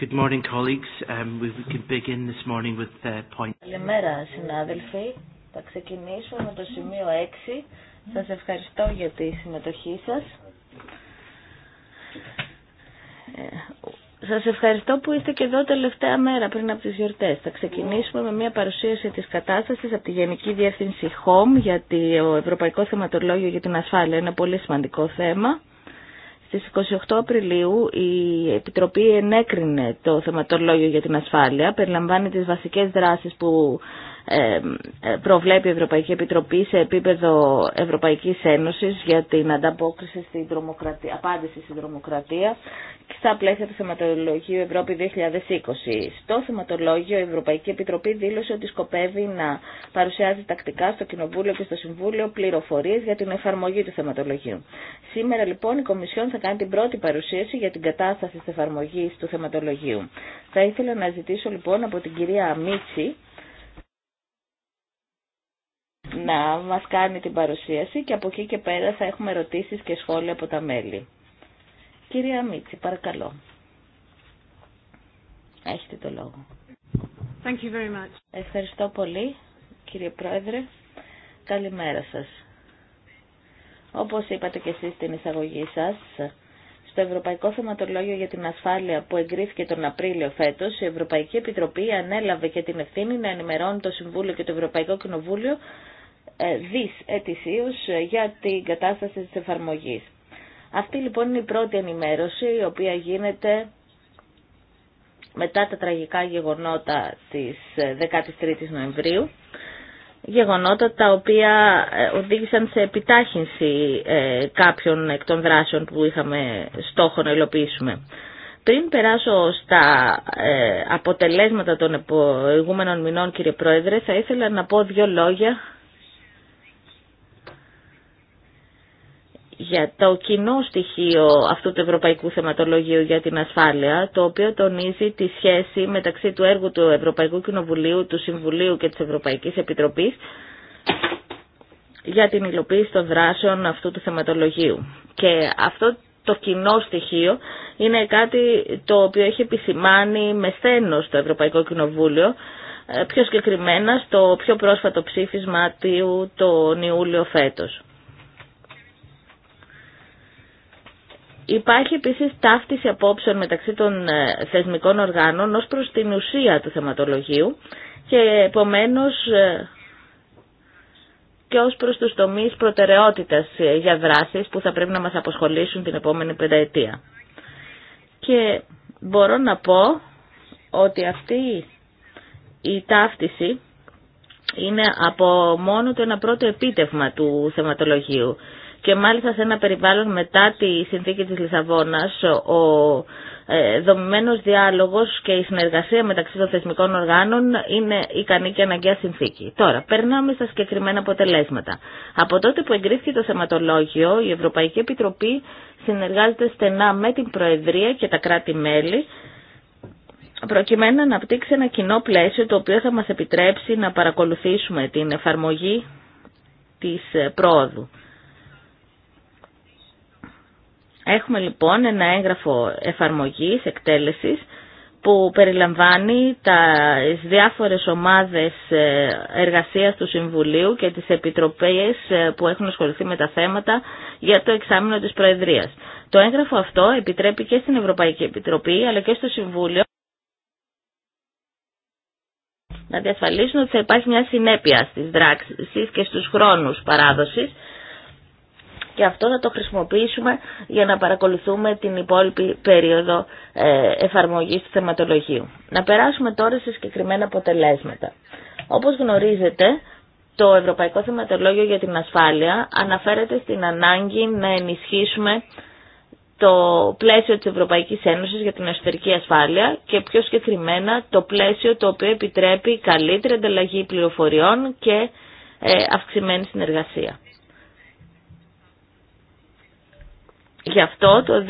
Good morning, colleagues. Um, we, can begin this morning with the uh, point. Καλημέρα, συνάδελφοι. Θα ξεκινήσουμε με το σημείο 6. Σας ευχαριστώ για τη συμμετοχή σας. Ε, σας ευχαριστώ που είστε και εδώ τελευταία μέρα πριν από τις γιορτές. Θα ξεκινήσουμε με μια παρουσίαση της κατάστασης από τη Γενική Διεύθυνση HOME γιατί το Ευρωπαϊκό Θεματολόγιο για την Ασφάλεια. Ένα πολύ σημαντικό θέμα. Στις 28 Απριλίου η Επιτροπή ενέκρινε το θεματολόγιο για την ασφάλεια, περιλαμβάνει τις βασικές δράσεις που ε, προβλέπει η Ευρωπαϊκή Επιτροπή σε επίπεδο Ευρωπαϊκής Ένωσης για την ανταπόκριση στην απάντηση στην δρομοκρατία στα πλαίσια του θεματολογίου Ευρώπη 2020. Στο θεματολόγιο η Ευρωπαϊκή Επιτροπή δήλωσε ότι σκοπεύει να παρουσιάζει τακτικά στο Κοινοβούλιο και στο Συμβούλιο πληροφορίε για την εφαρμογή του θεματολογίου. Σήμερα λοιπόν η Κομισιόν θα κάνει την πρώτη παρουσίαση για την κατάσταση τη εφαρμογή του θεματολογίου. Θα ήθελα να ζητήσω λοιπόν από την κυρία Μίτση να μας κάνει την παρουσίαση και από εκεί και πέρα θα έχουμε ερωτήσεις και σχόλια από τα μέλη. Κυρία Μίτση, παρακαλώ. Έχετε το λόγο. Ευχαριστώ πολύ, κύριε Πρόεδρε. Καλημέρα σας. Όπως είπατε και εσείς στην εισαγωγή σας, στο Ευρωπαϊκό Θεματολόγιο για την Ασφάλεια που εγκρίθηκε τον Απρίλιο φέτο, η Ευρωπαϊκή Επιτροπή ανέλαβε και την ευθύνη να ενημερώνει το Συμβούλιο και το Ευρωπαϊκό Κοινοβούλιο ε, δις ετησίως ε, για την κατάσταση της εφαρμογής. Αυτή λοιπόν είναι η πρώτη ενημέρωση η οποία γίνεται μετά τα τραγικά γεγονότα της 13ης ε, Νοεμβρίου, γεγονότα τα οποία οδήγησαν σε επιτάχυνση κάποιων εκ των δράσεων που είχαμε στόχο να υλοποιήσουμε. Πριν περάσω στα αποτελέσματα των προηγούμενων μηνών, κύριε Πρόεδρε, θα ήθελα να πω δύο λόγια για το κοινό στοιχείο αυτού του Ευρωπαϊκού Θεματολογίου για την Ασφάλεια, το οποίο τονίζει τη σχέση μεταξύ του έργου του Ευρωπαϊκού Κοινοβουλίου, του Συμβουλίου και της Ευρωπαϊκής Επιτροπής για την υλοποίηση των δράσεων αυτού του θεματολογίου. Και αυτό το κοινό στοιχείο είναι κάτι το οποίο έχει επισημάνει με στένος το Ευρωπαϊκό Κοινοβούλιο, ε, πιο συγκεκριμένα στο πιο πρόσφατο ψήφισμα του τον Ιούλιο φέτος. Υπάρχει επίσης ταύτιση απόψεων μεταξύ των ε, θεσμικών οργάνων ως προς την ουσία του θεματολογίου και επομένως ε, και ως προς τους τομείς προτεραιότητας ε, για δράσεις που θα πρέπει να μας αποσχολήσουν την επόμενη πενταετία. Και μπορώ να πω ότι αυτή η ταύτιση είναι από μόνο το ένα πρώτο επίτευγμα του θεματολογίου και μάλιστα σε ένα περιβάλλον μετά τη συνθήκη της Λισαβόνας ο ε, δομημένος διάλογος και η συνεργασία μεταξύ των θεσμικών οργάνων είναι ικανή και αναγκαία συνθήκη. Τώρα, περνάμε στα συγκεκριμένα αποτελέσματα. Από τότε που εγκρίθηκε το θεματολόγιο, η Ευρωπαϊκή Επιτροπή συνεργάζεται στενά με την Προεδρία και τα κράτη-μέλη προκειμένου να αναπτύξει ένα κοινό πλαίσιο το οποίο θα μας επιτρέψει να παρακολουθήσουμε την εφαρμογή της πρόοδου. Έχουμε λοιπόν ένα έγγραφο εφαρμογής, εκτέλεσης, που περιλαμβάνει τα διάφορες ομάδες ε, εργασίας του Συμβουλίου και τις επιτροπές ε, που έχουν ασχοληθεί με τα θέματα για το εξάμεινο της Προεδρίας. Το έγγραφο αυτό επιτρέπει και στην Ευρωπαϊκή Επιτροπή αλλά και στο Συμβούλιο να διασφαλίσουν ότι θα υπάρχει μια συνέπεια στις δράξεις και στους χρόνους παράδοσης και αυτό να το χρησιμοποιήσουμε για να παρακολουθούμε την υπόλοιπη περίοδο ε, εφαρμογής του θεματολογίου. Να περάσουμε τώρα σε συγκεκριμένα αποτελέσματα. Όπως γνωρίζετε, το Ευρωπαϊκό Θεματολόγιο για την Ασφάλεια αναφέρεται στην ανάγκη να ενισχύσουμε το πλαίσιο της Ευρωπαϊκής Ένωσης για την εσωτερική ασφάλεια και πιο συγκεκριμένα το πλαίσιο το οποίο επιτρέπει καλύτερη ανταλλαγή πληροφοριών και ε, αυξημένη συνεργασία. Γι' αυτό το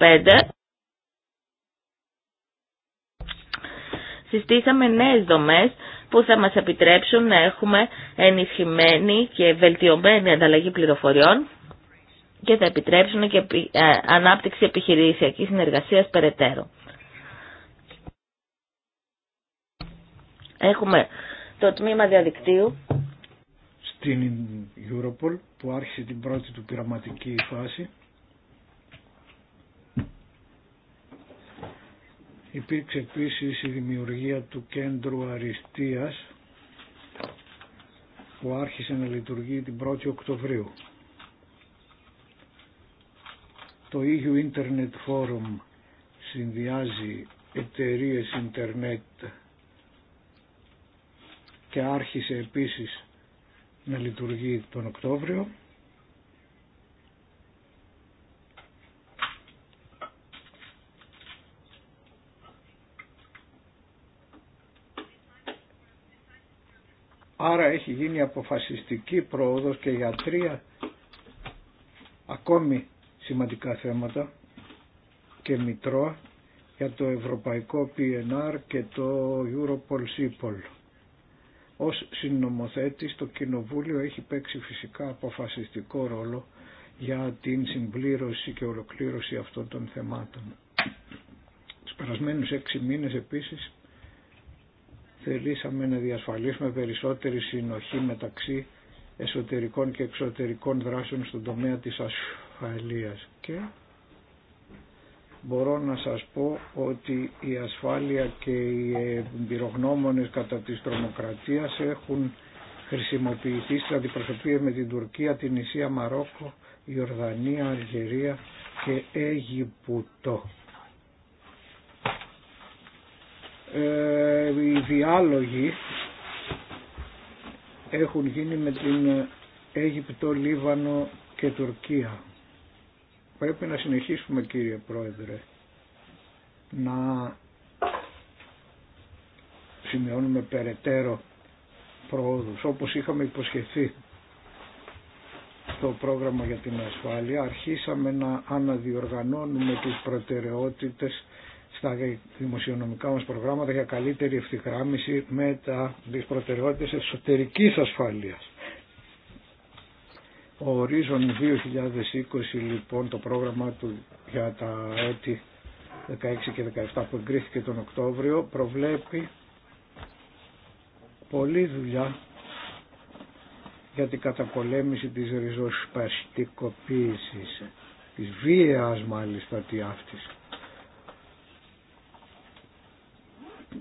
2015 συστήσαμε νέες δομές που θα μας επιτρέψουν να έχουμε ενισχυμένη και βελτιωμένη ανταλλαγή πληροφοριών και θα επιτρέψουν και ε, ανάπτυξη επιχειρησιακής συνεργασίας περαιτέρω. Έχουμε το τμήμα διαδικτύου. Στην Europol που άρχισε την πρώτη του πειραματική φάση Υπήρξε επίσης η δημιουργία του κέντρου αριστείας που άρχισε να λειτουργεί την 1η Οκτωβρίου. Το EU Internet Forum συνδυάζει εταιρείες Internet και άρχισε επίσης να λειτουργεί τον Οκτώβριο. έχει γίνει αποφασιστική πρόοδος και για τρία ακόμη σημαντικά θέματα και μητρώα για το Ευρωπαϊκό PNR και το Europol Sipol. Ως συνομοθέτης το Κοινοβούλιο έχει παίξει φυσικά αποφασιστικό ρόλο για την συμπλήρωση και ολοκλήρωση αυτών των θεμάτων. Τους περασμένους έξι μήνες επίσης θελήσαμε να διασφαλίσουμε περισσότερη συνοχή μεταξύ εσωτερικών και εξωτερικών δράσεων στον τομέα της ασφαλείας και μπορώ να σας πω ότι η ασφάλεια και οι εμπειρογνώμονες κατά της τρομοκρατίας έχουν χρησιμοποιηθεί στην αντιπροσωπή με την Τουρκία, την Ισία, Μαρόκο, Ιορδανία, Αλγερία και Αίγυπτο. Ε, οι διάλογοι έχουν γίνει με την Αίγυπτο, Λίβανο και Τουρκία. Πρέπει να συνεχίσουμε κύριε Πρόεδρε να σημειώνουμε περαιτέρω προόδους όπως είχαμε υποσχεθεί στο πρόγραμμα για την ασφάλεια αρχίσαμε να αναδιοργανώνουμε τις προτεραιότητες στα δημοσιονομικά μας προγράμματα για καλύτερη ευθυγράμμιση με τα, τις προτεραιότητες εσωτερικής ασφαλείας. Ο Horizon 2020 λοιπόν το πρόγραμμα του για τα έτη 16 και 17 που εγκρίθηκε τον Οκτώβριο προβλέπει πολλή δουλειά για την καταπολέμηση της ριζοσπαστικοποίησης, της βίας μάλιστα τη αυτής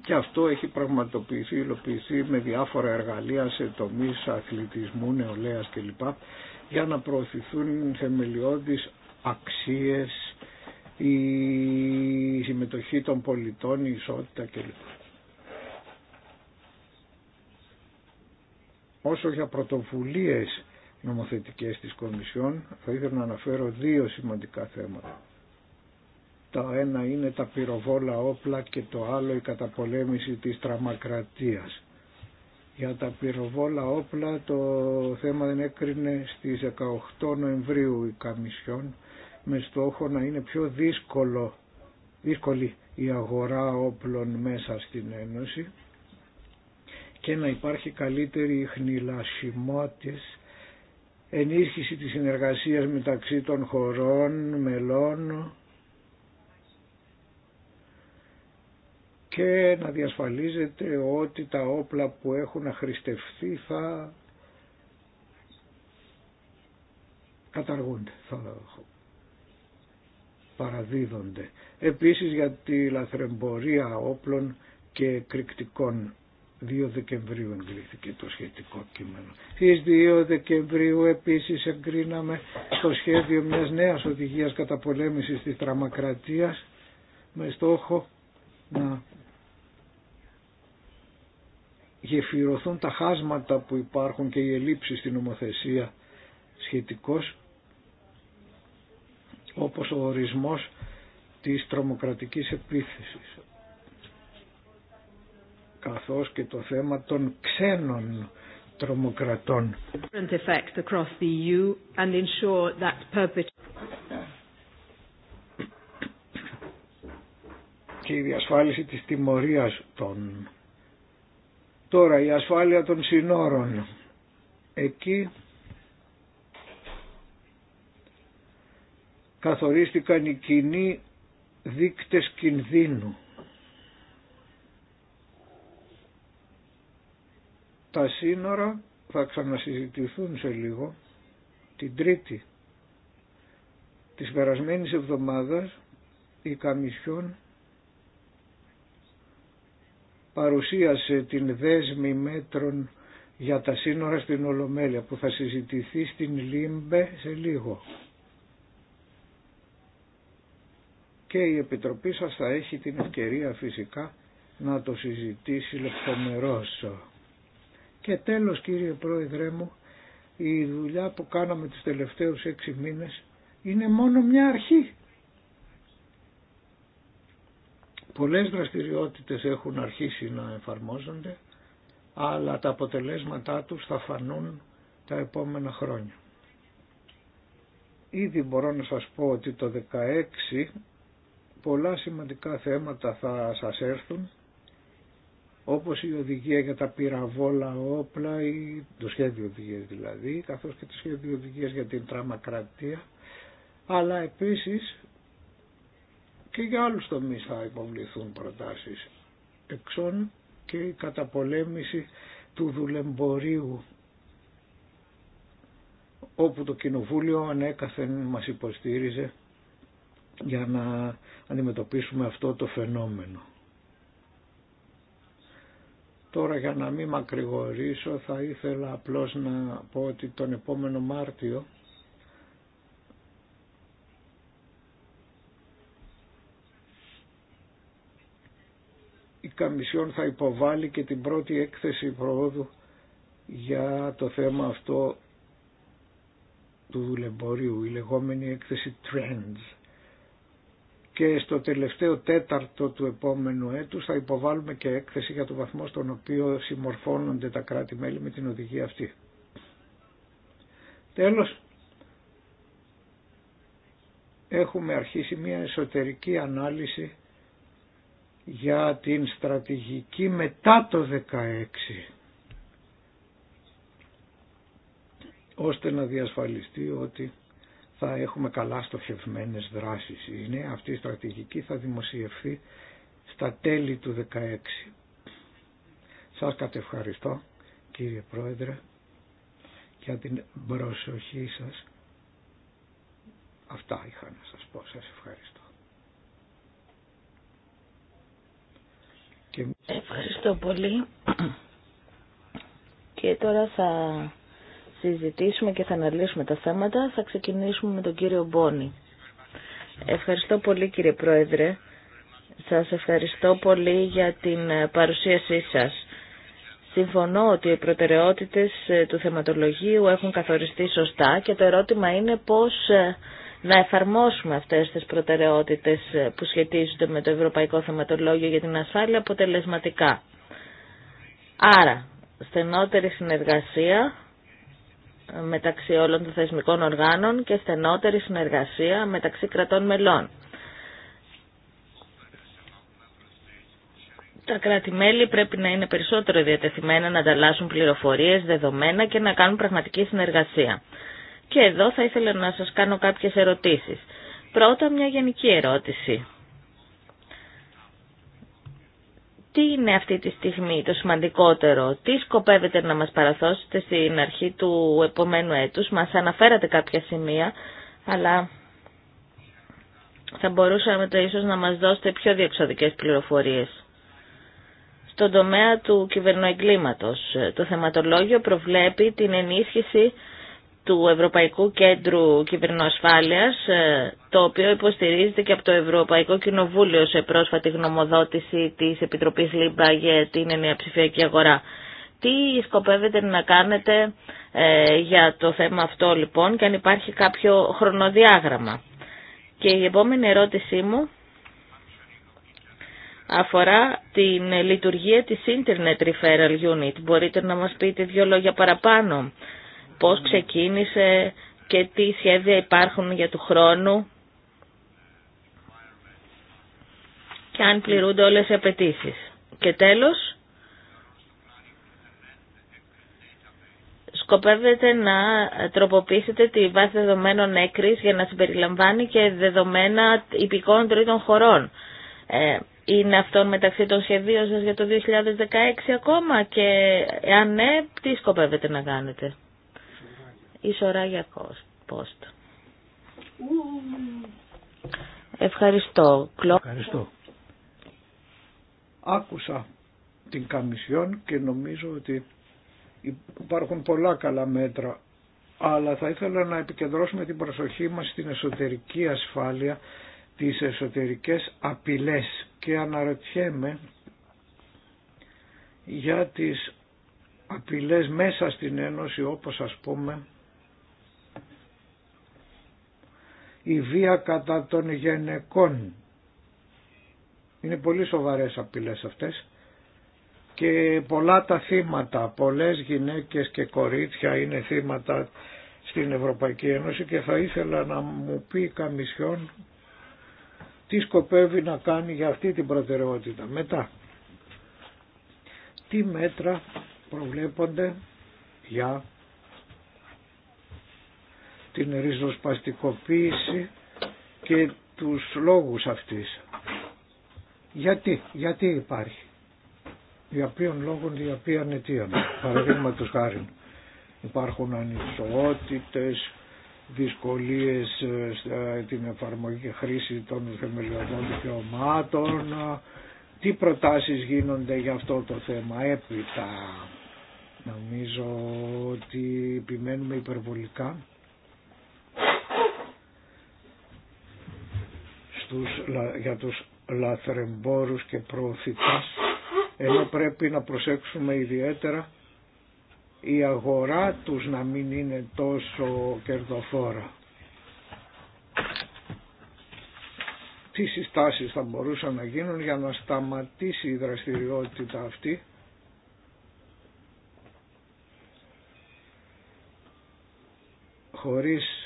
και αυτό έχει πραγματοποιηθεί, υλοποιηθεί με διάφορα εργαλεία σε τομείς αθλητισμού, νεολαίας κλπ. για να προωθηθούν θεμελιώδεις αξίες, η συμμετοχή των πολιτών, η ισότητα κλπ. Όσο για πρωτοβουλίες νομοθετικές της Κομισιόν, θα ήθελα να αναφέρω δύο σημαντικά θέματα. Το ένα είναι τα πυροβόλα όπλα και το άλλο η καταπολέμηση της τραμακρατίας. Για τα πυροβόλα όπλα το θέμα δεν έκρινε στις 18 Νοεμβρίου η Καμισιόν με στόχο να είναι πιο δύσκολο, δύσκολη η αγορά όπλων μέσα στην Ένωση και να υπάρχει καλύτερη χνηλασιμότης ενίσχυση της συνεργασίας μεταξύ των χωρών, μελών και να διασφαλίζεται ότι τα όπλα που έχουν χρηστευθεί θα καταργούνται, θα παραδίδονται. Επίσης για τη λαθρεμπορία όπλων και κρυκτικών 2 Δεκεμβρίου εγκρίθηκε το σχετικό κείμενο. Στις 2 Δεκεμβρίου επίσης εγκρίναμε το σχέδιο μιας νέας οδηγίας καταπολέμησης της τραμακρατίας με στόχο να γεφυρωθούν τα χάσματα που υπάρχουν και οι ελλείψεις στην νομοθεσία σχετικώς, όπως ο ορισμός της τρομοκρατικής επίθεσης καθώς και το θέμα των ξένων τρομοκρατών. E και η διασφάλιση της τιμωρίας των Τώρα η ασφάλεια των συνόρων. Εκεί καθορίστηκαν οι κοινοί δείκτες κινδύνου. Τα σύνορα θα ξανασυζητηθούν σε λίγο την Τρίτη της περασμένης εβδομάδας η Καμισιόν παρουσίασε την δέσμη μέτρων για τα σύνορα στην Ολομέλεια που θα συζητηθεί στην Λίμπε σε λίγο. Και η Επιτροπή σας θα έχει την ευκαιρία φυσικά να το συζητήσει λεπτομερώς. Και τέλος κύριε Πρόεδρέ μου, η δουλειά που κάναμε τους τελευταίους έξι μήνες είναι μόνο μια αρχή. Πολλές δραστηριότητες έχουν αρχίσει να εφαρμόζονται, αλλά τα αποτελέσματά τους θα φανούν τα επόμενα χρόνια. Ήδη μπορώ να σας πω ότι το 16 πολλά σημαντικά θέματα θα σας έρθουν, όπως η οδηγία για τα πυραβόλα όπλα, ή το σχέδιο οδηγία δηλαδή, καθώς και το σχέδιο οδηγία για την τραμακρατία, αλλά επίσης και για άλλους τομείς θα υποβληθούν προτάσεις. Εξών και η καταπολέμηση του δουλεμπορίου όπου το Κοινοβούλιο ανέκαθεν ναι, μας υποστήριζε για να αντιμετωπίσουμε αυτό το φαινόμενο. Τώρα για να μην μακρηγορήσω θα ήθελα απλώς να πω ότι τον επόμενο Μάρτιο η Καμισιόν θα υποβάλει και την πρώτη έκθεση προόδου για το θέμα αυτό του δουλεμπορίου, η λεγόμενη έκθεση Trends. Και στο τελευταίο τέταρτο του επόμενου έτους θα υποβάλουμε και έκθεση για το βαθμό στον οποίο συμμορφώνονται τα κράτη-μέλη με την οδηγία αυτή. Τέλος, έχουμε αρχίσει μια εσωτερική ανάλυση για την στρατηγική μετά το 16 ώστε να διασφαλιστεί ότι θα έχουμε καλά στοχευμένες δράσεις. Είναι αυτή η στρατηγική θα δημοσιευθεί στα τέλη του 16. Σας κατευχαριστώ κύριε Πρόεδρε για την προσοχή σας. Αυτά είχα να σας πω. Σας ευχαριστώ. Ευχαριστώ πολύ. Και τώρα θα συζητήσουμε και θα αναλύσουμε τα θέματα. Θα ξεκινήσουμε με τον κύριο Μπόνη. Ευχαριστώ πολύ κύριε Πρόεδρε. Σας ευχαριστώ πολύ για την παρουσίασή σας. Συμφωνώ ότι οι προτεραιότητες του θεματολογίου έχουν καθοριστεί σωστά και το ερώτημα είναι πώς να εφαρμόσουμε αυτές τις προτεραιότητες ε, που σχετίζονται με το Ευρωπαϊκό Θεματολόγιο για την Ασφάλεια αποτελεσματικά. Άρα, στενότερη συνεργασία ε, μεταξύ όλων των θεσμικών οργάνων και στενότερη συνεργασία μεταξύ κρατών μελών. Τα κράτη-μέλη πρέπει να είναι περισσότερο διατεθειμένα να ανταλλάσσουν πληροφορίες, δεδομένα και να κάνουν πραγματική συνεργασία. Και εδώ θα ήθελα να σας κάνω κάποιες ερωτήσεις. Πρώτα μια γενική ερώτηση. Τι είναι αυτή τη στιγμή το σημαντικότερο, τι σκοπεύετε να μας παραθώσετε στην αρχή του επομένου έτους, μας αναφέρατε κάποια σημεία, αλλά θα μπορούσαμε το ίσως να μας δώσετε πιο διεξοδικές πληροφορίες. Στον τομέα του κυβερνοεγκλήματος, το θεματολόγιο προβλέπει την ενίσχυση του Ευρωπαϊκού Κέντρου Κυβερνοασφάλειας, ε, το οποίο υποστηρίζεται και από το Ευρωπαϊκό Κοινοβούλιο σε πρόσφατη γνωμοδότηση της Επιτροπής ΛΥΜΠΑ για την ενιαψηφιακή αγορά. Τι σκοπεύετε να κάνετε ε, για το θέμα αυτό λοιπόν και αν υπάρχει κάποιο χρονοδιάγραμμα. Και η επόμενη ερώτησή μου αφορά την λειτουργία της Internet Referral Unit. Μπορείτε να μας πείτε δύο λόγια παραπάνω πώς ξεκίνησε και τι σχέδια υπάρχουν για του χρόνου και αν πληρούνται όλες οι απαιτήσει. Και τέλος, σκοπεύετε να τροποποιήσετε τη βάση δεδομένων έκρης για να συμπεριλαμβάνει και δεδομένα υπηκών τρίτων χωρών. Ε, είναι αυτό μεταξύ των σχεδίων σας για το 2016 ακόμα και αν ναι, τι σκοπεύετε να κάνετε η Σοράγια Πόστ. Ευχαριστώ. Ευχαριστώ. Άκουσα την Καμισιόν και νομίζω ότι υπάρχουν πολλά καλά μέτρα αλλά θα ήθελα να επικεντρώσουμε την προσοχή μας στην εσωτερική ασφάλεια, τις εσωτερικές απειλές και αναρωτιέμαι για τις απειλές μέσα στην Ένωση όπως ας πούμε η βία κατά των γενεκών Είναι πολύ σοβαρές απειλές αυτές και πολλά τα θύματα, πολλές γυναίκες και κορίτσια είναι θύματα στην Ευρωπαϊκή Ένωση και θα ήθελα να μου πει η Καμισιόν τι σκοπεύει να κάνει για αυτή την προτεραιότητα. Μετά, τι μέτρα προβλέπονται για την ριζοσπαστικοποίηση και τους λόγους αυτής. Γιατί, γιατί υπάρχει. Για ποιον λόγο, για ποια αιτία. παραδείγματο χάρη. Υπάρχουν ανισότητες, δυσκολίες ε, στην εφαρμογή και χρήση των θεμελιωδών δικαιωμάτων. Τι προτάσεις γίνονται για αυτό το θέμα έπειτα. Νομίζω ότι επιμένουμε υπερβολικά για τους λαθρεμπόρους και προωθητές ενώ πρέπει να προσέξουμε ιδιαίτερα η αγορά τους να μην είναι τόσο κερδοφόρα. Τι συστάσεις θα μπορούσαν να γίνουν για να σταματήσει η δραστηριότητα αυτή χωρίς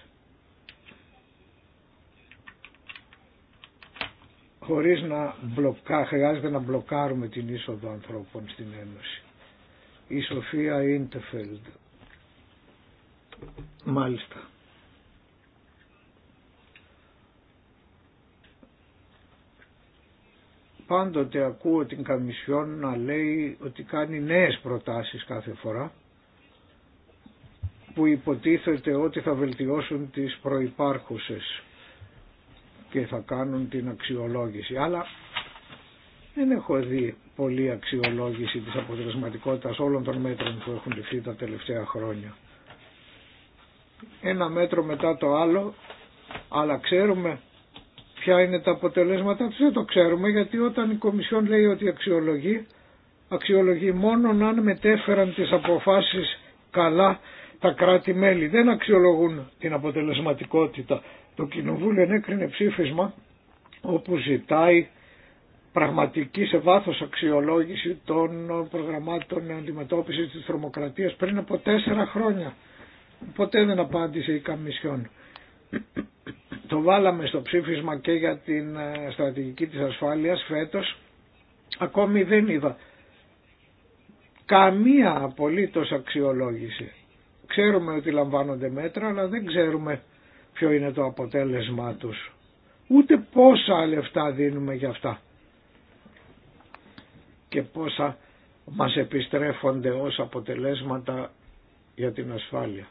χωρίς να μπλοκά, χρειάζεται να μπλοκάρουμε την είσοδο ανθρώπων στην Ένωση. Η Σοφία Ιντεφελντ. Μάλιστα. Πάντοτε ακούω την Καμισιόν να λέει ότι κάνει νέες προτάσεις κάθε φορά που υποτίθεται ότι θα βελτιώσουν τις προϋπάρχουσες και θα κάνουν την αξιολόγηση. Αλλά δεν έχω δει πολλή αξιολόγηση της αποτελεσματικότητας όλων των μέτρων που έχουν ληφθεί τα τελευταία χρόνια. Ένα μέτρο μετά το άλλο, αλλά ξέρουμε ποια είναι τα αποτελέσματα τους, δεν το ξέρουμε γιατί όταν η Κομισιόν λέει ότι αξιολογεί, αξιολογεί μόνο αν μετέφεραν τις αποφάσεις καλά τα κράτη-μέλη. Δεν αξιολογούν την αποτελεσματικότητα το Κοινοβούλιο ενέκρινε ψήφισμα όπου ζητάει πραγματική σε βάθος αξιολόγηση των προγραμμάτων αντιμετώπισης της τρομοκρατίας πριν από τέσσερα χρόνια. Ποτέ δεν απάντησε η Καμισιόν. Το βάλαμε στο ψήφισμα και για την ε, στρατηγική της ασφάλειας φέτος. Ακόμη δεν είδα καμία απολύτως αξιολόγηση. Ξέρουμε ότι λαμβάνονται μέτρα, αλλά δεν ξέρουμε ποιο είναι το αποτέλεσμά τους. Ούτε πόσα λεφτά δίνουμε για αυτά και πόσα μας επιστρέφονται ως αποτελέσματα για την ασφάλεια.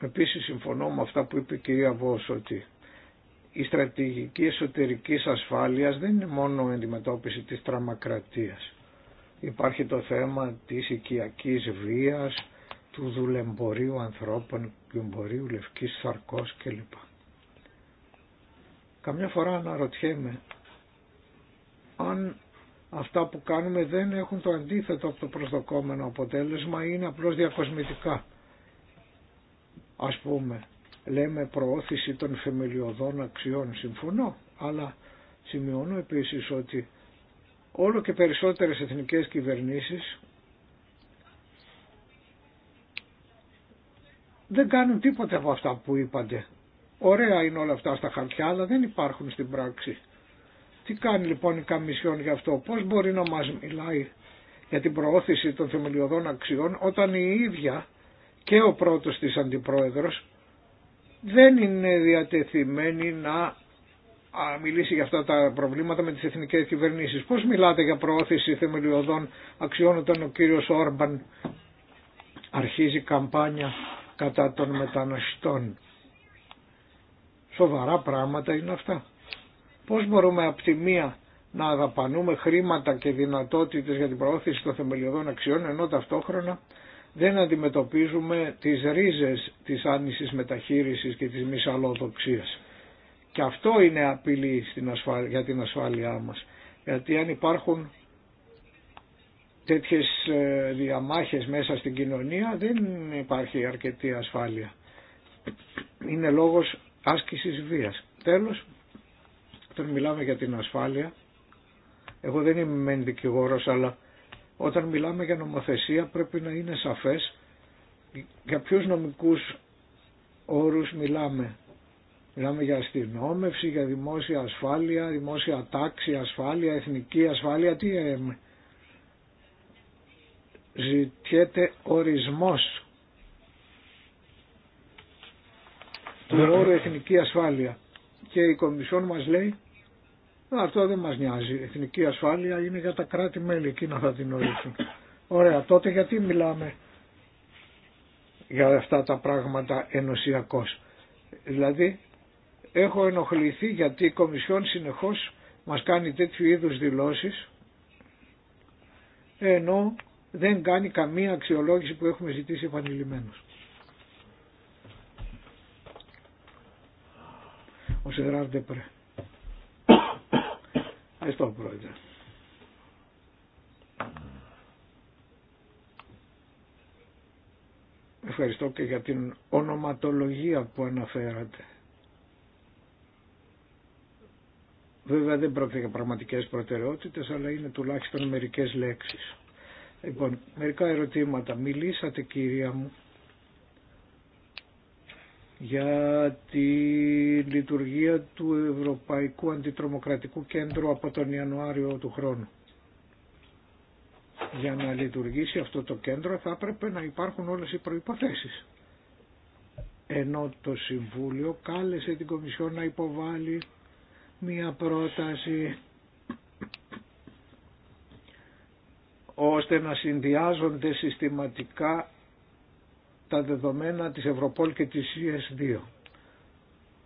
Επίσης συμφωνώ με αυτά που είπε η κυρία ότι η στρατηγική εσωτερικής ασφάλειας δεν είναι μόνο η αντιμετώπιση της τραμακρατίας. Υπάρχει το θέμα της οικιακής βίας, του δουλεμπορίου ανθρώπων, του εμπορίου λευκής σαρκός κλπ. Καμιά φορά αναρωτιέμαι αν αυτά που κάνουμε δεν έχουν το αντίθετο από το προσδοκόμενο αποτέλεσμα ή είναι απλώς διακοσμητικά. Ας πούμε, λέμε προώθηση των θεμελιωδών αξιών, συμφωνώ, αλλά σημειώνω επίσης ότι όλο και περισσότερες εθνικές κυβερνήσεις δεν κάνουν τίποτα από αυτά που είπατε. Ωραία είναι όλα αυτά στα χαρτιά, αλλά δεν υπάρχουν στην πράξη. Τι κάνει λοιπόν η Καμισιόν γι' αυτό, πώς μπορεί να μας μιλάει για την προώθηση των θεμελιωδών αξιών όταν η ίδια και ο πρώτος της αντιπρόεδρος δεν είναι διατεθειμένη να μιλήσει για αυτά τα προβλήματα με τις εθνικές κυβερνήσεις. Πώς μιλάτε για προώθηση θεμελιωδών αξιών όταν ο κύριος Όρμπαν αρχίζει καμπάνια κατά των μεταναστών. Σοβαρά πράγματα είναι αυτά. Πώς μπορούμε από τη μία να αγαπανούμε χρήματα και δυνατότητες για την προώθηση των θεμελιωδών αξιών ενώ ταυτόχρονα δεν αντιμετωπίζουμε τις ρίζες της άνησης μεταχείρισης και της μυσαλόδοξίας. Και αυτό είναι απειλή στην ασφάλεια, για την ασφάλειά μας. Γιατί αν υπάρχουν τέτοιες ε, διαμάχες μέσα στην κοινωνία δεν υπάρχει αρκετή ασφάλεια. Είναι λόγος άσκησης βίας. Τέλος, όταν μιλάμε για την ασφάλεια, εγώ δεν είμαι μεν δικηγόρος, αλλά όταν μιλάμε για νομοθεσία πρέπει να είναι σαφές για ποιους νομικούς όρους μιλάμε. Μιλάμε για αστυνόμευση, για δημόσια ασφάλεια, δημόσια τάξη ασφάλεια, εθνική ασφάλεια, τι ε, ζητιέται ορισμός του ναι. όρου εθνική ασφάλεια και η Κομισιόν μας λέει αυτό δεν μας νοιάζει, εθνική ασφάλεια είναι για τα κράτη-μέλη, εκείνα θα την ορίσουν. Ωραία, τότε γιατί μιλάμε για αυτά τα πράγματα ενωσιακώς. Δηλαδή, έχω ενοχληθεί γιατί η Κομισιόν συνεχώς μας κάνει τέτοιου είδους δηλώσεις, ενώ δεν κάνει καμία αξιολόγηση που έχουμε ζητήσει επανειλημμένως. Ο Ντεπρέ. Ευχαριστώ πρόεδρε. Ευχαριστώ και για την ονοματολογία που αναφέρατε. Βέβαια δεν πρόκειται για πραγματικές προτεραιότητες, αλλά είναι τουλάχιστον μερικές λέξεις. Λοιπόν, μερικά ερωτήματα. Μιλήσατε κυρία μου για τη λειτουργία του Ευρωπαϊκού Αντιτρομοκρατικού Κέντρου από τον Ιανουάριο του χρόνου. Για να λειτουργήσει αυτό το κέντρο θα έπρεπε να υπάρχουν όλες οι προϋποθέσεις. Ενώ το Συμβούλιο κάλεσε την Κομισιόν να υποβάλει μία πρόταση ώστε να συνδυάζονται συστηματικά τα δεδομένα της Ευρωπόλ και της ES2.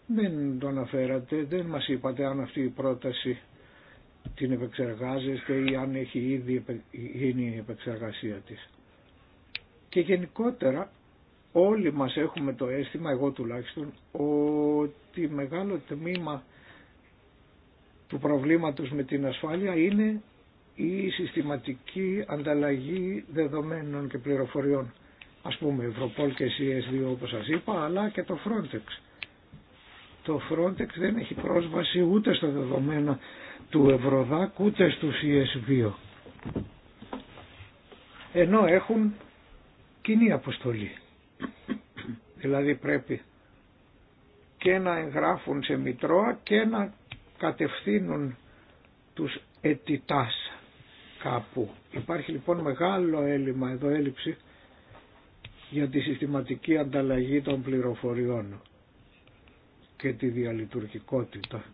Δεν το αναφέρατε, δεν μας είπατε αν αυτή η πρόταση την επεξεργάζεστε ή αν έχει ήδη γίνει η επεξεργασία της. Και γενικότερα όλοι μας έχουμε το αίσθημα, εγώ τουλάχιστον, ότι μεγάλο τμήμα του προβλήματος με την ασφάλεια είναι ή συστηματική ανταλλαγή δεδομένων και πληροφοριών. Ας πούμε Ευρωπόλ και CS2 όπως σας είπα, αλλά και το Frontex. Το Frontex δεν έχει πρόσβαση ούτε στα δεδομένα του Ευρωδάκ ούτε στους CS2. Ενώ έχουν κοινή αποστολή. Δηλαδή πρέπει και να εγγράφουν σε Μητρώα και να κατευθύνουν τους ετιτάς κάπου. Υπάρχει λοιπόν μεγάλο έλλειμμα εδώ έλλειψη για τη συστηματική ανταλλαγή των πληροφοριών και τη διαλειτουργικότητα.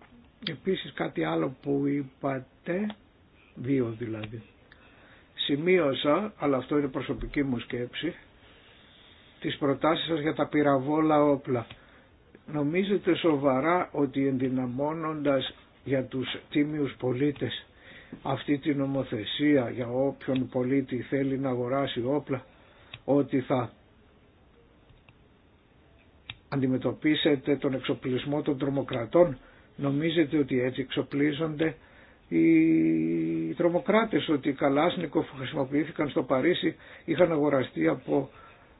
Επίσης κάτι άλλο που είπατε, δύο δηλαδή, σημείωσα, αλλά αυτό είναι προσωπική μου σκέψη, τις προτάσεις σας για τα πυραβόλα όπλα. Νομίζετε σοβαρά ότι ενδυναμώνοντας για τους τίμιους πολίτες αυτή την νομοθεσία για όποιον πολίτη θέλει να αγοράσει όπλα ότι θα αντιμετωπίσετε τον εξοπλισμό των τρομοκρατών νομίζετε ότι έτσι εξοπλίζονται οι τρομοκράτες ότι οι που χρησιμοποιήθηκαν στο Παρίσι είχαν αγοραστεί από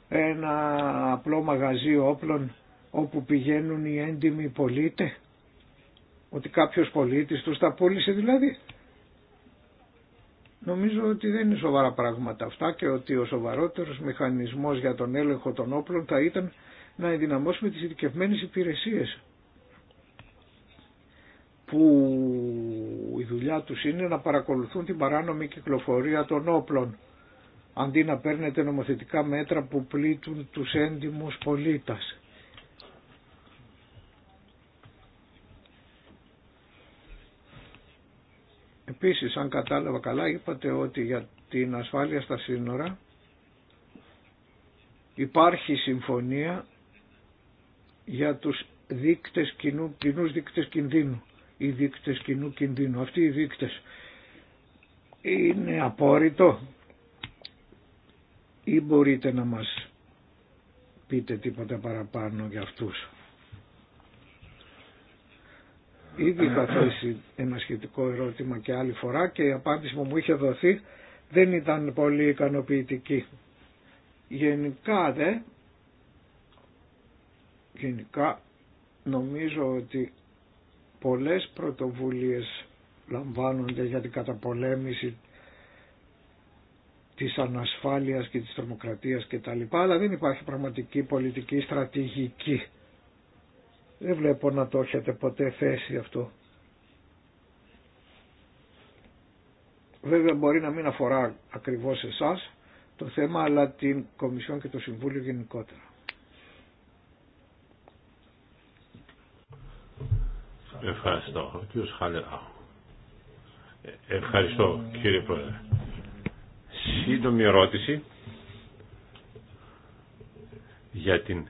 ένα απλό μαγαζί όπλων όπου πηγαίνουν οι έντιμοι πολίτε ότι κάποιος πολίτης τους τα πούλησε δηλαδή Νομίζω ότι δεν είναι σοβαρά πράγματα αυτά και ότι ο σοβαρότερος μηχανισμός για τον έλεγχο των όπλων θα ήταν να ενδυναμώσουμε τις ειδικευμένες υπηρεσίες που η δουλειά τους είναι να παρακολουθούν την παράνομη κυκλοφορία των όπλων αντί να παίρνετε νομοθετικά μέτρα που πλήττουν τους έντιμους πολίτας. Επίσης, αν κατάλαβα καλά, είπατε ότι για την ασφάλεια στα σύνορα υπάρχει συμφωνία για τους δείκτες κοινού, κοινούς δείκτες κινδύνου οι δείκτες κοινού κινδύνου. Αυτοί οι δείκτες είναι απόρριτο ή μπορείτε να μας πείτε τίποτα παραπάνω για αυτούς. Ήδη είχα θέσει ένα σχετικό ερώτημα και άλλη φορά και η απάντηση που μου είχε δοθεί δεν ήταν πολύ ικανοποιητική. Γενικά δε, γενικά νομίζω ότι πολλές πρωτοβουλίες λαμβάνονται για την καταπολέμηση της ανασφάλειας και της τρομοκρατίας κτλ. Αλλά δεν υπάρχει πραγματική πολιτική στρατηγική δεν βλέπω να το έχετε ποτέ θέσει αυτό. Βέβαια μπορεί να μην αφορά ακριβώς εσάς το θέμα αλλά την Κομισιόν και το Συμβούλιο γενικότερα. Ευχαριστώ. Κύριος Ευχαριστώ κύριε Πρόεδρε. Σύντομη ερώτηση για την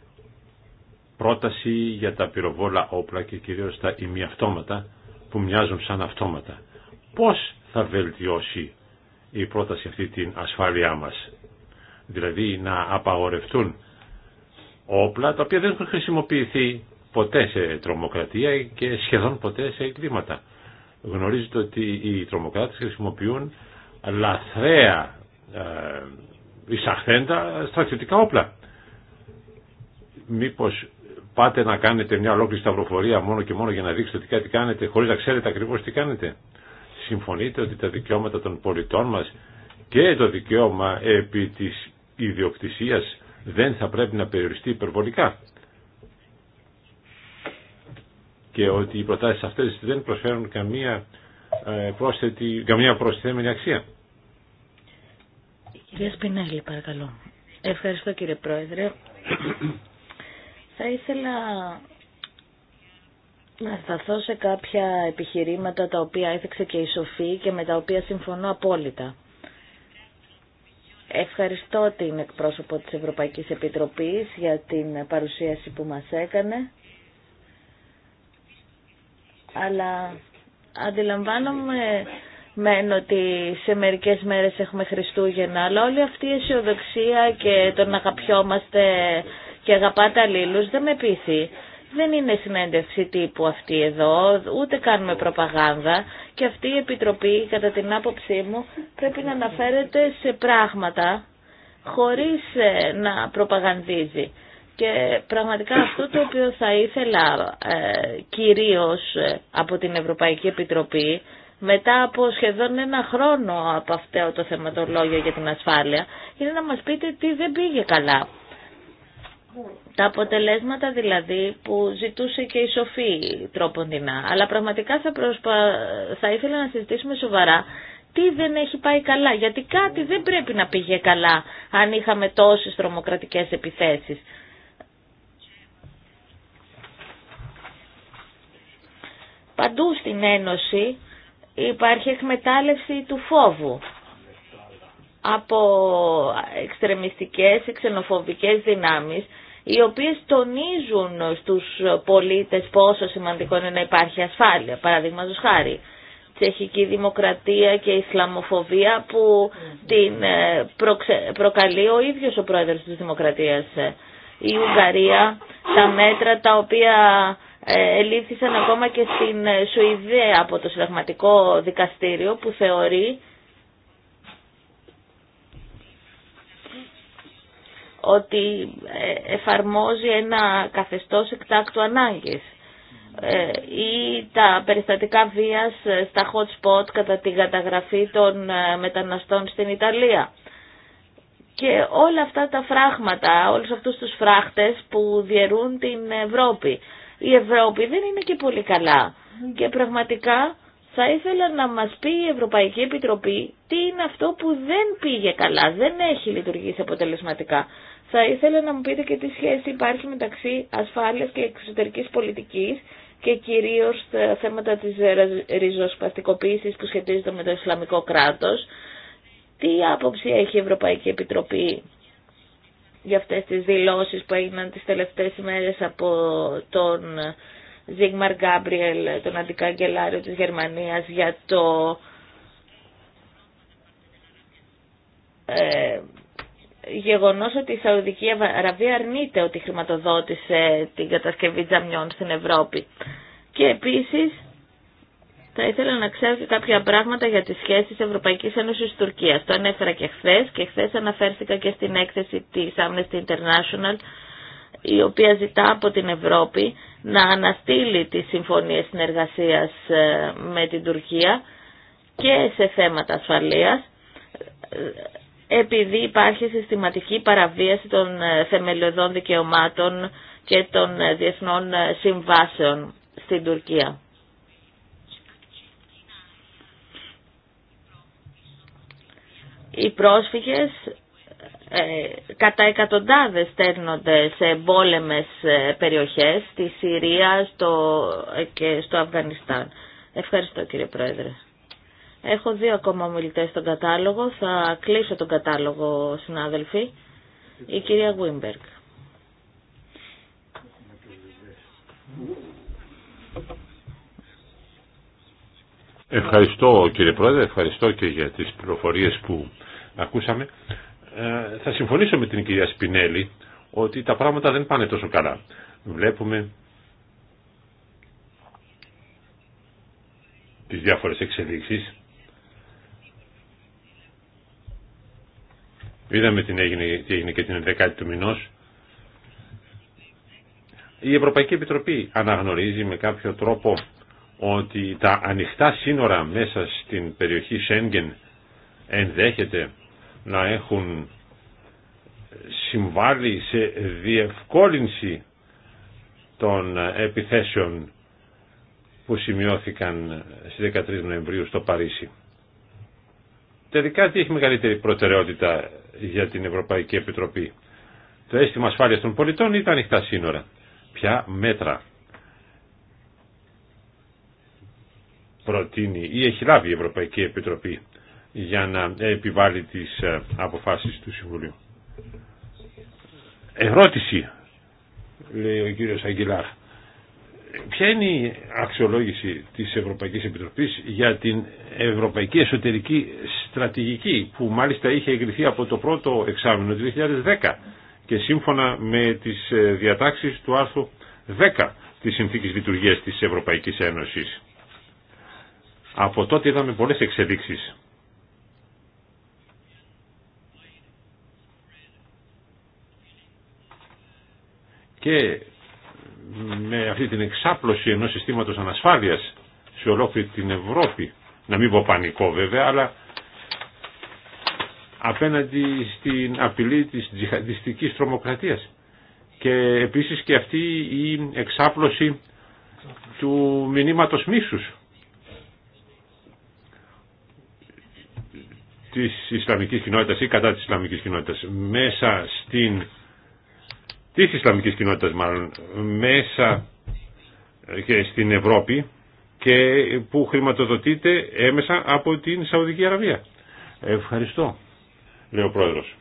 πρόταση για τα πυροβόλα όπλα και κυρίως τα ημιαυτόματα που μοιάζουν σαν αυτόματα. Πώς θα βελτιώσει η πρόταση αυτή την ασφάλειά μας. Δηλαδή να απαγορευτούν όπλα τα οποία δεν έχουν χρησιμοποιηθεί ποτέ σε τρομοκρατία και σχεδόν ποτέ σε εγκλήματα. Γνωρίζετε ότι οι τρομοκράτες χρησιμοποιούν λαθρέα ε, εισαχθέντα στρατιωτικά όπλα. Μήπως πάτε να κάνετε μια ολόκληρη σταυροφορία μόνο και μόνο για να δείξετε ότι κάτι κάνετε, χωρίς να ξέρετε ακριβώς τι κάνετε. Συμφωνείτε ότι τα δικαιώματα των πολιτών μας και το δικαίωμα επί της ιδιοκτησίας δεν θα πρέπει να περιοριστεί υπερβολικά και ότι οι προτάσεις αυτές δεν προσφέρουν καμία, ε, πρόσθετη, καμία προσθέμενη αξία. κυρία Σπινέλη, παρακαλώ. Ευχαριστώ κύριε Πρόεδρε. Θα ήθελα να σταθώ σε κάποια επιχειρήματα τα οποία έφεξε και η Σοφή και με τα οποία συμφωνώ απόλυτα. Ευχαριστώ την εκπρόσωπο της Ευρωπαϊκής Επιτροπής για την παρουσίαση που μας έκανε. Αλλά αντιλαμβάνομαι μεν ότι σε μερικές μέρες έχουμε Χριστούγεννα, αλλά όλη αυτή η αισιοδοξία και το να αγαπιόμαστε και αγαπάτε αλλήλους δεν με πείθει. Δεν είναι συνέντευξη τύπου αυτή εδώ, ούτε κάνουμε προπαγάνδα και αυτή η Επιτροπή, κατά την άποψή μου, πρέπει να αναφέρεται σε πράγματα χωρίς ε, να προπαγανδίζει. Και πραγματικά αυτό το οποίο θα ήθελα ε, κυρίως ε, από την Ευρωπαϊκή Επιτροπή, μετά από σχεδόν ένα χρόνο από αυτό το θεματολόγιο για την ασφάλεια, είναι να μας πείτε τι δεν πήγε καλά. Τα αποτελέσματα δηλαδή που ζητούσε και η Σοφή δεινά. Αλλά πραγματικά θα, θα ήθελα να συζητήσουμε σοβαρά τι δεν έχει πάει καλά. Γιατί κάτι δεν πρέπει να πήγε καλά αν είχαμε τόσες τρομοκρατικές επιθέσεις. Παντού στην Ένωση υπάρχει εκμετάλλευση του φόβου από εξτρεμιστικές, εξενοφοβικές δυνάμεις οι οποίες τονίζουν στους πολίτες πόσο σημαντικό είναι να υπάρχει ασφάλεια, παράδειγμα χάρη. Τσεχική Δημοκρατία και Ισλαμοφοβία που την ε, προκαλεί ο ίδιος ο πρόεδρος της Δημοκρατίας. Ε, η Ουγγαρία, τα μέτρα τα οποία ε, ελήφθησαν ακόμα και στην Σουηδία από το Συνταγματικό Δικαστήριο που θεωρεί ότι ε, εφαρμόζει ένα καθεστώς εκτάκτου ανάγκης ε, ή τα περιστατικά βίας ε, στα hot spot κατά τη καταγραφή των μεταναστών στην Ιταλία. Και όλα αυτά τα φράγματα, όλους αυτούς τους φράχτες που διαιρούν την Ευρώπη. Η Ευρώπη δεν είναι και πολύ καλά. Και πραγματικά θα ήθελα να μας πει η Ευρωπαϊκή Επιτροπή τι είναι αυτό που δεν πήγε καλά, δεν έχει λειτουργήσει αποτελεσματικά. Θα ήθελα να μου πείτε και τι σχέση υπάρχει μεταξύ ασφάλειας και εξωτερικής πολιτικής και κυρίως τα θέματα της ριζοσπαστικοποίησης που σχετίζονται με το Ισλαμικό κράτος. Τι άποψη έχει η Ευρωπαϊκή Επιτροπή για αυτές τις δηλώσεις που έγιναν τις τελευταίες ημέρες από τον Ζίγμαρ Γκάμπριελ, τον αντικαγκελάριο της Γερμανίας, για το ε, γεγονός ότι η Σαουδική Αραβία αρνείται ότι χρηματοδότησε την κατασκευή τζαμιών στην Ευρώπη. Και επίσης θα ήθελα να ξέρω και κάποια πράγματα για τις σχέσεις Ευρωπαϊκής Ένωσης Τουρκίας. Το ανέφερα και χθε και χθε αναφέρθηκα και στην έκθεση της Amnesty International η οποία ζητά από την Ευρώπη να αναστείλει τις συμφωνίες συνεργασίας ε, με την Τουρκία και σε θέματα ασφαλείας επειδή υπάρχει συστηματική παραβίαση των ε, θεμελιωδών δικαιωμάτων και των ε, διεθνών ε, συμβάσεων στην Τουρκία. Οι πρόσφυγες κατά εκατοντάδες στέλνονται σε εμπόλεμες περιοχές στη Συρία στο, και στο Αφγανιστάν. Ευχαριστώ κύριε Πρόεδρε. Έχω δύο ακόμα ομιλητέ στον κατάλογο. Θα κλείσω τον κατάλογο, συνάδελφοι. Η κυρία Γουίμπεργκ. Ευχαριστώ κύριε Πρόεδρε, ευχαριστώ και για τις πληροφορίες που ακούσαμε. Ε, θα συμφωνήσω με την κυρία Σπινέλη ότι τα πράγματα δεν πάνε τόσο καλά. Βλέπουμε τις διάφορες εξελίξεις Είδαμε τι έγινε, και την 11η του μηνός. Η Ευρωπαϊκή Επιτροπή αναγνωρίζει με κάποιο τρόπο ότι τα ανοιχτά σύνορα μέσα στην περιοχή Σέγγεν ενδέχεται να έχουν συμβάλει σε διευκόλυνση των επιθέσεων που σημειώθηκαν στις 13 Νοεμβρίου στο Παρίσι τελικά τι έχει μεγαλύτερη προτεραιότητα για την Ευρωπαϊκή Επιτροπή. Το αίσθημα ασφάλειας των πολιτών ή τα ανοιχτά σύνορα. Ποια μέτρα προτείνει ή έχει λάβει η Ευρωπαϊκή Επιτροπή για να επιβάλλει τις ε, αποφάσεις του Συμβουλίου. Ερώτηση, λέει ο κύριος Αγγελάρ. Ποια είναι η αξιολόγηση της Ευρωπαϊκής Επιτροπής για την Ευρωπαϊκή Εσωτερική Στρατηγική που μάλιστα είχε εγκριθεί από το πρώτο εξάμεινο του 2010 και σύμφωνα με τις ε, διατάξεις του άρθρου 10 της Συνθήκης Λειτουργίας της Ευρωπαϊκής Ένωσης. Από τότε είδαμε πολλές εξελίξεις. Και με αυτή την εξάπλωση ενός συστήματος ανασφάλειας σε ολόκληρη την Ευρώπη, να μην πω πανικό βέβαια, αλλά απέναντι στην απειλή της τζιχαντιστικής τρομοκρατίας. Και επίσης και αυτή η εξάπλωση του μηνύματος μίσους της Ισλαμικής κοινότητας ή κατά της Ισλαμικής κοινότητας μέσα στην της Ισλαμικής κοινότητας μάλλον μέσα ε, και στην Ευρώπη και που χρηματοδοτείται έμεσα από την Σαουδική Αραβία. Ευχαριστώ, λέει ο Πρόεδρος,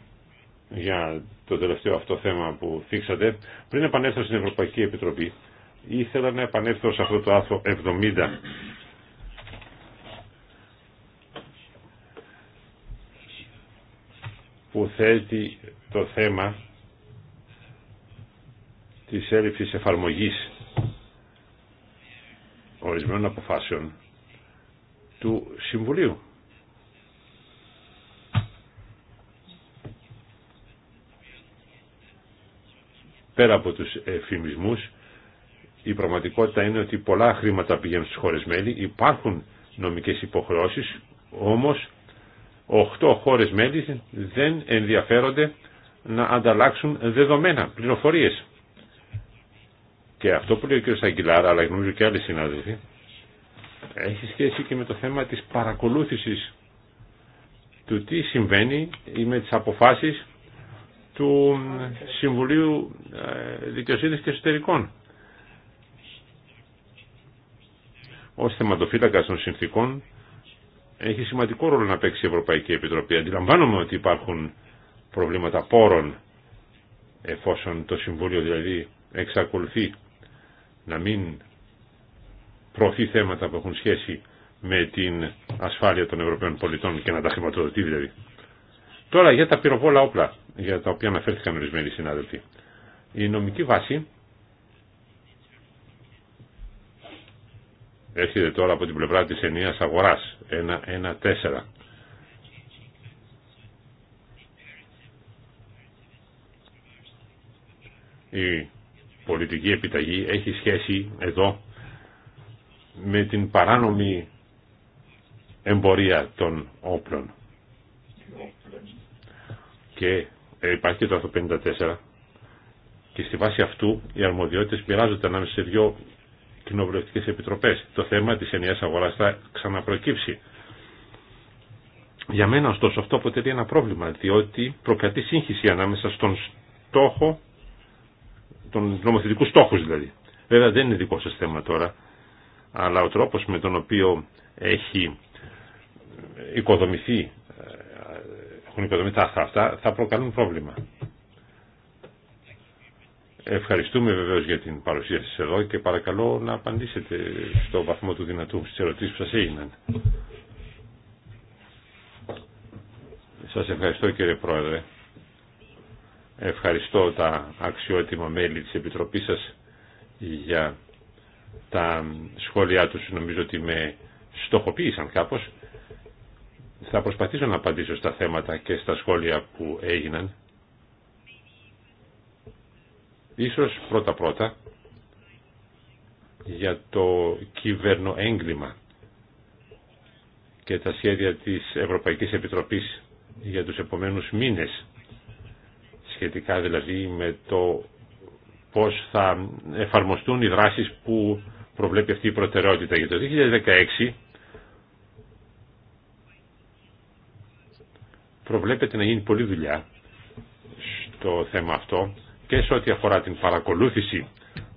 για το τελευταίο αυτό θέμα που θίξατε. Πριν επανέλθω στην Ευρωπαϊκή Επιτροπή, ήθελα να επανέλθω σε αυτό το άρθρο 70 που θέτει το θέμα της έλλειψης εφαρμογής ορισμένων αποφάσεων του Συμβουλίου. Πέρα από τους εφημισμούς, η πραγματικότητα είναι ότι πολλά χρήματα πηγαίνουν στους χώρες μέλη, υπάρχουν νομικές υποχρεώσεις, όμως 8 χώρες μέλη δεν ενδιαφέρονται να ανταλλάξουν δεδομένα, πληροφορίες. Και αυτό που λέει ο κ. Αγγιλάρα, αλλά γνωρίζω και άλλοι συνάδελφοι, έχει σχέση και με το θέμα της παρακολούθησης του τι συμβαίνει ή με τις αποφάσεις του Συμβουλίου ε, Δικαιοσύνης και Εσωτερικών. Ως θεματοφύλακας των συνθήκων έχει σημαντικό ρόλο να παίξει η Ευρωπαϊκή Επιτροπή. Αντιλαμβάνομαι ότι υπάρχουν προβλήματα πόρων εφόσον το Συμβούλιο δηλαδή εξακολουθεί να μην προωθεί θέματα που έχουν σχέση με την ασφάλεια των Ευρωπαίων πολιτών και να τα χρηματοδοτεί δηλαδή. Τώρα για τα πυροβόλα όπλα για τα οποία αναφέρθηκαν ορισμένοι συνάδελφοι. Η νομική βάση έρχεται τώρα από την πλευρά της ενίας αγοράς 1-1-4 η πολιτική επιταγή έχει σχέση εδώ με την παράνομη εμπορία των όπλων. Και υπάρχει και το άρθρο 54 και στη βάση αυτού οι αρμοδιότητες μοιράζονται ανάμεσα σε δύο κοινοβουλευτικές επιτροπές. Το θέμα της ενιαίας αγοράς θα ξαναπροκύψει. Για μένα ωστόσο αυτό αποτελεί ένα πρόβλημα διότι προκατεί σύγχυση ανάμεσα στον στόχο των νομοθετικού στόχου δηλαδή. Βέβαια δεν είναι δικό σα θέμα τώρα, αλλά ο τρόπος με τον οποίο έχει οικοδομηθεί, ε, έχουν οικοδομηθεί τα αυτά, θα προκαλούν πρόβλημα. Ευχαριστούμε βεβαίω για την παρουσία σας εδώ και παρακαλώ να απαντήσετε στο βαθμό του δυνατού στι ερωτήσει που σας έγιναν. Σα ευχαριστώ κύριε Πρόεδρε. Ευχαριστώ τα αξιότιμα μέλη της Επιτροπής σας για τα σχόλιά τους. Νομίζω ότι με στοχοποίησαν κάπως. Θα προσπαθήσω να απαντήσω στα θέματα και στα σχόλια που έγιναν. Ίσως πρώτα-πρώτα για το κυβέρνο έγκλημα και τα σχέδια της Ευρωπαϊκής Επιτροπής για τους επόμενους μήνες σχετικά δηλαδή με το πώς θα εφαρμοστούν οι δράσεις που προβλέπει αυτή η προτεραιότητα. Για το 2016 προβλέπεται να γίνει πολλή δουλειά στο θέμα αυτό και σε ό,τι αφορά την παρακολούθηση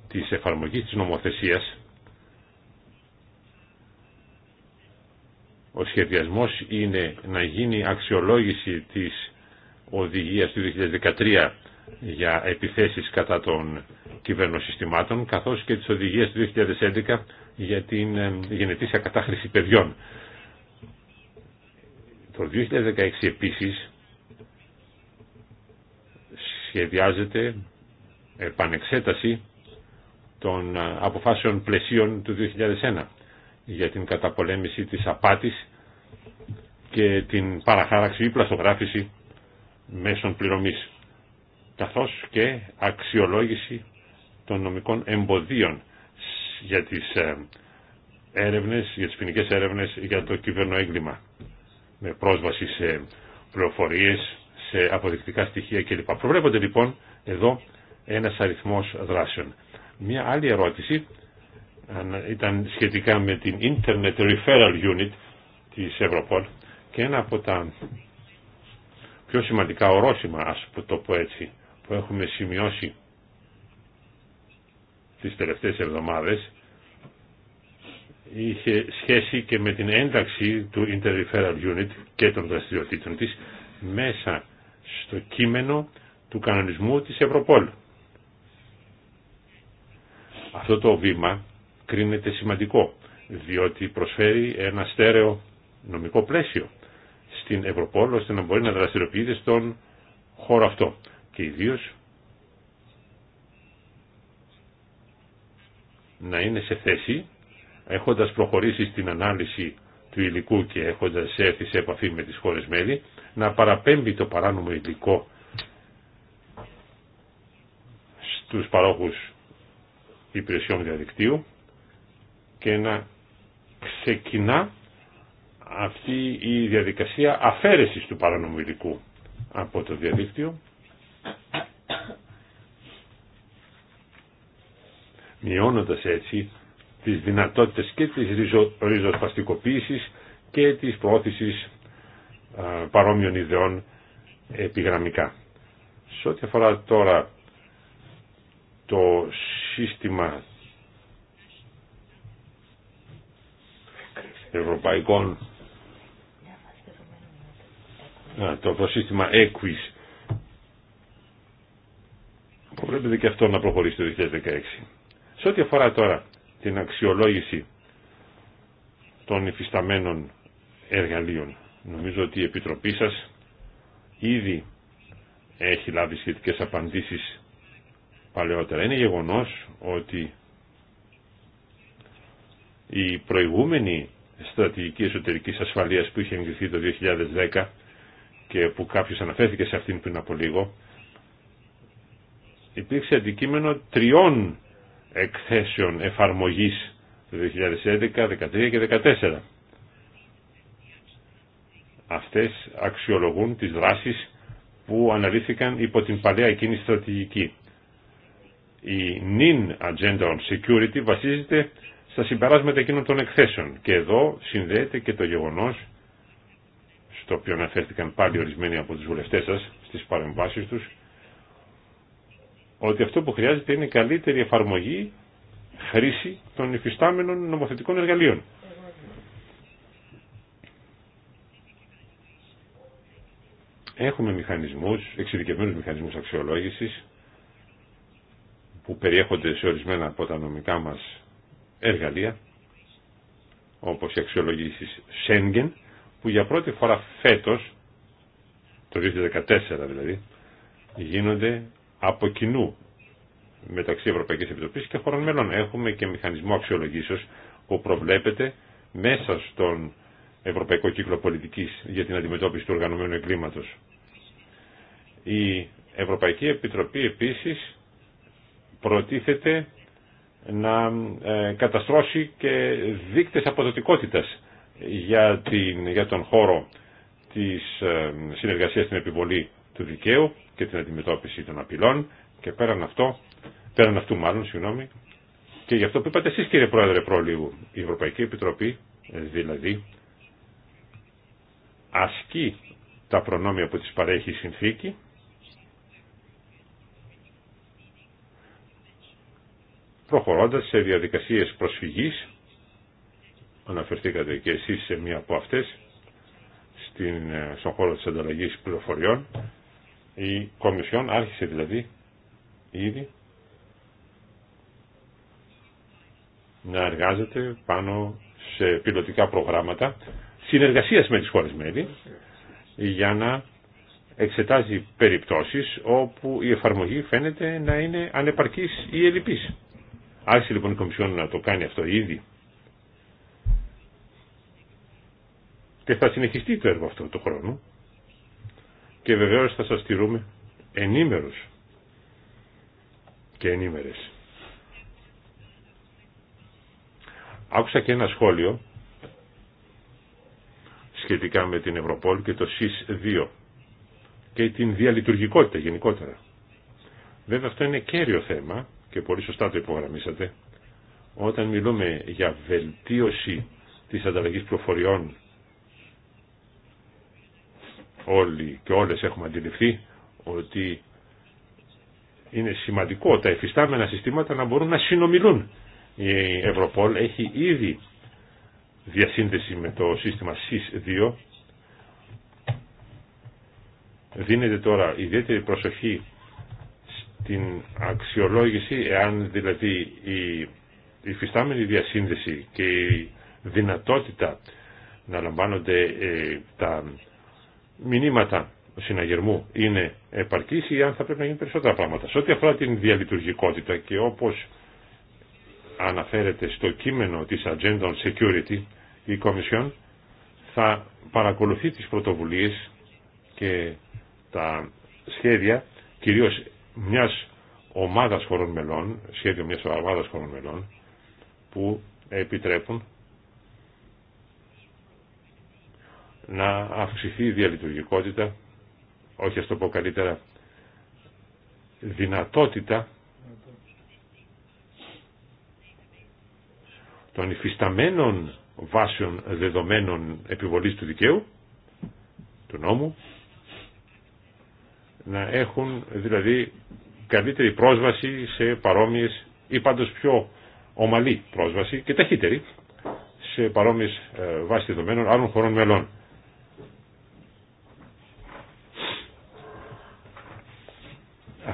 της εφαρμογής της νομοθεσίας ο σχεδιασμός είναι να γίνει αξιολόγηση της Οδηγία του 2013 για επιθέσεις κατά των κυβερνοσυστημάτων καθώς και τις οδηγίες του 2011 για την ε, γενετήσια κατάχρηση παιδιών. Το 2016 επίσης σχεδιάζεται επανεξέταση των ε, αποφάσεων πλαισίων του 2001 για την καταπολέμηση της απάτης και την παραχάραξη ή πλαστογράφηση μέσων πληρωμής καθώς και αξιολόγηση των νομικών εμποδίων για τις ε, έρευνες, για τις ποινικές έρευνες για το κυβερνοέγκλημα με πρόσβαση σε πληροφορίες, σε αποδεικτικά στοιχεία κλπ. Προβλέπονται λοιπόν εδώ ένας αριθμός δράσεων. Μία άλλη ερώτηση ήταν σχετικά με την Internet Referral Unit της Ευρωπόλ και ένα από τα πιο σημαντικά ορόσημα, ας το πω που έχουμε σημειώσει τις τελευταίες εβδομάδες είχε σχέση και με την ένταξη του Interreferral Unit και των δραστηριοτήτων της μέσα στο κείμενο του κανονισμού της Ευρωπόλ. Αυτό το βήμα κρίνεται σημαντικό διότι προσφέρει ένα στέρεο νομικό πλαίσιο στην Ευρωπόλ ώστε να μπορεί να δραστηριοποιείται στον χώρο αυτό. Και ιδίω να είναι σε θέση, έχοντας προχωρήσει στην ανάλυση του υλικού και έχοντας έρθει σε επαφή με τις χώρες μέλη, να παραπέμπει το παράνομο υλικό στους παρόχους υπηρεσιών διαδικτύου και να ξεκινά αυτή η διαδικασία αφαίρεσης του παρανομιλικού από το διαδίκτυο μειώνοντας έτσι τις δυνατότητες και της ριζο, ριζοσπαστικοποίησης και της προώθησης παρόμοιων ιδεών επιγραμμικά. Σε ό,τι αφορά τώρα το σύστημα ευρωπαϊκών το, το σύστημα Equis προβλέπεται και αυτό να προχωρήσει το 2016. Σε ό,τι αφορά τώρα την αξιολόγηση των υφισταμένων εργαλείων, νομίζω ότι η Επιτροπή σας ήδη έχει λάβει σχετικές απαντήσεις παλαιότερα. Είναι γεγονός ότι η προηγούμενη στρατηγική εσωτερικής ασφαλείας που είχε εγκριθεί το 2010 και που κάποιος αναφέρθηκε σε αυτήν πριν από λίγο, υπήρξε αντικείμενο τριών εκθέσεων εφαρμογής το 2011, 2013 και 2014. Αυτές αξιολογούν τις δράσεις που αναλύθηκαν υπό την παλαιά εκείνη στρατηγική. Η NIN Agenda on Security βασίζεται στα συμπεράσματα εκείνων των εκθέσεων και εδώ συνδέεται και το γεγονός το οποίο αναφέρθηκαν πάλι ορισμένοι από τους βουλευτές σας στις παρεμβάσεις τους, ότι αυτό που χρειάζεται είναι καλύτερη εφαρμογή, χρήση των υφιστάμενων νομοθετικών εργαλείων. Έχουμε μηχανισμούς, εξειδικευμένους μηχανισμούς αξιολόγησης, που περιέχονται σε ορισμένα από τα νομικά μας εργαλεία, όπως οι αξιολογήσεις Schengen, που για πρώτη φορά φέτος, το 2014 δηλαδή, γίνονται από κοινού μεταξύ Ευρωπαϊκής Επιτροπής και χωρών μέλων. Έχουμε και μηχανισμό αξιολογήσεως που προβλέπεται μέσα στον Ευρωπαϊκό Κύκλο Πολιτικής για την αντιμετώπιση του οργανωμένου εγκλήματος. Η Ευρωπαϊκή Επιτροπή επίσης προτίθεται να ε, καταστρώσει και δείκτες αποδοτικότητας για, την, για τον χώρο της ε, συνεργασίας στην επιβολή του δικαίου και την αντιμετώπιση των απειλών και πέραν, αυτό, πέραν αυτού μάλλον, συγγνώμη, και γι' αυτό που είπατε εσείς κύριε Πρόεδρε Πρόλυγου, η Ευρωπαϊκή Επιτροπή ε, δηλαδή ασκεί τα προνόμια που της παρέχει η συνθήκη προχωρώντας σε διαδικασίες προσφυγής αναφερθήκατε και εσείς σε μία από αυτές, στην, ε, στον χώρο της ανταλλαγής πληροφοριών. Η Κομισιόν άρχισε δηλαδή ήδη να εργάζεται πάνω σε πιλωτικά προγράμματα συνεργασίας με τις χώρες μέλη για να εξετάζει περιπτώσεις όπου η εφαρμογή φαίνεται να είναι ανεπαρκής ή ελλειπής. Άρχισε λοιπόν η Κομισιόν να το κάνει αυτό ήδη και θα συνεχιστεί το έργο αυτό του χρόνου και βεβαίως θα σας στηρούμε ενήμερους και ενήμερες. Άκουσα και ένα σχόλιο σχετικά με την Ευρωπόλ και το ΣΥΣ 2 και την διαλειτουργικότητα γενικότερα. Βέβαια αυτό είναι κέριο θέμα και πολύ σωστά το υπογραμμίσατε όταν μιλούμε για βελτίωση της ανταλλαγής προφοριών όλοι και όλες έχουμε αντιληφθεί ότι είναι σημαντικό τα εφιστάμενα συστήματα να μπορούν να συνομιλούν. Η Ευρωπόλ έχει ήδη διασύνδεση με το σύστημα SIS-2. Δίνεται τώρα ιδιαίτερη προσοχή στην αξιολόγηση εάν δηλαδή η υφιστάμενη διασύνδεση και η δυνατότητα να λαμβάνονται ε, τα μηνύματα συναγερμού είναι επαρκής ή αν θα πρέπει να γίνουν περισσότερα πράγματα. Σε ό,τι αφορά την διαλειτουργικότητα και όπως αναφέρεται στο κείμενο της Agenda on Security, η Κομισιόν θα παρακολουθεί τις πρωτοβουλίες και τα σχέδια κυρίως μιας ομάδας χωρών μελών, σχέδιο μιας ομάδας χωρών μελών που επιτρέπουν να αυξηθεί η διαλειτουργικότητα, όχι ας το πω καλύτερα, δυνατότητα των υφισταμένων βάσεων δεδομένων επιβολής του δικαίου, του νόμου, να έχουν δηλαδή καλύτερη πρόσβαση σε παρόμοιες ή πάντως πιο ομαλή πρόσβαση και ταχύτερη σε παρόμοιες ε, βάσεις δεδομένων άλλων χωρών μελών.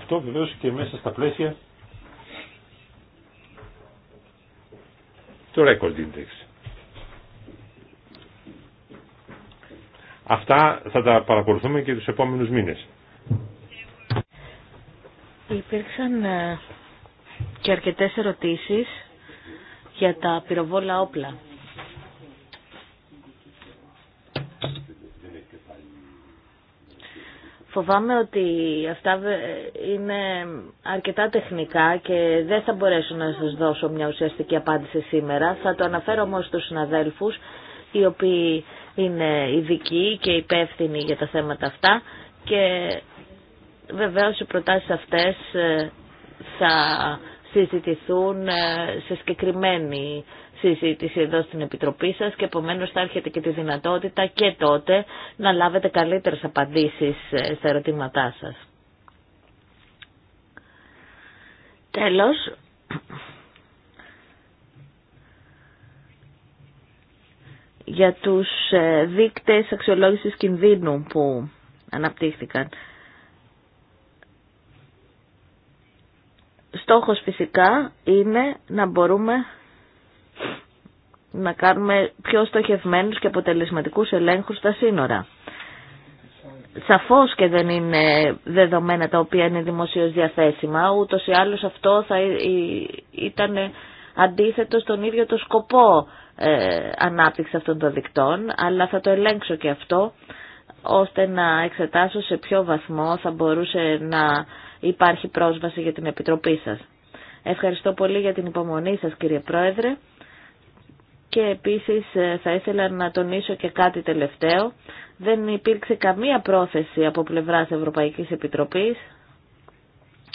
Αυτό βεβαίως και μέσα στα πλαίσια του Record Index. Αυτά θα τα παρακολουθούμε και τους επόμενους μήνες. Υπήρξαν ε, και αρκετές ερωτήσεις για τα πυροβόλα όπλα. Φοβάμαι ότι αυτά είναι αρκετά τεχνικά και δεν θα μπορέσω να σας δώσω μια ουσιαστική απάντηση σήμερα. Θα το αναφέρω όμως στους συναδέλφους οι οποίοι είναι ειδικοί και υπεύθυνοι για τα θέματα αυτά και βεβαίως οι προτάσεις αυτές ε, θα συζητηθούν ε, σε συγκεκριμένη συζήτηση εδώ στην Επιτροπή σας και επομένως θα έρχεται και τη δυνατότητα και τότε να λάβετε καλύτερες απαντήσεις ε, στα ερωτήματά σας. Τέλος, για τους ε, δείκτες αξιολόγησης κινδύνου που αναπτύχθηκαν. Στόχος φυσικά είναι να μπορούμε να κάνουμε πιο στοχευμένους και αποτελεσματικούς ελέγχους στα σύνορα. Σαφώς και δεν είναι δεδομένα τα οποία είναι δημοσίως διαθέσιμα, ούτως ή άλλως αυτό θα ε, ε, ήταν αντίθετο στον ίδιο το σκοπό ε, ανάπτυξη αυτών των δικτών, αλλά θα το ελέγξω και αυτό, ώστε να εξετάσω σε ποιο βαθμό θα μπορούσε να υπάρχει πρόσβαση για την Επιτροπή σας. Ευχαριστώ πολύ για την υπομονή σας κύριε Πρόεδρε. Και επίσης ε, θα ήθελα να τονίσω και κάτι τελευταίο. Δεν υπήρξε καμία πρόθεση από πλευράς Ευρωπαϊκής Επιτροπής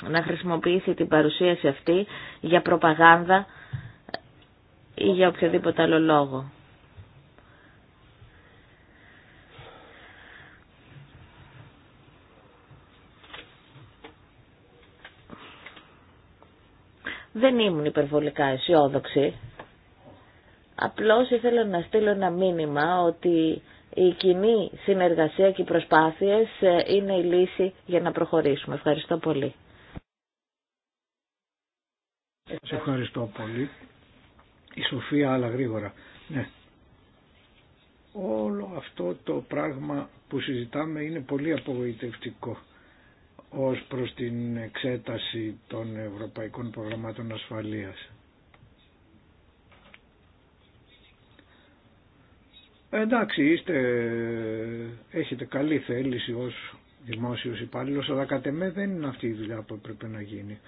να χρησιμοποιήσει την παρουσίαση αυτή για προπαγάνδα ή για οποιοδήποτε άλλο λόγο. Δεν ήμουν υπερβολικά αισιόδοξη Απλώς ήθελα να στείλω ένα μήνυμα ότι η κοινή συνεργασία και οι προσπάθειες ε, είναι η λύση για να προχωρήσουμε. Ευχαριστώ πολύ. Σε ευχαριστώ πολύ. Η Σοφία άλλα γρήγορα. Ναι. Όλο αυτό το πράγμα που συζητάμε είναι πολύ απογοητευτικό ως προς την εξέταση των ευρωπαϊκών προγραμμάτων ασφαλείας. Ε, εντάξει, είστε, έχετε καλή θέληση ως δημόσιος υπάλληλος, αλλά κατ' εμέ δεν είναι αυτή η δουλειά που πρέπει να γίνει.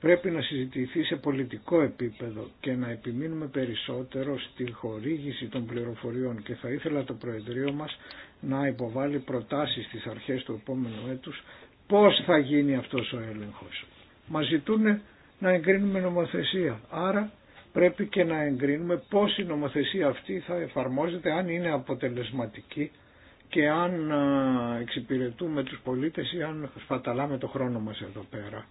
Πρέπει να συζητηθεί σε πολιτικό επίπεδο και να επιμείνουμε περισσότερο στη χορήγηση των πληροφοριών και θα ήθελα το Προεδρείο μας να υποβάλει προτάσεις στις αρχές του επόμενου έτους πώς θα γίνει αυτός ο έλεγχος. Μας ζητούν να εγκρίνουμε νομοθεσία, άρα πρέπει και να εγκρίνουμε πώς η νομοθεσία αυτή θα εφαρμόζεται, αν είναι αποτελεσματική και αν εξυπηρετούμε τους πολίτες ή αν σπαταλάμε το χρόνο μας εδώ πέρα.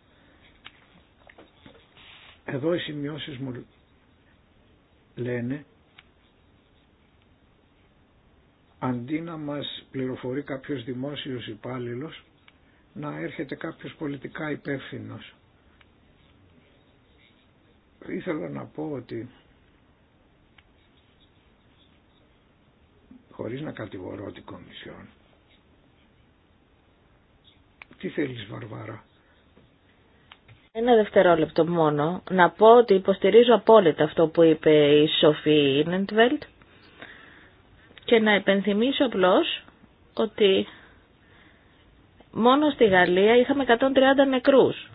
Εδώ οι σημειώσεις μου λένε αντί να μας πληροφορεί κάποιος δημόσιος υπάλληλος να έρχεται κάποιος πολιτικά υπεύθυνος ήθελα να πω ότι χωρίς να κατηγορώ την Κομισιόν τι θέλεις Βαρβάρα ένα δευτερόλεπτο μόνο να πω ότι υποστηρίζω απόλυτα αυτό που είπε η Σοφή Ινεντβέλτ και να υπενθυμίσω απλώς ότι μόνο στη Γαλλία είχαμε 130 νεκρούς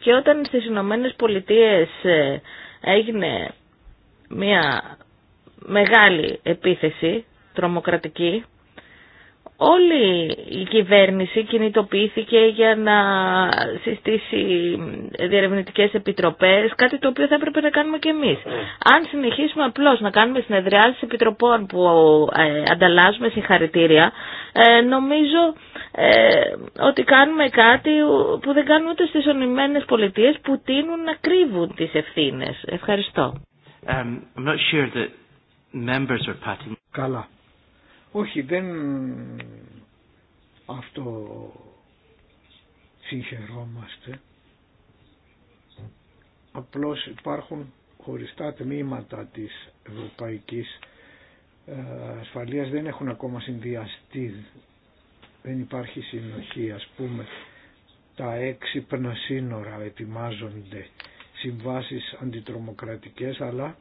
και όταν στις Ηνωμένε Πολιτείε ε, έγινε μια μεγάλη επίθεση τρομοκρατική Όλη η κυβέρνηση κινητοποιήθηκε για να συστήσει διερευνητικές επιτροπές, κάτι το οποίο θα έπρεπε να κάνουμε και εμείς. Αν συνεχίσουμε απλώς να κάνουμε συνεδριάσεις επιτροπών που ε, ανταλλάσσουμε συγχαρητήρια, ε, νομίζω ε, ότι κάνουμε κάτι που δεν κάνουν ούτε στις ονειμένες πολιτείες που τείνουν να κρύβουν τις ευθύνες. Ευχαριστώ. Um, I'm sure that Καλά. Όχι, δεν αυτό συγχαιρόμαστε. Απλώς υπάρχουν χωριστά τμήματα της ευρωπαϊκής ε, ασφαλείας, δεν έχουν ακόμα συνδυαστεί, δεν υπάρχει συνοχή, ας πούμε τα έξυπνα σύνορα ετοιμάζονται συμβάσεις αντιτρομοκρατικές αλλά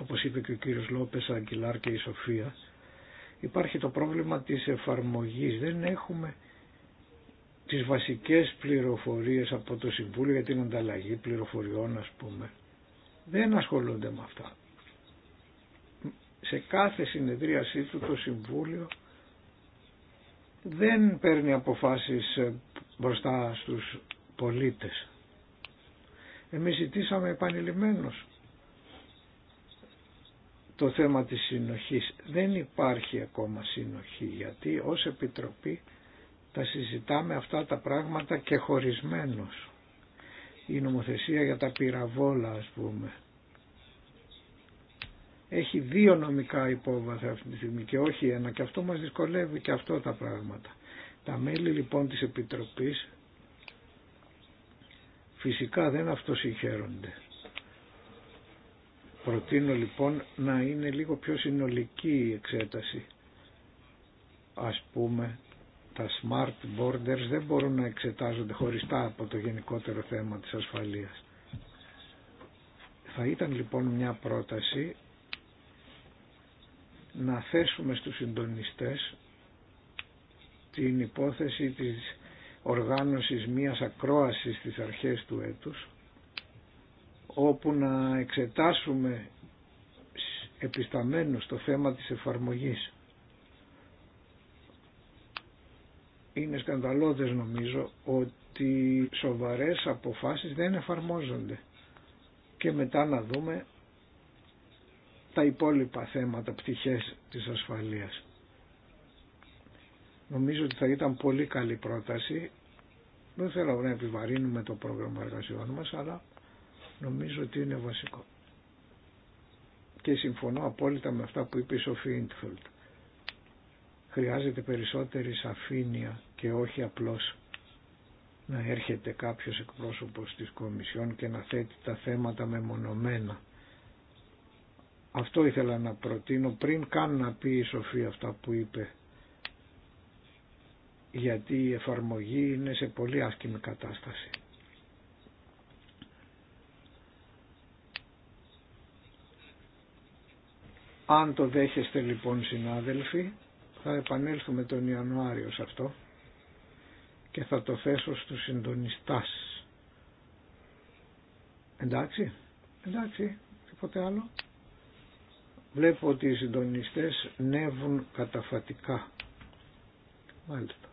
όπως είπε και ο κύριος Λόπες Αγγιλάρ και η Σοφία, υπάρχει το πρόβλημα της εφαρμογής. Δεν έχουμε τις βασικές πληροφορίες από το Συμβούλιο για την ανταλλαγή πληροφοριών ας πούμε. Δεν ασχολούνται με αυτά. Σε κάθε συνεδρίασή του το Συμβούλιο δεν παίρνει αποφάσεις μπροστά στους πολίτες. Εμείς ζητήσαμε επανειλημμένως το θέμα της συνοχής. Δεν υπάρχει ακόμα συνοχή γιατί ως Επιτροπή τα συζητάμε αυτά τα πράγματα και χωρισμένος. Η νομοθεσία για τα πυραβόλα ας πούμε. Έχει δύο νομικά υπόβαθρα αυτή τη στιγμή και όχι ένα και αυτό μας δυσκολεύει και αυτό τα πράγματα. Τα μέλη λοιπόν της Επιτροπής φυσικά δεν αυτοσυγχαίρονται Προτείνω λοιπόν να είναι λίγο πιο συνολική η εξέταση. Ας πούμε, τα smart borders δεν μπορούν να εξετάζονται χωριστά από το γενικότερο θέμα της ασφαλείας. Θα ήταν λοιπόν μια πρόταση να θέσουμε στους συντονιστές την υπόθεση της οργάνωσης μιας ακρόασης στις αρχές του έτους όπου να εξετάσουμε επισταμένως το θέμα της εφαρμογής. Είναι σκανδαλώδες νομίζω ότι σοβαρές αποφάσεις δεν εφαρμόζονται και μετά να δούμε τα υπόλοιπα θέματα πτυχές της ασφαλείας. Νομίζω ότι θα ήταν πολύ καλή πρόταση. Δεν θέλω να επιβαρύνουμε το πρόγραμμα εργασιών μας, αλλά νομίζω ότι είναι βασικό. Και συμφωνώ απόλυτα με αυτά που είπε η Σοφή Ιντφελτ. Χρειάζεται περισσότερη σαφήνεια και όχι απλώς να έρχεται κάποιος εκπρόσωπος της Κομισιόν και να θέτει τα θέματα μεμονωμένα. Αυτό ήθελα να προτείνω πριν καν να πει η Σοφία αυτά που είπε. Γιατί η εφαρμογή είναι σε πολύ άσκημη κατάσταση. Αν το δέχεστε λοιπόν συνάδελφοι, θα επανέλθουμε τον Ιανουάριο σε αυτό και θα το θέσω στους συντονιστάς. Εντάξει, εντάξει, τίποτε άλλο. Βλέπω ότι οι συντονιστές νεύουν καταφατικά. Μάλιστα.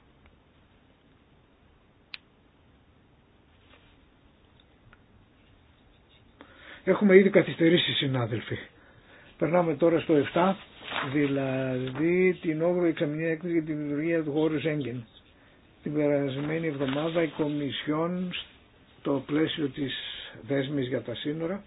Έχουμε ήδη καθυστερήσει συνάδελφοι. Περνάμε τώρα στο 7, δηλαδή την 8η εξαμηνία έκθεση για τη λειτουργία του χώρου Σέγγεν. Την περασμένη εβδομάδα η Κομισιόν στο πλαίσιο της δέσμης για τα σύνορα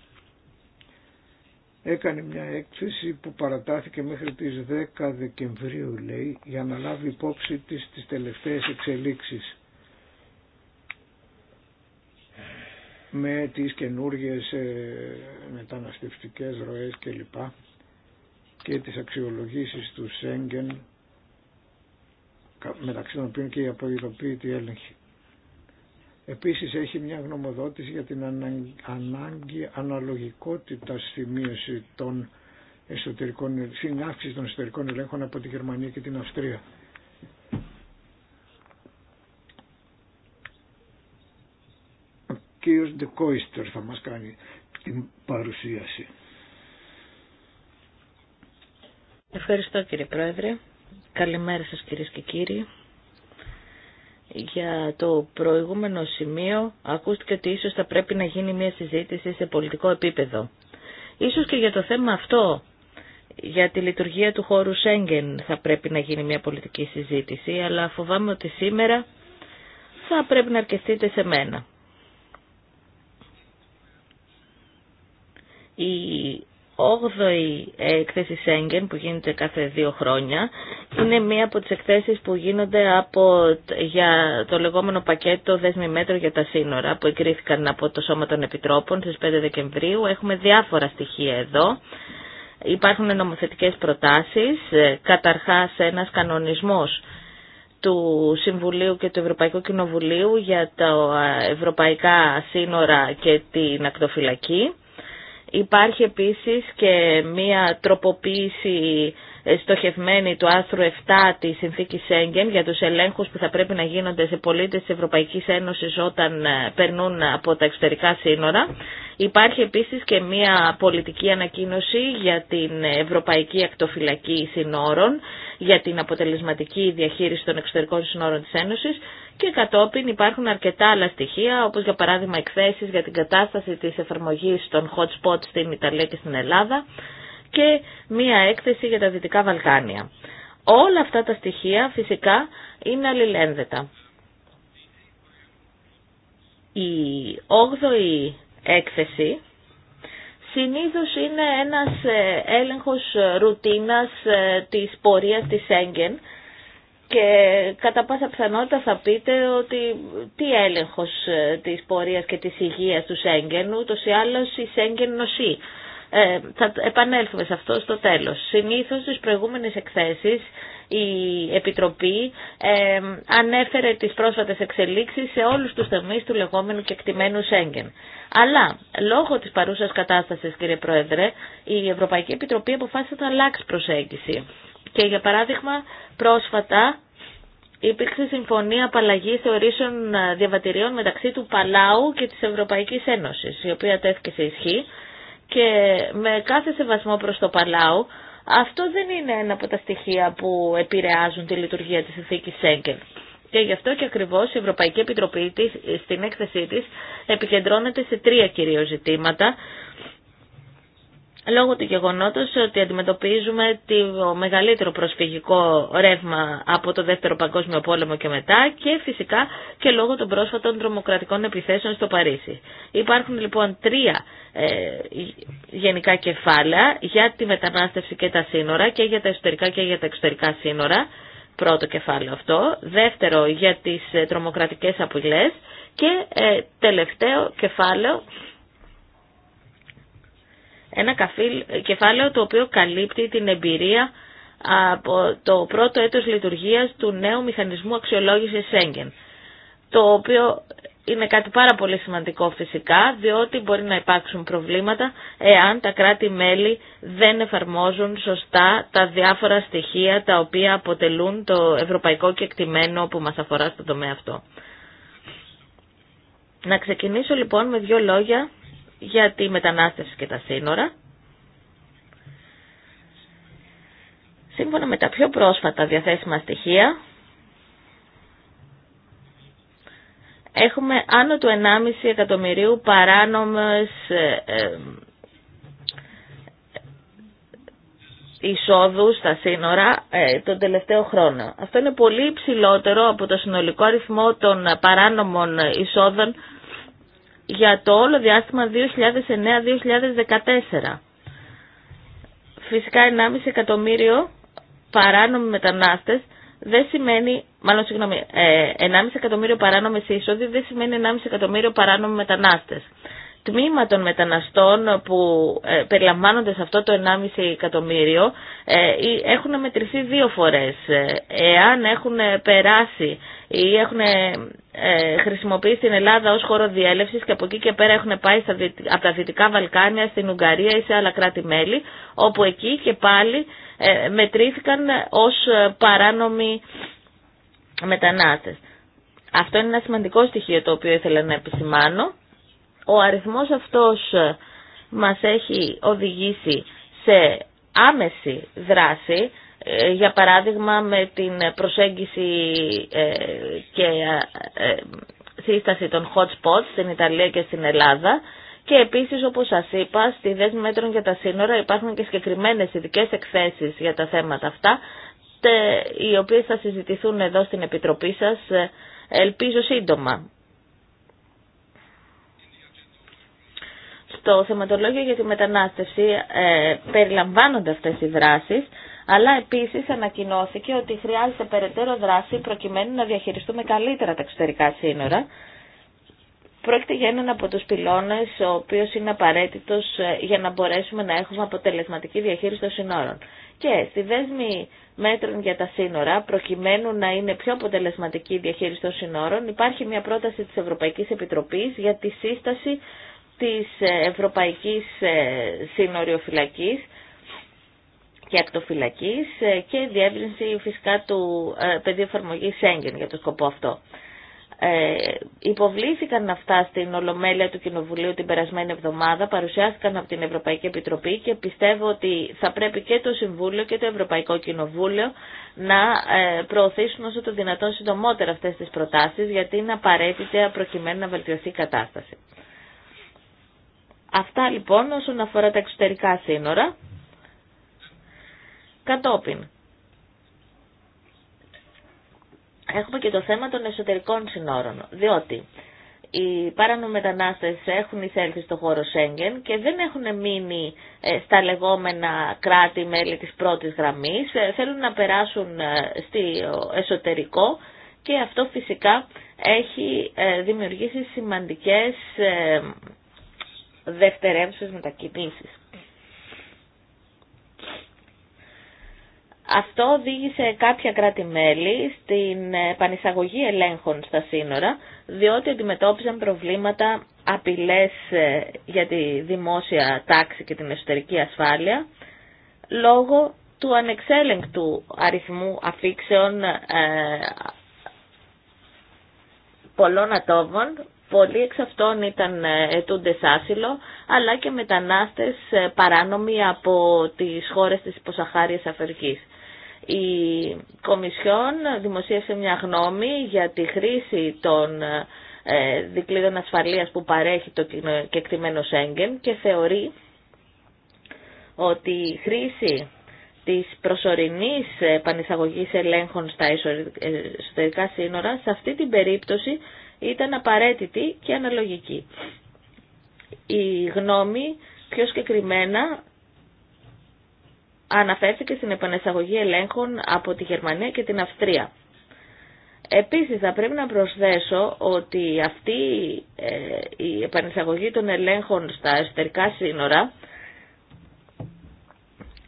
έκανε μια έκθεση που παρατάθηκε μέχρι τις 10 Δεκεμβρίου λέει για να λάβει υπόψη της τις τελευταίες εξελίξεις με τις καινούργιες ε, μεταναστευτικές ροές κλπ και τις αξιολογήσεις του Σέγγεν μεταξύ των οποίων και η τη έλεγχη. Επίσης έχει μια γνωμοδότηση για την ανάγκη αναλογικότητα στη μείωση των εσωτερικών, των εσωτερικών ελέγχων από τη Γερμανία και την Αυστρία. κύριος Ντεκόιστερ θα μας κάνει την παρουσίαση. Ευχαριστώ κύριε Πρόεδρε. Καλημέρα σας κύριε και κύριοι. Για το προηγούμενο σημείο ακούστηκε ότι ίσως θα πρέπει να γίνει μια συζήτηση σε πολιτικό επίπεδο. Ίσως και για το θέμα αυτό, για τη λειτουργία του χώρου Σέγγεν θα πρέπει να γίνει μια πολιτική συζήτηση, αλλά φοβάμαι ότι σήμερα θα πρέπει να αρκεστείτε σε μένα. η 8η εκθέση Σέγγεν που γίνεται κάθε δύο χρόνια είναι μία από τις εκθέσεις που γίνονται από, για το λεγόμενο πακέτο δέσμη μέτρο για τα σύνορα που εγκρίθηκαν από το Σώμα των Επιτρόπων στις 5 Δεκεμβρίου. Έχουμε διάφορα στοιχεία εδώ. Υπάρχουν νομοθετικές προτάσεις, ε, καταρχάς ένας κανονισμός του Συμβουλίου και του Ευρωπαϊκού Κοινοβουλίου για τα ε, ευρωπαϊκά σύνορα και την ακτοφυλακή. Υπάρχει επίσης και μία τροποποίηση στοχευμένη του άρθρου 7 της συνθήκης Σέγγεν για τους ελέγχους που θα πρέπει να γίνονται σε πολίτες της Ευρωπαϊκής Ένωσης όταν ε, περνούν από τα εξωτερικά σύνορα Υπάρχει επίσης και μία πολιτική ανακοίνωση για την Ευρωπαϊκή Ακτοφυλακή Συνόρων, για την αποτελεσματική διαχείριση των εξωτερικών συνόρων της Ένωσης και κατόπιν υπάρχουν αρκετά άλλα στοιχεία, όπως για παράδειγμα εκθέσεις για την κατάσταση της εφαρμογής των hot spots στην Ιταλία και στην Ελλάδα και μία έκθεση για τα Δυτικά Βαλκάνια. Όλα αυτά τα στοιχεία φυσικά είναι αλληλένδετα. Η 8 έκθεση συνήθως είναι ένας ε, έλεγχος ρουτίνας ε, της πορείας της Σέγγεν και κατά πάσα πιθανότητα θα πείτε ότι τι έλεγχος ε, της πορείας και της υγείας του Σέγγεν, ούτως ή άλλως η Σέγγεν νοσεί. Ε, θα επανέλθουμε σε αυτό στο τέλος. Συνήθως στις προηγούμενες εκθέσεις η Επιτροπή ε, ανέφερε τις πρόσφατες εξελίξεις σε όλους τους τομείς του λεγόμενου κεκτημένου Σέγγεν. Αλλά λόγω της παρούσας κατάστασης κύριε Πρόεδρε η Ευρωπαϊκή Επιτροπή αποφάσισε να αλλάξει προσέγγιση. Και για παράδειγμα πρόσφατα υπήρξε συμφωνία απαλλαγή θεωρήσεων διαβατηρίων μεταξύ του Παλάου και της Ευρωπαϊκής Ένωσης, η οποία τέθηκε σε ισχύ και με κάθε σεβασμό προς το Παλάου, αυτό δεν είναι ένα από τα στοιχεία που επηρεάζουν τη λειτουργία της θήκη Σέγγεν. Και γι' αυτό και ακριβώς η Ευρωπαϊκή Επιτροπή της, στην έκθεσή της επικεντρώνεται σε τρία κυρίως ζητήματα λόγω του γεγονότος ότι αντιμετωπίζουμε το μεγαλύτερο προσφυγικό ρεύμα από το Δεύτερο Παγκόσμιο Πόλεμο και μετά και φυσικά και λόγω των πρόσφατων τρομοκρατικών επιθέσεων στο Παρίσι. Υπάρχουν λοιπόν τρία ε, γενικά κεφάλαια για τη μετανάστευση και τα σύνορα και για τα εσωτερικά και για τα εξωτερικά σύνορα. Πρώτο κεφάλαιο αυτό. Δεύτερο για τις ε, τρομοκρατικές απειλές. Και ε, τελευταίο κεφάλαιο ένα κεφάλαιο το οποίο καλύπτει την εμπειρία από το πρώτο έτος λειτουργίας του νέου μηχανισμού αξιολόγησης Σέγγεν, το οποίο είναι κάτι πάρα πολύ σημαντικό φυσικά, διότι μπορεί να υπάρξουν προβλήματα εάν τα κράτη-μέλη δεν εφαρμόζουν σωστά τα διάφορα στοιχεία τα οποία αποτελούν το ευρωπαϊκό κεκτημένο που μας αφορά στο τομέα αυτό. Να ξεκινήσω λοιπόν με δύο λόγια για τη μετανάστευση και τα σύνορα. Σύμφωνα με τα πιο πρόσφατα διαθέσιμα στοιχεία, έχουμε άνω του 1,5 εκατομμυρίου παράνομες ε, ε, εισόδους στα σύνορα ε, τον τελευταίο χρόνο. Αυτό είναι πολύ υψηλότερο από το συνολικό αριθμό των παράνομων εισόδων για το όλο διάστημα 2009-2014. Φυσικά 1,5 εκατομμύριο παράνομοι μετανάστες δεν σημαίνει, μάλλον συγγνώμη, 1,5 ε, εκατομμύριο παράνομες είσοδοι δεν σημαίνει 1,5 εκατομμύριο παράνομοι μετανάστες τμήμα των μεταναστών που ε, περιλαμβάνονται σε αυτό το 1,5 εκατομμύριο ε, έχουν μετρηθεί δύο φορές. Ε, εάν έχουν περάσει ή έχουν χρησιμοποιήσει την Ελλάδα ως χώρο διέλευσης και από εκεί και πέρα έχουν πάει στα, από τα Δυτικά Βαλκάνια στην Ουγγαρία ή σε άλλα κράτη-μέλη, όπου εκεί και πάλι μετρήθηκαν ως παράνομοι μετανάστες. Αυτό είναι ένα σημαντικό στοιχείο το οποίο ήθελα να επισημάνω. Ο αριθμός αυτός ε, μας έχει οδηγήσει σε άμεση δράση, ε, για παράδειγμα με την προσέγγιση ε, και σύσταση των hot spots στην Ιταλία και στην Ελλάδα και επίσης όπως σας είπα στη δέσμη μέτρων για τα σύνορα υπάρχουν και συγκεκριμένες ειδικέ εκθέσεις για τα θέματα αυτά οι οποίες θα συζητηθούν εδώ στην Επιτροπή σας ελπίζω σύντομα. στο θεματολόγιο για τη μετανάστευση ε, περιλαμβάνονται αυτές οι δράσεις, αλλά επίσης ανακοινώθηκε ότι χρειάζεται περαιτέρω δράση προκειμένου να διαχειριστούμε καλύτερα τα εξωτερικά σύνορα. Πρόκειται για έναν από τους πυλώνες ο οποίος είναι απαραίτητος ε, για να μπορέσουμε να έχουμε αποτελεσματική διαχείριση των σύνορων. Και στη δέσμη μέτρων για τα σύνορα, προκειμένου να είναι πιο αποτελεσματική η διαχείριση των σύνορων, υπάρχει μια πρόταση της Ευρωπαϊκής Επιτροπής για τη σύσταση της Ευρωπαϊκής ε, Σύνοριοφυλακής και ακτοφυλακής ε, και η διεύρυνση φυσικά του ε, πεδίου εφαρμογή έγκεν για το σκοπό αυτό. Ε, υποβλήθηκαν αυτά στην Ολομέλεια του Κοινοβουλίου την περασμένη εβδομάδα, παρουσιάστηκαν από την Ευρωπαϊκή Επιτροπή και πιστεύω ότι θα πρέπει και το Συμβούλιο και το Ευρωπαϊκό Κοινοβούλιο να προωθήσουν όσο το δυνατόν συντομότερα αυτές τις προτάσεις γιατί είναι απαραίτητα προκειμένου να βελτιωθεί η κατάσταση. Αυτά λοιπόν όσον αφορά τα εξωτερικά σύνορα. Κατόπιν. Έχουμε και το θέμα των εσωτερικών συνόρων, διότι οι παρανομετανάστες έχουν εισέλθει στο χώρο Σέγγεν και δεν έχουν μείνει ε, στα λεγόμενα κράτη-μέλη της πρώτης γραμμής, ε, θέλουν να περάσουν ε, στο εσωτερικό και αυτό φυσικά έχει δημιουργήσει σημαντικές δευτερεύουσες μετακινήσεις. Αυτό οδήγησε κάποια κράτη-μέλη στην ε, πανισαγωγή ελέγχων στα σύνορα, διότι αντιμετώπιζαν προβλήματα απειλές ε, για τη δημόσια τάξη και την εσωτερική ασφάλεια, λόγω του ανεξέλεγκτου αριθμού αφήξεων ε, πολλών ατόμων Πολλοί εξ αυτών ήταν ετούντες άσυλο, αλλά και μετανάστες ε, παράνομοι από τις χώρες της υποσαχάριας Αφρικής. Η Κομισιόν δημοσίευσε μια γνώμη για τη χρήση των ε, δικλείδων ασφαλείας που παρέχει το κεκτημένο Σέγγεν και θεωρεί ότι η χρήση της προσωρινής πανησαγωγή ελέγχων στα εσωτερικά σύνορα σε αυτή την περίπτωση ήταν απαραίτητη και αναλογική. Η γνώμη πιο συγκεκριμένα αναφέρθηκε στην επανεσαγωγή ελέγχων από τη Γερμανία και την Αυστρία. Επίσης θα πρέπει να προσθέσω ότι αυτή ε, η επανεσαγωγή των ελέγχων στα εσωτερικά σύνορα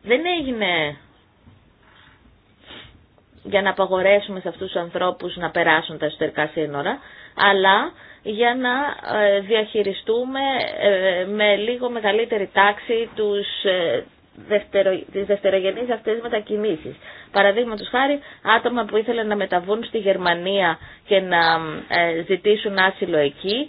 δεν έγινε για να απαγορέσουμε σε αυτούς τους ανθρώπους να περάσουν τα εσωτερικά σύνορα, αλλά για να ε, διαχειριστούμε ε, με λίγο μεγαλύτερη τάξη τους ε, δευτερο, τις δευτερογενείς αυτές μετακινήσεις. Παραδείγματος χάρη, άτομα που ήθελαν να μεταβούν στη Γερμανία και να ζητήσουν άσυλο εκεί,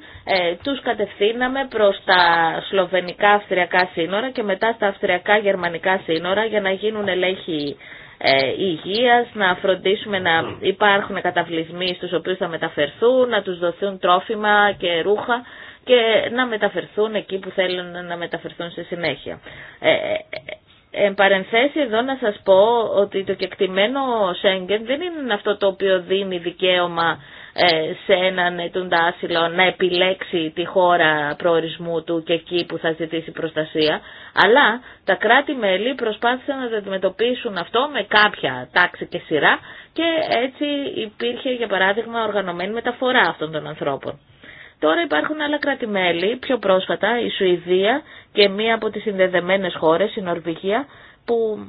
τους κατευθύναμε προς τα σλοβενικά-αυστριακά σύνορα και μετά στα αυστριακά-γερμανικά σύνορα για να γίνουν ελέγχοι ε, υγεία, να φροντίσουμε να υπάρχουν καταβλισμοί στους οποίους θα μεταφερθούν, να τους δοθούν τρόφιμα και ρούχα και να μεταφερθούν εκεί που θέλουν να μεταφερθούν σε συνέχεια. Ε, ε, ε, Εν παρενθέσει εδώ να σας πω ότι το κεκτημένο Σέγγεν δεν είναι αυτό το οποίο δίνει δικαίωμα ε, σε έναν ετούντα να επιλέξει τη χώρα προορισμού του και εκεί που θα ζητήσει προστασία, αλλά τα κράτη-μέλη προσπάθησαν να το αντιμετωπίσουν αυτό με κάποια τάξη και σειρά και έτσι υπήρχε για παράδειγμα οργανωμένη μεταφορά αυτών των ανθρώπων. Τώρα υπάρχουν άλλα κράτη-μέλη, πιο πρόσφατα η Σουηδία και μία από τις συνδεδεμένες χώρες, η Νορβηγία, που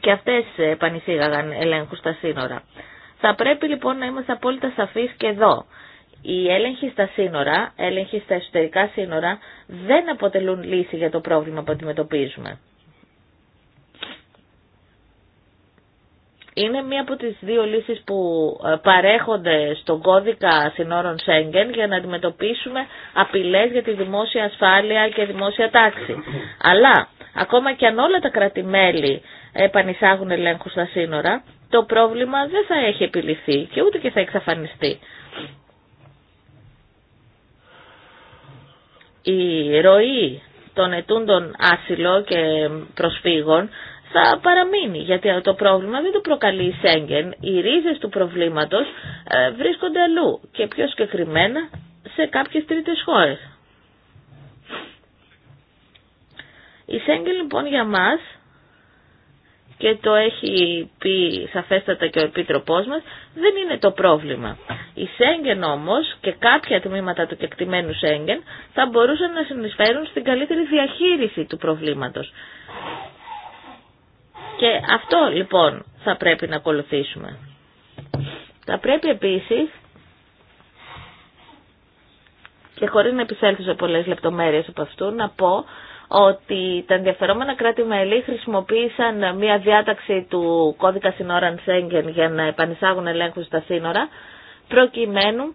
και αυτές επανησύγαγαν ελέγχου στα σύνορα. Θα πρέπει λοιπόν να είμαστε απόλυτα σαφείς και εδώ. Οι έλεγχοι στα σύνορα, έλεγχοι στα εσωτερικά σύνορα δεν αποτελούν λύση για το πρόβλημα που αντιμετωπίζουμε. είναι μία από τις δύο λύσεις που ε, παρέχονται στον κώδικα συνόρων Σέγγεν για να αντιμετωπίσουμε απειλές για τη δημόσια ασφάλεια και δημόσια τάξη. Αλλά ακόμα και αν όλα τα κρατημέλη επανισάγουν ελέγχους στα σύνορα, το πρόβλημα δεν θα έχει επιληθεί και ούτε και θα εξαφανιστεί. Η ροή των ετούντων άσυλο και προσφύγων θα παραμείνει, γιατί το πρόβλημα δεν το προκαλεί η Σέγγεν. Οι ρίζες του προβλήματος ε, βρίσκονται αλλού και πιο συγκεκριμένα σε κάποιες τρίτες χώρες. Η Σέγγεν λοιπόν για μας και το έχει πει σαφέστατα και ο Επίτροπός μας, δεν είναι το πρόβλημα. Η Σέγγεν όμως και κάποια τμήματα του κεκτημένου Σέγγεν θα μπορούσαν να συνεισφέρουν στην καλύτερη διαχείριση του προβλήματος. Και αυτό λοιπόν θα πρέπει να ακολουθήσουμε. Θα πρέπει επίσης και χωρίς να επισέλθω σε πολλές λεπτομέρειες από αυτού, να πω ότι τα ενδιαφερόμενα κράτη-μέλη χρησιμοποίησαν μια διάταξη του κώδικα σύνοραν Σέγγεν για να επανισάγουν ελέγχου στα σύνορα, προκειμένου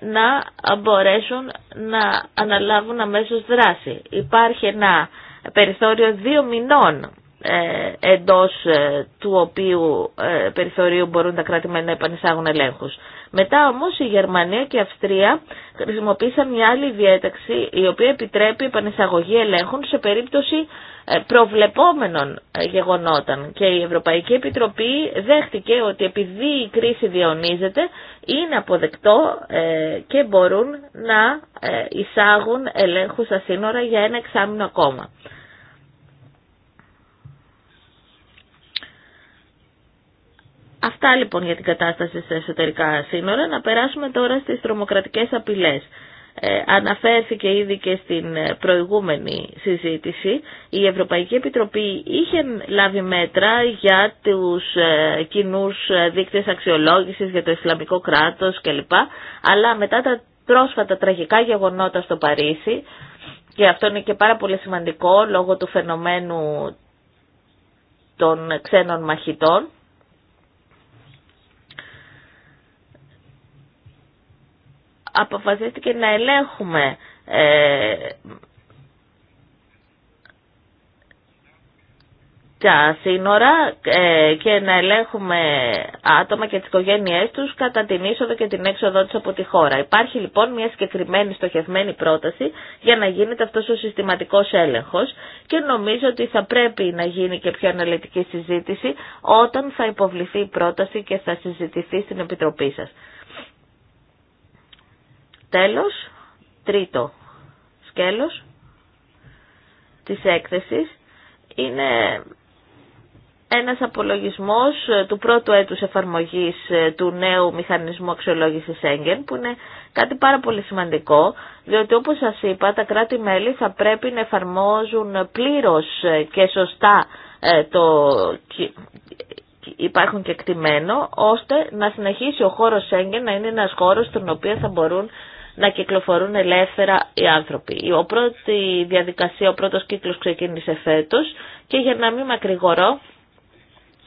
να μπορέσουν να αναλάβουν αμέσως δράση. Υπάρχει ένα περιθώριο δύο μηνών ε, εντός ε, του οποίου ε, περιθωρίου μπορούν τα κράτη να επανεισάγουν ελέγχους. Μετά όμως η Γερμανία και η Αυστρία χρησιμοποίησαν μια άλλη διέταξη η οποία επιτρέπει επανεισαγωγή ελέγχων σε περίπτωση προβλεπόμενων γεγονότων και η Ευρωπαϊκή Επιτροπή δέχτηκε ότι επειδή η κρίση διαιωνίζεται είναι αποδεκτό και μπορούν να εισάγουν ελέγχους στα σύνορα για ένα εξάμεινο ακόμα. Αυτά λοιπόν για την κατάσταση στα εσωτερικά σύνορα. Να περάσουμε τώρα στις τρομοκρατικές απειλές. Ε, αναφέρθηκε ήδη και στην προηγούμενη συζήτηση. Η Ευρωπαϊκή Επιτροπή είχε λάβει μέτρα για τους ε, κοινούς ε, δείκτες αξιολόγησης για το Ισλαμικό κράτος κλπ. Αλλά μετά τα πρόσφατα τραγικά γεγονότα στο Παρίσι, και αυτό είναι και πάρα πολύ σημαντικό λόγω του φαινομένου των ξένων μαχητών, αποφασίστηκε να ελέγχουμε ε, τα σύνορα ε, και να ελέγχουμε άτομα και τις οικογένειές τους κατά την είσοδο και την έξοδο τους από τη χώρα. Υπάρχει λοιπόν μια συγκεκριμένη στοχευμένη πρόταση για να γίνεται αυτός ο συστηματικός έλεγχος και νομίζω ότι θα πρέπει να γίνει και πιο αναλυτική συζήτηση όταν θα υποβληθεί η πρόταση και θα συζητηθεί στην Επιτροπή σας. Τέλος, τρίτο σκέλος της έκθεσης είναι ένας απολογισμός του πρώτου έτους εφαρμογής του νέου μηχανισμού αξιολόγησης έγκεν που είναι κάτι πάρα πολύ σημαντικό διότι όπως σας είπα τα κράτη-μέλη θα πρέπει να εφαρμόζουν πλήρως και σωστά ε, το υπάρχουν και εκτιμένο ώστε να συνεχίσει ο χώρος έγκεν να είναι ένας χώρος στον οποίο θα μπορούν να κυκλοφορούν ελεύθερα οι άνθρωποι. Ο πρώτη διαδικασία, ο πρώτος κύκλος ξεκίνησε φέτος και για να μην μακρηγορώ,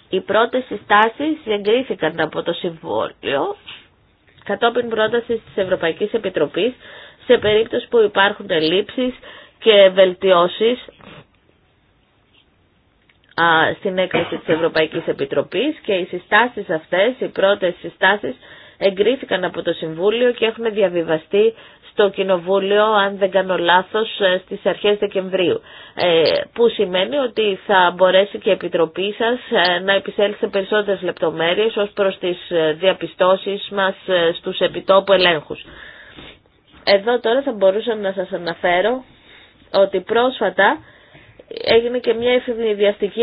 οι πρώτες συστάσεις εγκρίθηκαν από το Συμβόλιο κατόπιν πρόταση της Ευρωπαϊκής Επιτροπής σε περίπτωση που υπάρχουν ελλείψεις και βελτιώσεις στην έκθεση της Ευρωπαϊκής Επιτροπής και οι συστάσεις αυτές, οι πρώτες συστάσεις εγκρίθηκαν από το Συμβούλιο και έχουν διαβιβαστεί στο Κοινοβούλιο, αν δεν κάνω λάθος, στις αρχές Δεκεμβρίου. Ε, που σημαίνει ότι θα μπορέσει και η Επιτροπή σας ε, να επισέλθει σε περισσότερες λεπτομέρειες ως προς τις ε, διαπιστώσεις μας στους επιτόπου ελέγχους. Εδώ τώρα θα μπορούσα να σας αναφέρω ότι πρόσφατα έγινε και μια εφηβηδιαστική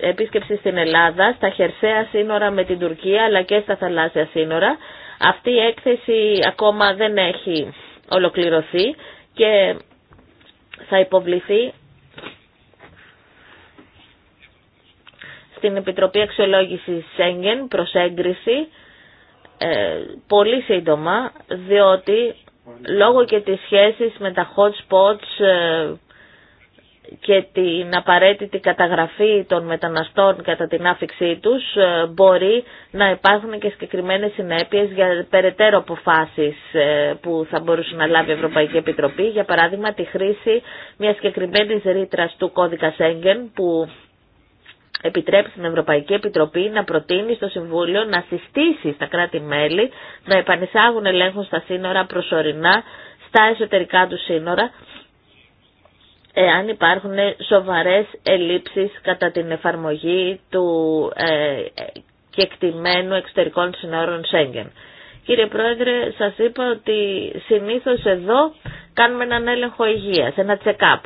επίσκεψη στην Ελλάδα, στα χερσαία σύνορα με την Τουρκία αλλά και στα θαλάσσια σύνορα. Αυτή η έκθεση ακόμα δεν έχει ολοκληρωθεί και θα υποβληθεί στην Επιτροπή Αξιολόγησης Σέγγεν προς έγκριση ε, πολύ σύντομα, διότι λόγω και της σχέσης με τα hot spots ε, και την απαραίτητη καταγραφή των μεταναστών κατά την άφηξή τους ε, μπορεί να υπάρχουν και συγκεκριμένες συνέπειες για περαιτέρω αποφάσεις ε, που θα μπορούσε να λάβει η Ευρωπαϊκή Επιτροπή. Για παράδειγμα τη χρήση μιας συγκεκριμένη ρήτρα του κώδικα Σέγγεν που επιτρέπει στην Ευρωπαϊκή Επιτροπή να προτείνει στο Συμβούλιο να συστήσει στα κράτη-μέλη να επανεισάγουν ελέγχους στα σύνορα προσωρινά στα εσωτερικά του σύνορα εάν υπάρχουν σοβαρές ελλείψεις κατά την εφαρμογή του ε, κεκτημένου εξωτερικών συνόρων Σέγγεν. Κύριε Πρόεδρε, σας είπα ότι συνήθως εδώ κάνουμε έναν έλεγχο υγείας, ένα check-up.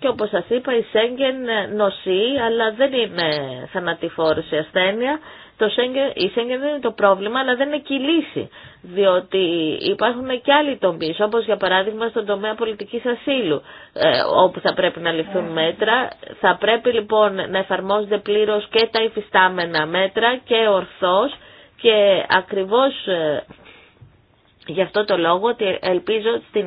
Και όπως σας είπα η Σέγγεν νοσεί, αλλά δεν είναι τη ασθένεια το η Σέγγεν δεν είναι το πρόβλημα, αλλά δεν είναι και η λύση. Διότι υπάρχουν και άλλοι τομεί, όπω για παράδειγμα στον τομέα πολιτική ασύλου, ε, όπου θα πρέπει να ληφθούν ε. μέτρα. Θα πρέπει λοιπόν να εφαρμόζονται πλήρω και τα υφιστάμενα μέτρα και ορθώ και ακριβώ. Ε, γι' αυτό το λόγο ότι ελπίζω στην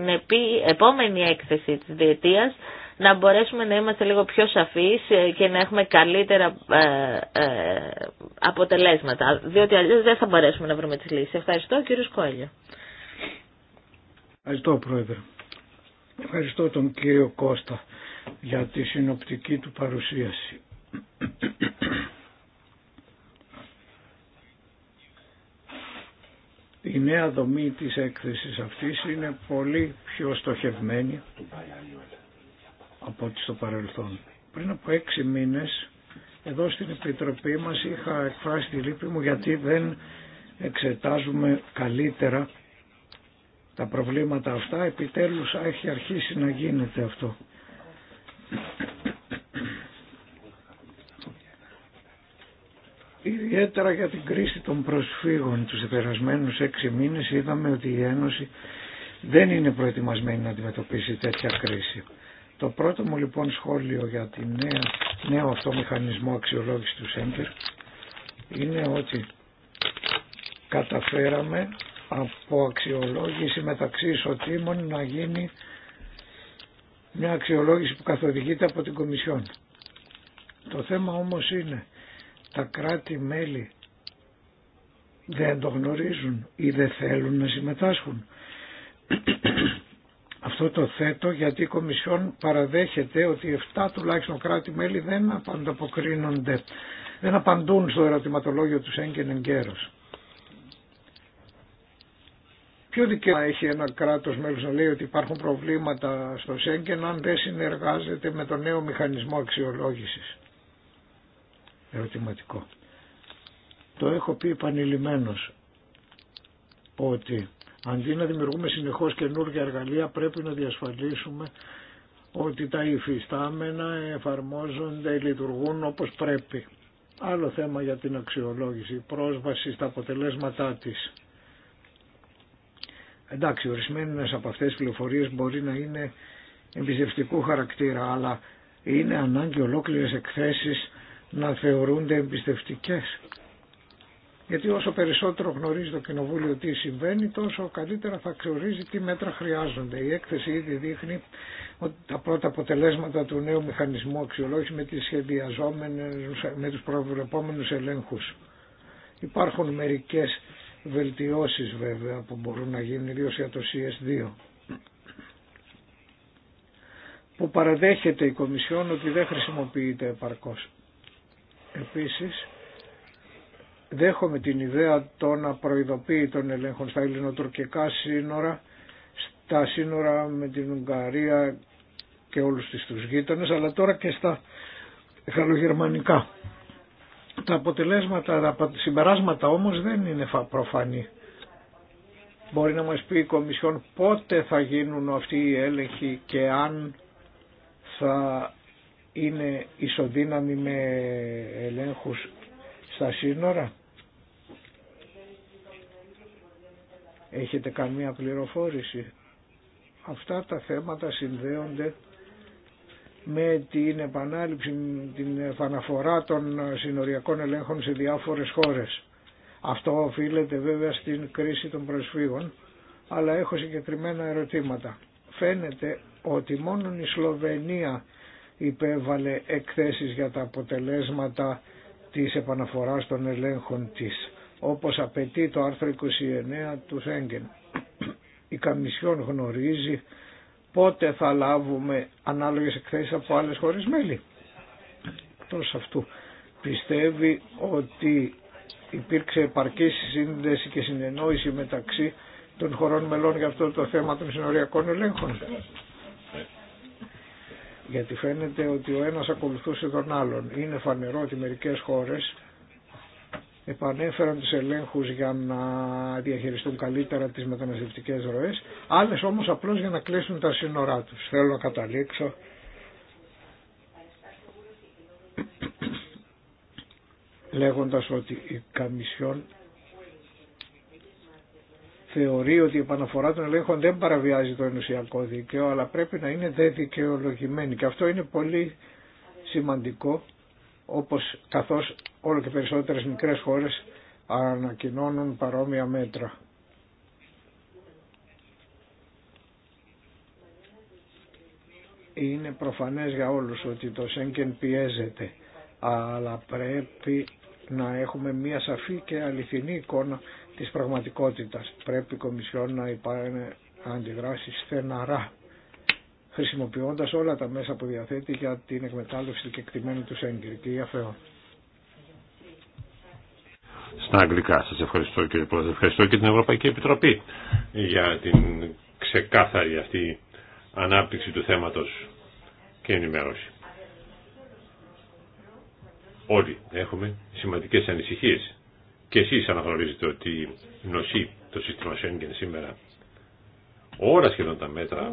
επόμενη έκθεση της διετίας να μπορέσουμε να είμαστε λίγο πιο σαφείς ε, και να έχουμε καλύτερα ε, ε, αποτελέσματα, διότι αλλιώς δεν θα μπορέσουμε να βρούμε τις λύσεις. Ευχαριστώ κύριε Σκόλιο. Ευχαριστώ Πρόεδρε. Ευχαριστώ τον κύριο Κώστα για τη συνοπτική του παρουσίαση. Η νέα δομή της έκθεσης αυτής είναι πολύ πιο στοχευμένη από ό,τι στο παρελθόν. Πριν από έξι μήνες εδώ στην Επιτροπή μας είχα εκφράσει τη λύπη μου γιατί δεν εξετάζουμε καλύτερα τα προβλήματα αυτά. Επιτέλους έχει αρχίσει να γίνεται αυτό. Ιδιαίτερα για την κρίση των προσφύγων τους περασμένους έξι μήνες είδαμε ότι η Ένωση δεν είναι προετοιμασμένη να αντιμετωπίσει τέτοια κρίση. Το πρώτο μου λοιπόν σχόλιο για τη νέα, νέο αυτό μηχανισμό αξιολόγηση του Σέντερ είναι ότι καταφέραμε από αξιολόγηση μεταξύ ισοτήμων να γίνει μια αξιολόγηση που καθοδηγείται από την Κομισιόν. Το θέμα όμως είναι τα κράτη-μέλη δεν το γνωρίζουν ή δεν θέλουν να συμμετάσχουν. Αυτό το θέτω γιατί η Κομισιόν παραδέχεται ότι 7 τουλάχιστον κράτη-μέλη δεν απανταποκρίνονται, δεν απαντούν στο ερωτηματολόγιο του Σέγγεν εγκαίρως. Ποιο δικαίωμα έχει ένα κράτος μέλος να λέει ότι υπάρχουν προβλήματα στο Σέγγεν αν δεν συνεργάζεται με το νέο μηχανισμό αξιολόγησης. Ερωτηματικό. Το έχω πει επανειλημμένος ότι Αντί να δημιουργούμε συνεχώς καινούργια εργαλεία πρέπει να διασφαλίσουμε ότι τα υφιστάμενα εφαρμόζονται, λειτουργούν όπως πρέπει. Άλλο θέμα για την αξιολόγηση, πρόσβαση στα αποτελέσματά της. Εντάξει, ορισμένε από αυτές τις πληροφορίες μπορεί να είναι εμπιστευτικού χαρακτήρα, αλλά είναι ανάγκη ολόκληρες εκθέσεις να θεωρούνται εμπιστευτικές γιατί όσο περισσότερο γνωρίζει το Κοινοβούλιο τι συμβαίνει, τόσο καλύτερα θα ξεωρίζει τι μέτρα χρειάζονται. Η έκθεση ήδη δείχνει ότι τα πρώτα αποτελέσματα του νέου μηχανισμού αξιολόγηση με, τις σχεδιαζόμενες, με τους προβλεπόμενους ελέγχους. Υπάρχουν μερικές βελτιώσεις βέβαια που μπορούν να γίνουν ιδίως για το CS2 που παραδέχεται η Κομισιόν ότι δεν χρησιμοποιείται επαρκώς. Επίσης, δέχομαι την ιδέα των τον ελέγχων στα ελληνοτουρκικά σύνορα, στα σύνορα με την Ουγγαρία και όλους τις τους γείτονες, αλλά τώρα και στα γαλλογερμανικά. Τα αποτελέσματα, τα συμπεράσματα όμως δεν είναι προφανή. Μπορεί να μας πει η Κομισιόν πότε θα γίνουν αυτοί οι έλεγχοι και αν θα είναι ισοδύναμοι με ελέγχους στα σύνορα. Έχετε καμία πληροφόρηση. Αυτά τα θέματα συνδέονται με την επανάληψη, την επαναφορά των συνοριακών ελέγχων σε διάφορες χώρες. Αυτό οφείλεται βέβαια στην κρίση των προσφύγων, αλλά έχω συγκεκριμένα ερωτήματα. Φαίνεται ότι μόνο η Σλοβενία υπέβαλε εκθέσεις για τα αποτελέσματα της επαναφοράς των ελέγχων της όπως απαιτεί το άρθρο 29 του Σέγγεν. Η Καμισιόν γνωρίζει πότε θα λάβουμε ανάλογες εκθέσεις από άλλες χώρες μέλη. Εκτός αυτού πιστεύει ότι υπήρξε επαρκή σύνδεση και συνεννόηση μεταξύ των χωρών μελών για αυτό το θέμα των συνοριακών ελέγχων. Γιατί φαίνεται ότι ο ένας ακολουθούσε τον άλλον. Είναι φανερό ότι μερικές χώρες επανέφεραν τους ελέγχους για να διαχειριστούν καλύτερα τις μεταναστευτικές ροές, άλλες όμως απλώς για να κλείσουν τα σύνορά τους. Θέλω να καταλήξω λέγοντας ότι η Καμισιόν θεωρεί ότι η επαναφορά των ελέγχων δεν παραβιάζει το ενωσιακό δίκαιο, αλλά πρέπει να είναι δε δικαιολογημένη. Και αυτό είναι πολύ σημαντικό, όπως καθώς όλο και περισσότερες μικρές χώρες ανακοινώνουν παρόμοια μέτρα. Είναι προφανές για όλους ότι το Σέγγεν πιέζεται, αλλά πρέπει να έχουμε μια σαφή και αληθινή εικόνα της πραγματικότητας. Πρέπει η Κομισιόν να, υπάρχουν αντιδράσει στεναρά, χρησιμοποιώντας όλα τα μέσα που διαθέτει για την εκμετάλλευση και εκτιμένη του Σέγγεν στα αγγλικά. Σας ευχαριστώ κύριε Πρόεδρε, ευχαριστώ και την Ευρωπαϊκή Επιτροπή για την ξεκάθαρη αυτή ανάπτυξη του θέματος και ενημέρωση. Όλοι έχουμε σημαντικές ανησυχίες και εσείς αναγνωρίζετε ότι νοσεί το σύστημα Σέγγεν σήμερα. Όλα σχεδόν τα μέτρα,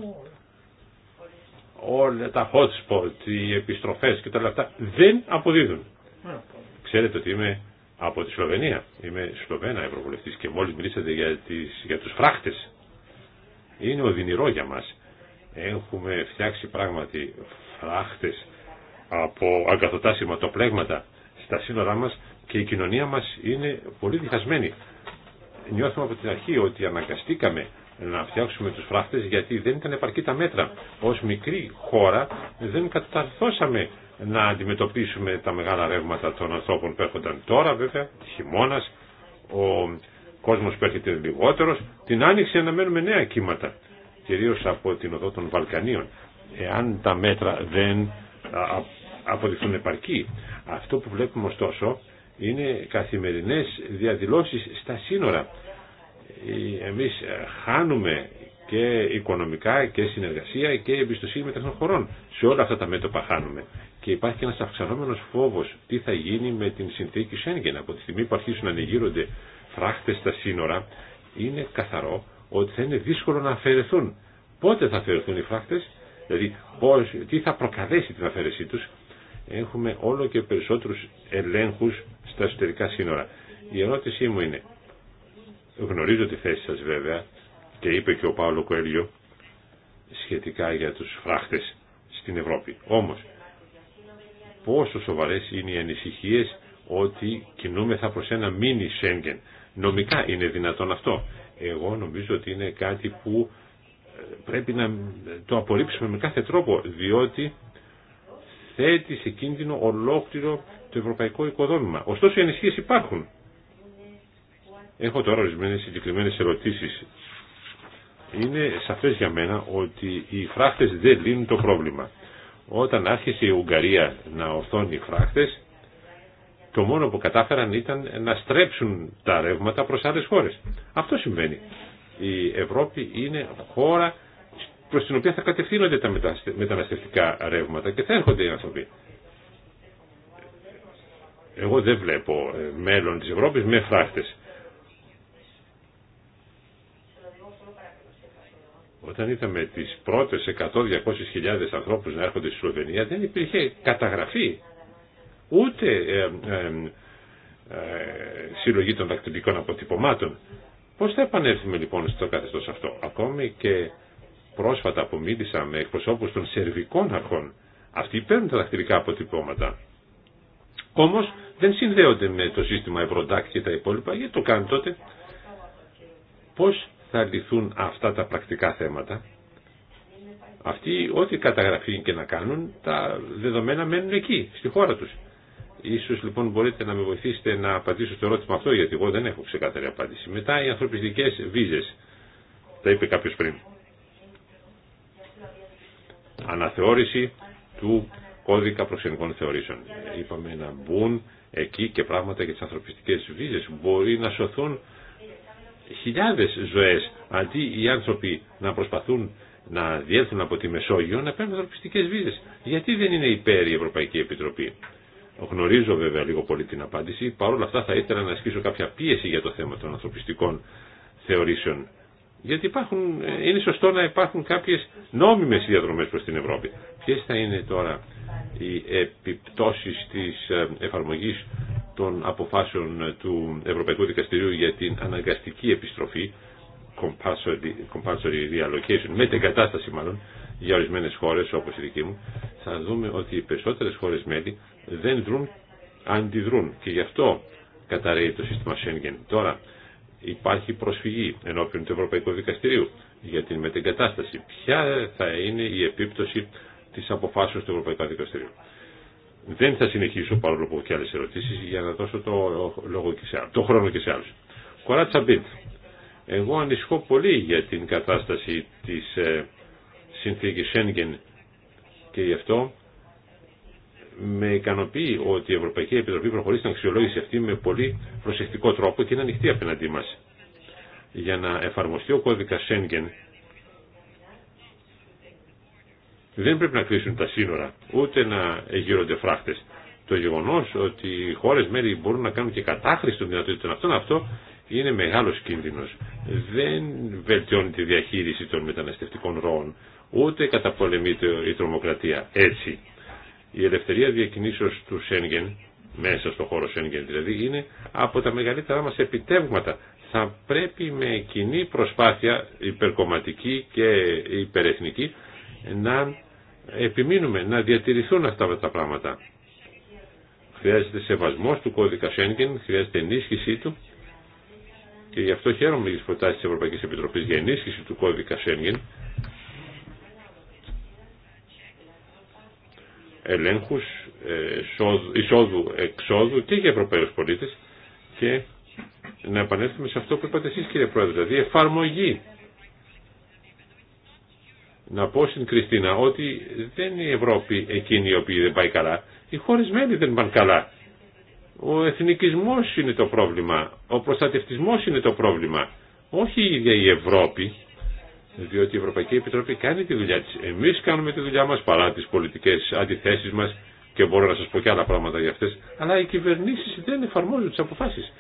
όλα τα hot spot, οι επιστροφές και τα αυτά δεν αποδίδουν. Ναι. Ξέρετε ότι είμαι από τη Σλοβενία. Είμαι Σλοβένα Ευρωβουλευτή και μόλις μιλήσατε για, τις, για τους φράχτες. Είναι οδυνηρό για μας. Έχουμε φτιάξει πράγματι φράχτε από αγκαθωτά σηματοπλέγματα στα σύνορά μας και η κοινωνία μας είναι πολύ διχασμένη. Νιώθουμε από την αρχή ότι αναγκαστήκαμε να φτιάξουμε τους φράχτες γιατί δεν ήταν επαρκή τα μέτρα. Ως μικρή χώρα δεν καταρθώσαμε να αντιμετωπίσουμε τα μεγάλα ρεύματα των ανθρώπων που έρχονταν τώρα βέβαια, χειμώνα, ο κόσμος που έρχεται λιγότερο. την άνοιξη αναμένουμε νέα κύματα, κυρίω από την οδό των Βαλκανίων. Εάν τα μέτρα δεν αποδειχθούν επαρκή, αυτό που βλέπουμε ωστόσο είναι καθημερινές διαδηλώσει στα σύνορα. Ε, εμείς ε, χάνουμε και οικονομικά και συνεργασία και εμπιστοσύνη μεταξύ των χωρών. Σε όλα αυτά τα μέτωπα χάνουμε. Και υπάρχει και ένας αυξανόμενος φόβος τι θα γίνει με την συνθήκη Σέγγεν. Από τη στιγμή που αρχίσουν να ανοιγείρονται φράχτες στα σύνορα, είναι καθαρό ότι θα είναι δύσκολο να αφαιρεθούν. Πότε θα αφαιρεθούν οι φράχτες, δηλαδή πώς, τι θα προκαλέσει την αφαίρεσή τους. Έχουμε όλο και περισσότερους ελέγχους στα εσωτερικά σύνορα. Η ερώτησή μου είναι, γνωρίζω τη θέση σας βέβαια και είπε και ο Παύλο Κοέλιο σχετικά για τους φράχτες στην Ευρώπη. Όμω πόσο σοβαρές είναι οι ανησυχίες ότι κινούμεθα προς ένα μίνι Σέγγεν. Νομικά είναι δυνατόν αυτό. Εγώ νομίζω ότι είναι κάτι που ε, πρέπει να το απορρίψουμε με κάθε τρόπο, διότι θέτει σε κίνδυνο ολόκληρο το ευρωπαϊκό οικοδόμημα. Ωστόσο οι ανησυχίες υπάρχουν. Έχω τώρα ορισμένε συγκεκριμένε ερωτήσεις. Είναι σαφές για μένα ότι οι φράχτες δεν λύνουν το πρόβλημα. Όταν άρχισε η Ουγγαρία να ορθώνει φράχτες, το μόνο που κατάφεραν ήταν να στρέψουν τα ρεύματα προς άλλες χώρες. Αυτό συμβαίνει. Η Ευρώπη είναι χώρα προς την οποία θα κατευθύνονται τα μεταναστευτικά ρεύματα και θα έρχονται οι άνθρωποι. Εγώ δεν βλέπω ε, μέλλον της Ευρώπης με φράχτες. Όταν είδαμε τις πρώτες 100-200 ανθρώπους να έρχονται στη Σλοβενία δεν υπήρχε καταγραφή ούτε ε, συλλογή των δακτυλικών αποτυπωμάτων. Πώς θα επανέλθουμε λοιπόν στο καθεστώς αυτό. Ακόμη και πρόσφατα που μίλησα με εκπροσώπους των σερβικών αρχών αυτοί παίρνουν τα δακτυλικά αποτυπώματα. Όμως δεν συνδέονται με το σύστημα Ευρωντάκ και τα υπόλοιπα γιατί το κάνουν τότε. Πώς θα λυθούν αυτά τα πρακτικά θέματα. Αυτοί ό,τι καταγραφή και να κάνουν, τα δεδομένα μένουν εκεί, στη χώρα τους. Ίσως λοιπόν μπορείτε να με βοηθήσετε να απαντήσω στο ερώτημα αυτό, γιατί εγώ δεν έχω ξεκάθαρη απάντηση. Μετά οι ανθρωπιστικές βίζες, τα είπε κάποιος πριν. Αναθεώρηση του κώδικα προξενικών θεωρήσεων. Είπαμε να μπουν εκεί και πράγματα για τις ανθρωπιστικές βίζες. Μπορεί να σωθούν χιλιάδες ζωές αντί οι άνθρωποι να προσπαθούν να διέλθουν από τη Μεσόγειο να παίρνουν ανθρωπιστικές βίζες. Γιατί δεν είναι υπέρ η Ευρωπαϊκή Επιτροπή. Γνωρίζω βέβαια λίγο πολύ την απάντηση. Παρ' όλα αυτά θα ήθελα να ασκήσω κάποια πίεση για το θέμα των ανθρωπιστικών θεωρήσεων. Γιατί υπάρχουν, ε, είναι σωστό να υπάρχουν κάποιες νόμιμες διαδρομές προς την Ευρώπη. Ποιες θα είναι τώρα οι επιπτώσεις της ε, εφαρμογής των αποφάσεων ε, του Ευρωπαϊκού Δικαστηρίου για την αναγκαστική επιστροφή, compulsory, compulsory reallocation, μετεγκατάσταση μάλλον, για ορισμένε χώρες όπως η δική μου, θα δούμε ότι οι περισσότερες χώρες μέλη δεν δρούν, αντιδρούν. Και γι' αυτό καταραίει το σύστημα Schengen. Τώρα, υπάρχει προσφυγή ενώπιον του Ευρωπαϊκού Δικαστηρίου για την μετεγκατάσταση. Ποια θα είναι η επίπτωση της αποφάσεως του Ευρωπαϊκού Δικαστηρίου. Δεν θα συνεχίσω παρόλο που και άλλε ερωτήσεις για να δώσω το, λόγο και σε, το χρόνο και σε άλλου. Κοράτσα Εγώ ανησυχώ πολύ για την κατάσταση τη ε, συνθήκης Σέγγεν και γι' αυτό με ικανοποιεί ότι η Ευρωπαϊκή Επιτροπή προχωρεί στην αξιολόγηση αυτή με πολύ προσεκτικό τρόπο και είναι ανοιχτή απέναντί μας. Για να εφαρμοστεί ο κώδικας Σέγγεν δεν πρέπει να κλείσουν τα σύνορα, ούτε να γύρονται φράχτες. Το γεγονός ότι οι χώρες μέρη μπορούν να κάνουν και κατάχρηση των δυνατότητων αυτών, αυτό είναι μεγάλος κίνδυνος. Δεν βελτιώνει τη διαχείριση των μεταναστευτικών ροών, ούτε καταπολεμείται η τρομοκρατία έτσι. Η ελευθερία διακινήσεως του Σέγγεν, μέσα στο χώρο Σέγγεν δηλαδή, είναι από τα μεγαλύτερά μας επιτεύγματα. Θα πρέπει με κοινή προσπάθεια υπερκομματική και υπερεθνική να επιμείνουμε, να διατηρηθούν αυτά τα πράγματα. Χρειάζεται σεβασμός του κώδικα Σέγγεν, χρειάζεται ενίσχυσή του και γι' αυτό χαίρομαι για τις προτάσεις της Ευρωπαϊκής Επιτροπής για ενίσχυση του κώδικα Σέγγεν Ελέγχου ε, εισοδου εισόδου-εξόδου και για Ευρωπαίου πολίτε. και να επανέλθουμε σε αυτό που είπατε εσεί κύριε Πρόεδρε, δηλαδή εφαρμογή. Να πω στην Κριστίνα ότι δεν είναι η Ευρώπη εκείνη η οποία δεν πάει καλά. Οι χώρες μέλη δεν πάνε καλά. Ο εθνικισμός είναι το πρόβλημα. Ο προστατευτισμός είναι το πρόβλημα. Όχι η ίδια η Ευρώπη διότι η Ευρωπαϊκή Επιτροπή κάνει τη δουλειά της. Εμείς κάνουμε τη δουλειά μας παρά τις πολιτικές αντιθέσεις μας και μπορώ να σας πω και άλλα πράγματα για αυτές, αλλά οι κυβερνήσεις δεν εφαρμόζουν τις αποφάσεις.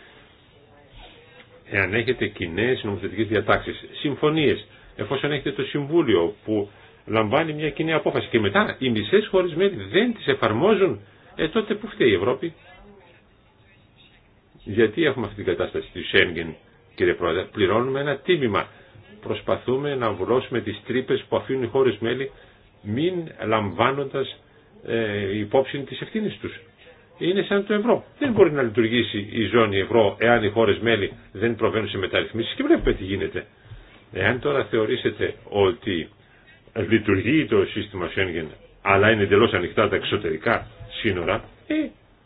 Εάν έχετε κοινέ νομοθετικές διατάξεις, συμφωνίες, εφόσον έχετε το Συμβούλιο που λαμβάνει μια κοινή απόφαση και μετά οι μισές χώρες μέλη δεν τις εφαρμόζουν, ε τότε που φταίει η Ευρώπη. Γιατί έχουμε αυτή την κατάσταση του Σέγγεν, κύριε Πρόεδρε, πληρώνουμε ένα τίμημα προσπαθούμε να βουλώσουμε τις τρύπες που αφήνουν οι χώρες μέλη μην λαμβάνοντας ε, υπόψη τις ευθύνης τους. Είναι σαν το ευρώ. Δεν μπορεί να λειτουργήσει η ζώνη ευρώ εάν οι χώρες μέλη δεν προβαίνουν σε μεταρρυθμίσεις και βλέπουμε τι γίνεται. Εάν τώρα θεωρήσετε ότι λειτουργεί το σύστημα Schengen αλλά είναι εντελώς ανοιχτά τα εξωτερικά σύνορα, ε,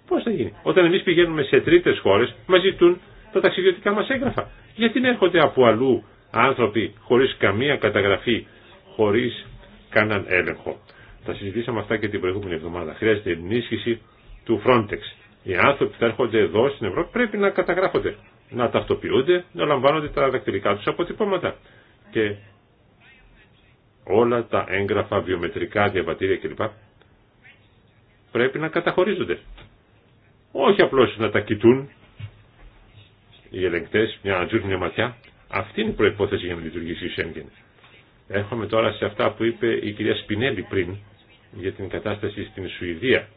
πώς θα γίνει. Όταν εμείς πηγαίνουμε σε τρίτες χώρες, μας ζητούν τα ταξιδιωτικά μας έγγραφα. Γιατί να έρχονται από αλλού άνθρωποι χωρίς καμία καταγραφή, χωρίς κανέναν έλεγχο. Τα συζητήσαμε αυτά και την προηγούμενη εβδομάδα. Χρειάζεται ενίσχυση του Frontex. Οι άνθρωποι που έρχονται εδώ στην Ευρώπη πρέπει να καταγράφονται, να ταυτοποιούνται, να λαμβάνονται τα δακτυλικά τους αποτυπώματα. Και όλα τα έγγραφα, βιομετρικά, διαβατήρια κλπ. πρέπει να καταχωρίζονται. Όχι απλώς να τα κοιτούν οι ελεγκτές, μια να μια ματιά, αυτή είναι η προπόθεση για να λειτουργήσει η Σέγγεν. Έρχομαι τώρα σε αυτά που είπε η κυρία Σπινέλη πριν για την κατάσταση στην Σουηδία,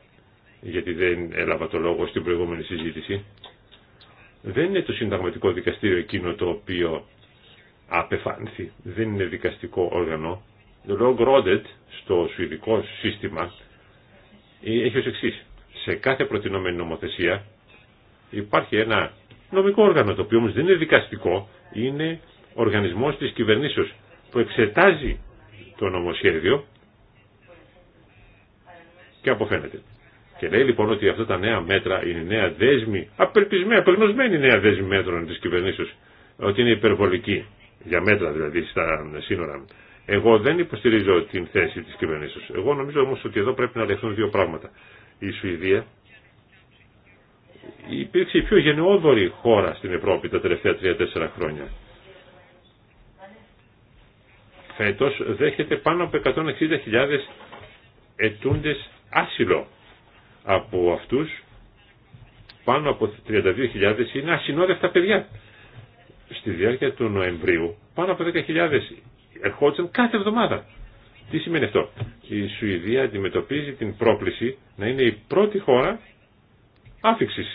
γιατί δεν έλαβα το λόγο στην προηγούμενη συζήτηση. Δεν είναι το συνταγματικό δικαστήριο εκείνο το οποίο απεφάνθη, δεν είναι δικαστικό όργανο. Το Log στο σουηδικό σύστημα έχει ως εξής. Σε κάθε προτινόμενη νομοθεσία υπάρχει ένα νομικό όργανο, το οποίο όμως δεν είναι δικαστικό, είναι οργανισμός της κυβερνήσεως που εξετάζει το νομοσχέδιο και αποφαίνεται. Και λέει λοιπόν ότι αυτά τα νέα μέτρα είναι νέα δέσμη, απελπισμένη, απελπισμένη νέα δέσμη μέτρων της κυβερνήσεως, ότι είναι υπερβολική, για μέτρα δηλαδή στα σύνορα. Εγώ δεν υποστηρίζω την θέση της κυβερνήσεως. Εγώ νομίζω όμως ότι εδώ πρέπει να λεχθούν δύο πράγματα. Η Σουηδία υπήρξε η πιο γενναιόδορη χώρα στην Ευρώπη τα τελευταία 3-4 χρόνια. Φέτος δέχεται πάνω από 160.000 ετούντες άσυλο. Από αυτούς πάνω από 32.000 είναι ασυνόδευτα παιδιά. Στη διάρκεια του Νοεμβρίου πάνω από 10.000 ερχόντουσαν κάθε εβδομάδα. Τι σημαίνει αυτό. Η Σουηδία αντιμετωπίζει την πρόκληση να είναι η πρώτη χώρα Άφηξη.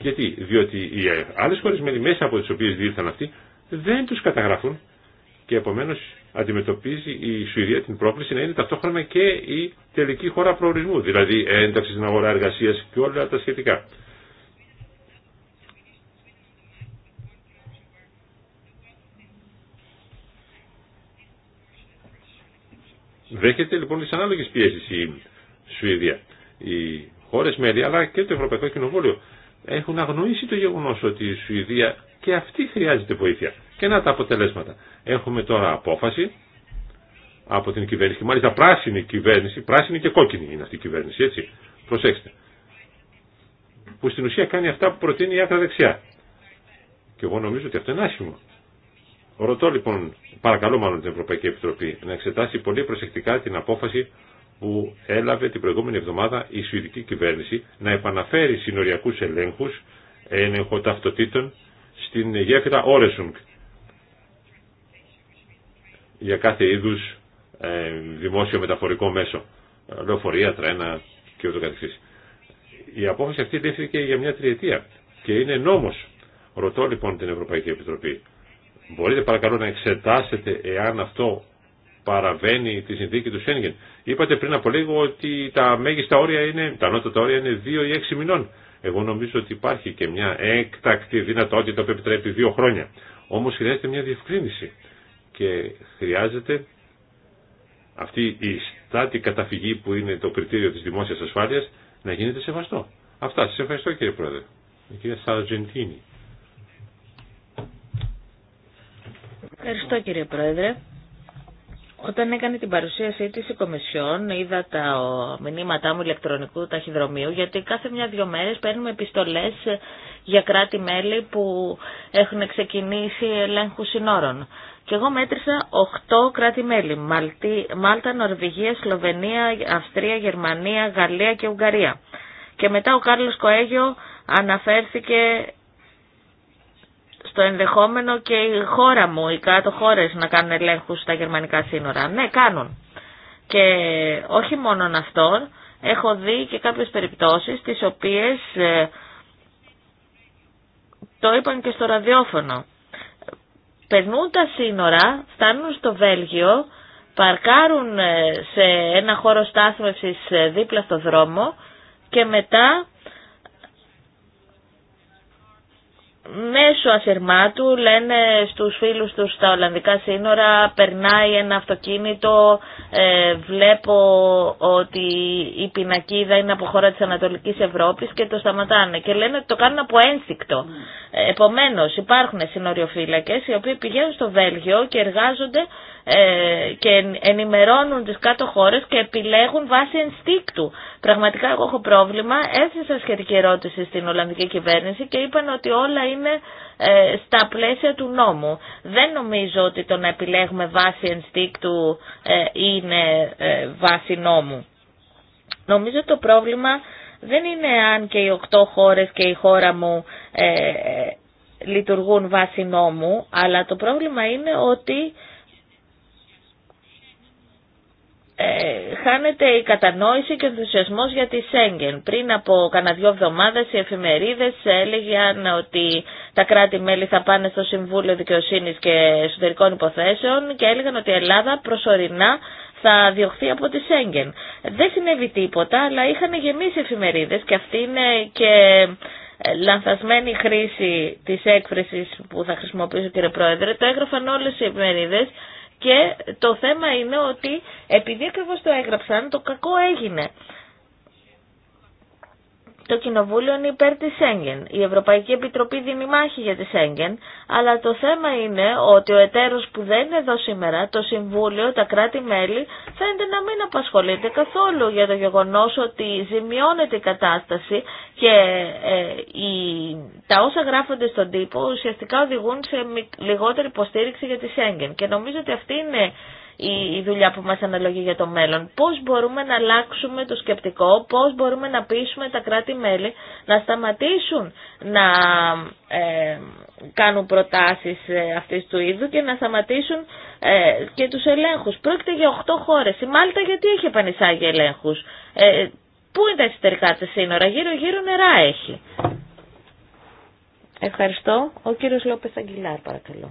Γιατί, διότι οι άλλες με μέσα από τις οποίες διήλθαν αυτοί δεν τους καταγράφουν και επομένω αντιμετωπίζει η Σουηδία την πρόκληση να είναι ταυτόχρονα και η τελική χώρα προορισμού, δηλαδή ένταξη στην αγορά εργασίας και όλα τα σχετικά. Δέχεται λοιπόν τι ανάλογε πιέσει η Σουηδία. Η χώρες μέλη αλλά και το Ευρωπαϊκό Κοινοβούλιο έχουν αγνοήσει το γεγονός ότι η Σουηδία και αυτή χρειάζεται βοήθεια. Και να τα αποτελέσματα. Έχουμε τώρα απόφαση από την κυβέρνηση, μάλιστα πράσινη κυβέρνηση, πράσινη και κόκκινη είναι αυτή η κυβέρνηση, έτσι, προσέξτε, που στην ουσία κάνει αυτά που προτείνει η άκρα δεξιά. Και εγώ νομίζω ότι αυτό είναι άσχημο. Ρωτώ λοιπόν, παρακαλώ μάλλον την Ευρωπαϊκή Επιτροπή, να εξετάσει πολύ προσεκτικά την απόφαση που έλαβε την προηγούμενη εβδομάδα η Σουηδική κυβέρνηση να επαναφέρει συνοριακούς ελέγχους έλεγχο στην γέφυρα Όρεσουγκ για κάθε είδους ε, δημόσιο μεταφορικό μέσο, λεωφορεία, τρένα και Η απόφαση αυτή λήφθηκε για μια τριετία και είναι νόμος. Ρωτώ λοιπόν την Ευρωπαϊκή Επιτροπή, μπορείτε παρακαλώ να εξετάσετε εάν αυτό παραβαίνει τη συνθήκη του Σένγεν. Είπατε πριν από λίγο ότι τα μέγιστα όρια είναι, τα ανώτατα όρια είναι 2 ή 6 μηνών. Εγώ νομίζω ότι υπάρχει και μια έκτακτη δυνατότητα που επιτρέπει 2 χρόνια. Όμως χρειάζεται μια διευκρίνηση και χρειάζεται αυτή η στάτη καταφυγή που είναι το κριτήριο της δημόσιας ασφάλειας να γίνεται σεβαστό. Αυτά. Σας ευχαριστώ κύριε Πρόεδρε. Η κυρία Ευχαριστώ κύριε Πρόεδρε. Όταν έκανε την παρουσίασή τη η Κομισιόν, είδα τα μηνύματά μου ηλεκτρονικού ταχυδρομείου, γιατί κάθε μια-δυο μέρε παίρνουμε επιστολέ για κράτη-μέλη που έχουν ξεκινήσει ελέγχου συνόρων. Και εγώ μέτρησα 8 κράτη-μέλη. Μάλτα, Νορβηγία, Σλοβενία, Αυστρία, Γερμανία, Γαλλία και Ουγγαρία. Και μετά ο Κάρλο Κοέγιο αναφέρθηκε το ενδεχόμενο και η χώρα μου, οι κάτω χώρες να κάνουν ελέγχου στα γερμανικά σύνορα. Ναι, κάνουν. Και όχι μόνο αυτό, έχω δει και κάποιες περιπτώσεις τις οποίες ε, το είπαν και στο ραδιόφωνο. Περνούν τα σύνορα, φτάνουν στο Βέλγιο, παρκάρουν ε, σε ένα χώρο στάθμευσης ε, δίπλα στο δρόμο και μετά μέσω ασυρμάτου λένε στους φίλους τους στα Ολλανδικά σύνορα περνάει ένα αυτοκίνητο, ε, βλέπω ότι η πινακίδα είναι από χώρα της Ανατολικής Ευρώπης και το σταματάνε και λένε ότι το κάνουν από ένστικτο. Ναι. Ε, επομένως υπάρχουν συνοριοφύλακες οι οποίοι πηγαίνουν στο Βέλγιο και εργάζονται ε, και ενημερώνουν τις κάτω χώρες και επιλέγουν βάσει ενστίκτου. Πραγματικά εγώ έχω πρόβλημα, έθεσα σχετική ερώτηση στην Ολλανδική κυβέρνηση και είπαν ότι όλα είναι ε, στα πλαίσια του νόμου. Δεν νομίζω ότι το να επιλέγουμε βάση ενστίκτου ε, είναι βάση νόμου. Νομίζω το πρόβλημα δεν είναι αν και οι οκτώ χώρες και η χώρα μου λειτουργούν βάση νόμου, αλλά το πρόβλημα είναι ότι ε, χάνεται η κατανόηση και ο ενθουσιασμός για τη Σέγγεν. Πριν από κανένα δυο εβδομάδες οι εφημερίδες έλεγαν ότι τα κράτη-μέλη θα πάνε στο Συμβούλιο Δικαιοσύνης και Εσωτερικών Υποθέσεων και έλεγαν ότι η Ελλάδα προσωρινά θα διωχθεί από τη Σέγγεν. Δεν συνέβη τίποτα, αλλά είχαν γεμίσει εφημερίδες και αυτή είναι και ε, λανθασμένη χρήση της έκφρασης που θα χρησιμοποιήσω κύριε Πρόεδρε. Το έγραφαν όλες οι εφημερίδες και το θέμα είναι ότι επειδή ακριβώ το έγραψαν, το κακό έγινε. Το Κοινοβούλιο είναι υπέρ της Σέγγεν. Η Ευρωπαϊκή Επιτροπή δίνει μάχη για τη Σέγγεν, αλλά το θέμα είναι ότι ο εταίρος που δεν είναι εδώ σήμερα, το Συμβούλιο, τα κράτη-μέλη, φαίνεται να μην απασχολείται καθόλου για το γεγονός ότι ζημιώνεται η κατάσταση και ε, η, τα όσα γράφονται στον τύπο ουσιαστικά οδηγούν σε λιγότερη υποστήριξη για τη Σέγγεν. Και νομίζω ότι αυτή είναι η δουλειά που μας αναλογεί για το μέλλον. Πώς μπορούμε να αλλάξουμε το σκεπτικό, πώς μπορούμε να πείσουμε τα κράτη-μέλη να σταματήσουν να ε, κάνουν προτάσεις ε, αυτής του είδου και να σταματήσουν ε, και τους ελέγχους. Πρόκειται για 8 χώρες. Η Μάλτα γιατί έχει επανεισάγει ελέγχους. Ε, πού είναι τα εσωτερικά της σύνορα. Γύρω-γύρω νερά έχει. Ευχαριστώ. Ο κύριος Λόπες Αγγιλάρ παρακαλώ.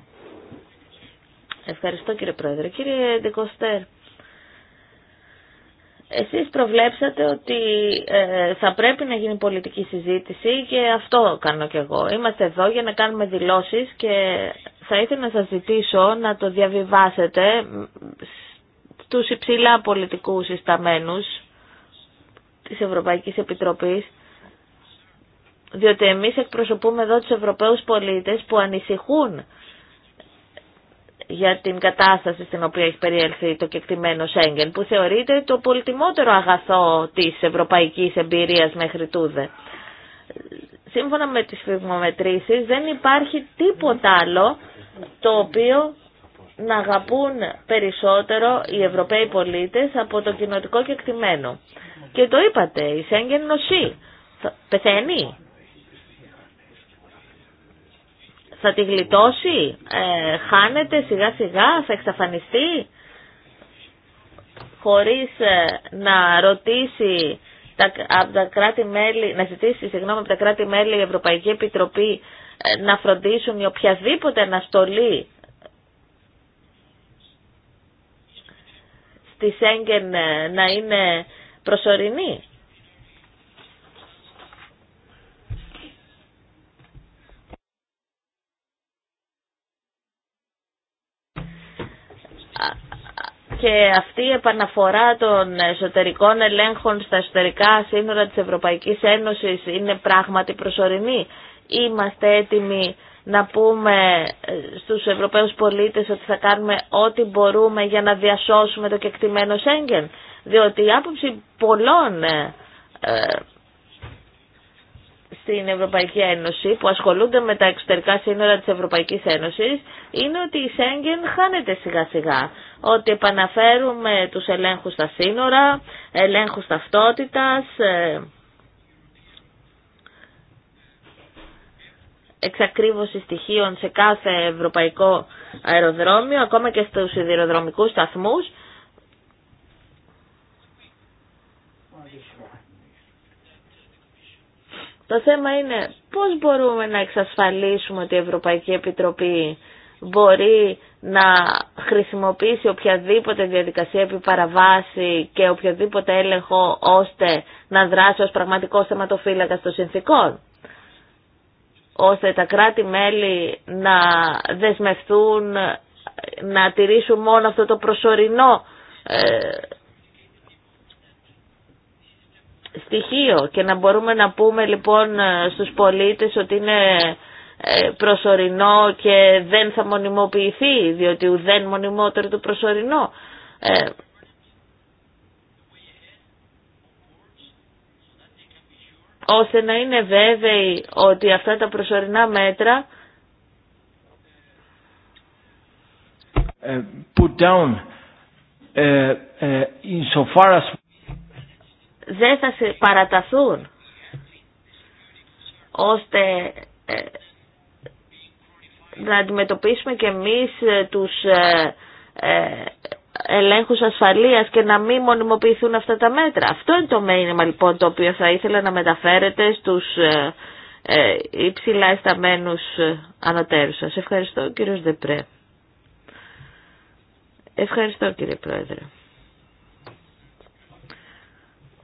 Ευχαριστώ κύριε Πρόεδρε. Κύριε Ντεκοστέρ, εσείς προβλέψατε ότι ε, θα πρέπει να γίνει πολιτική συζήτηση και αυτό κάνω κι εγώ. Είμαστε εδώ για να κάνουμε δηλώσεις και θα ήθελα να σας ζητήσω να το διαβιβάσετε στους υψηλά πολιτικούς συσταμένους της Ευρωπαϊκής Επιτροπής διότι εμείς εκπροσωπούμε εδώ τους Ευρωπαίους πολίτες που ανησυχούν για την κατάσταση στην οποία έχει περιέλθει το κεκτημένο Σέγγεν, που θεωρείται το πολυτιμότερο αγαθό της ευρωπαϊκής εμπειρίας μέχρι τούδε. Σύμφωνα με τις φυγμομετρήσεις δεν υπάρχει τίποτα άλλο το οποίο να αγαπούν περισσότερο οι Ευρωπαίοι πολίτες από το κοινοτικό κεκτημένο. Και το είπατε, η Σέγγεν νοσεί, πεθαίνει, θα τη γλιτώσει, ε, χάνεται σιγά σιγά, θα εξαφανιστεί χωρίς ε, να ρωτήσει τα, από τα κράτη -μέλη, να ζητήσει συγγνώμη από τα κράτη-μέλη η Ευρωπαϊκή Επιτροπή ε, να φροντίσουν οποιαδήποτε αναστολή στη Σέγγεν ε, να είναι προσωρινή. και αυτή η επαναφορά των εσωτερικών ελέγχων στα εσωτερικά σύνορα της Ευρωπαϊκής Ένωσης είναι πράγματι προσωρινή. Είμαστε έτοιμοι να πούμε στους Ευρωπαίους πολίτες ότι θα κάνουμε ό,τι μπορούμε για να διασώσουμε το κεκτημένο Σέγγεν. Διότι η άποψη πολλών ε, στην Ευρωπαϊκή Ένωση που ασχολούνται με τα εξωτερικά σύνορα της Ευρωπαϊκής Ένωσης είναι ότι η Σέγγεν χάνεται σιγά σιγά. Ότι επαναφέρουμε τους ελέγχους στα σύνορα, ελέγχους ταυτότητας, ε, εξακρίβωση στοιχείων σε κάθε ευρωπαϊκό αεροδρόμιο, ακόμα και στους σιδηροδρομικούς σταθμούς Το θέμα είναι πώς μπορούμε να εξασφαλίσουμε ότι η Ευρωπαϊκή Επιτροπή μπορεί να χρησιμοποιήσει οποιαδήποτε διαδικασία επί παραβάση και οποιοδήποτε έλεγχο ώστε να δράσει ως πραγματικός θεματοφύλακας των συνθήκων ώστε τα κράτη-μέλη να δεσμευτούν να τηρήσουν μόνο αυτό το προσωρινό ε, στοιχείο και να μπορούμε να πούμε λοιπόν ε, στους πολίτες ότι είναι ε, προσωρινό και δεν θα μονιμοποιηθεί διότι ουδέν μονιμότερο το προσωρινό. Ε, ώστε να είναι βέβαιοι ότι αυτά τα προσωρινά μέτρα put down δεν θα παραταθούν ώστε ε, να αντιμετωπίσουμε και εμείς ε, τους ε, ελέγχους ασφαλείας και να μην μονιμοποιηθούν αυτά τα μέτρα. Αυτό είναι το μήνυμα λοιπόν το οποίο θα ήθελα να μεταφέρετε στους υψηλά εσταμένους ανωτέρους σας. Ευχαριστώ κύριος Δεπρέ. Ευχαριστώ κύριε Πρόεδρε.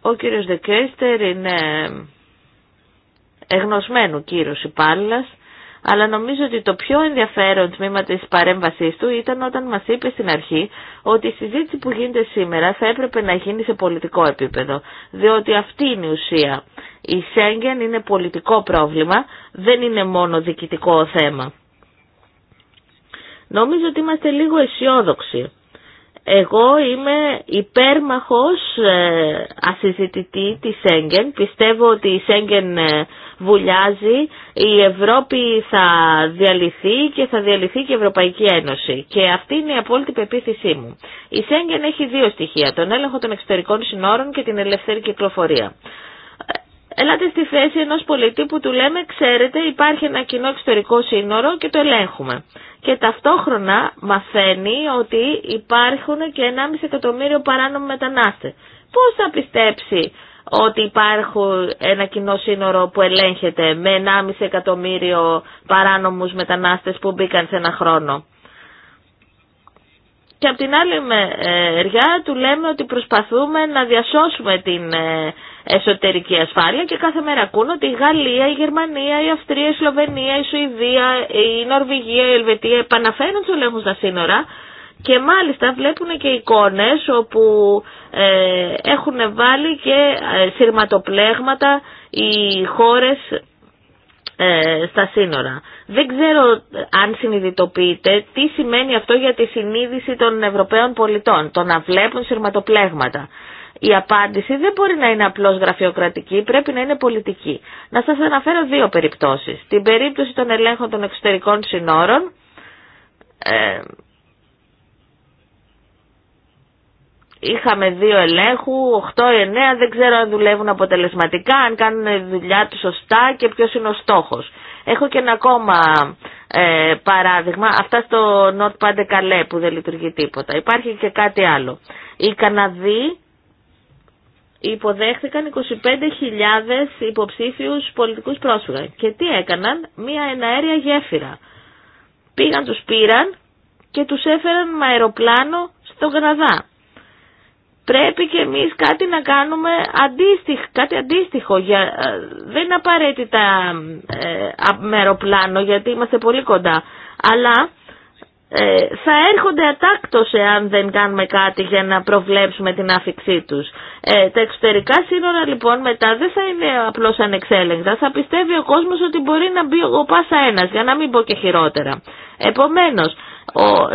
Ο κύριος Δεκέστερ είναι εγνωσμένο κύριο υπάλληλο, αλλά νομίζω ότι το πιο ενδιαφέρον τμήμα της παρέμβασής του ήταν όταν μας είπε στην αρχή ότι η συζήτηση που γίνεται σήμερα θα έπρεπε να γίνει σε πολιτικό επίπεδο, διότι αυτή είναι η ουσία. Η Σέγγεν είναι πολιτικό πρόβλημα, δεν είναι μόνο διοικητικό θέμα. Νομίζω ότι είμαστε λίγο αισιόδοξοι. Εγώ είμαι υπέρμαχος ε, ασυζητητή της Σέγγεν. Πιστεύω ότι η Σέγγεν ε, βουλιάζει, η Ευρώπη θα διαλυθεί και θα διαλυθεί και η Ευρωπαϊκή Ένωση. Και αυτή είναι η απόλυτη πεποίθησή μου. Η Σέγγεν έχει δύο στοιχεία, τον έλεγχο των εξωτερικών συνόρων και την ελευθερή κυκλοφορία. Ελάτε στη θέση ενό πολίτη που του λέμε «Ξέρετε, υπάρχει ένα κοινό εξωτερικό σύνορο και το ελέγχουμε». Και ταυτόχρονα μαθαίνει ότι υπάρχουν και 1,5 εκατομμύριο παράνομοι μετανάστες. Πώς θα πιστέψει ότι υπάρχουν ένα κοινό σύνορο που ελέγχεται με 1,5 εκατομμύριο παράνομους μετανάστες που μπήκαν σε ένα χρόνο. Και από την άλλη μεριά του λέμε ότι προσπαθούμε να διασώσουμε την ε, εσωτερική ασφάλεια και κάθε μέρα ακούν ότι η Γαλλία, η Γερμανία, η Αυστρία, η Σλοβενία, η Σουηδία, η Νορβηγία, η Ελβετία επαναφέρουν του ελέγχου στα σύνορα και μάλιστα βλέπουν και εικόνες όπου ε, έχουν βάλει και ε, σειρματοπλέγματα οι χώρες ε, στα σύνορα. Δεν ξέρω αν συνειδητοποιείτε τι σημαίνει αυτό για τη συνείδηση των Ευρωπαίων πολιτών, το να βλέπουν σειρματοπλέγματα η απάντηση δεν μπορεί να είναι απλώς γραφειοκρατική, πρέπει να είναι πολιτική. Να σας αναφέρω δύο περιπτώσεις. Την περίπτωση των ελέγχων των εξωτερικών συνόρων, ε, Είχαμε δύο ελέγχου, 8-9, δεν ξέρω αν δουλεύουν αποτελεσματικά, αν κάνουν δουλειά τους σωστά και ποιος είναι ο στόχος. Έχω και ένα ακόμα ε, παράδειγμα, αυτά στο Notepad Calais που δεν λειτουργεί τίποτα. Υπάρχει και κάτι άλλο. Οι Καναδοί υποδέχθηκαν 25.000 υποψήφιους πολιτικούς πρόσφυγες. Και τι έκαναν, μία εναέρια γέφυρα. Πήγαν, τους πήραν και τους έφεραν με αεροπλάνο στον Καναδά. Πρέπει και εμείς κάτι να κάνουμε αντίστοιχο, κάτι αντίστοιχο. Για, ε, δεν είναι απαραίτητα ε, με αεροπλάνο γιατί είμαστε πολύ κοντά. Αλλά ε, θα έρχονται ατάκτως εάν δεν κάνουμε κάτι για να προβλέψουμε την άφηξή τους. Ε, τα εξωτερικά σύνορα λοιπόν μετά δεν θα είναι απλώς ανεξέλεγκτα. Θα πιστεύει ο κόσμος ότι μπορεί να μπει ο πάσα ένας για να μην πω και χειρότερα. Επομένως,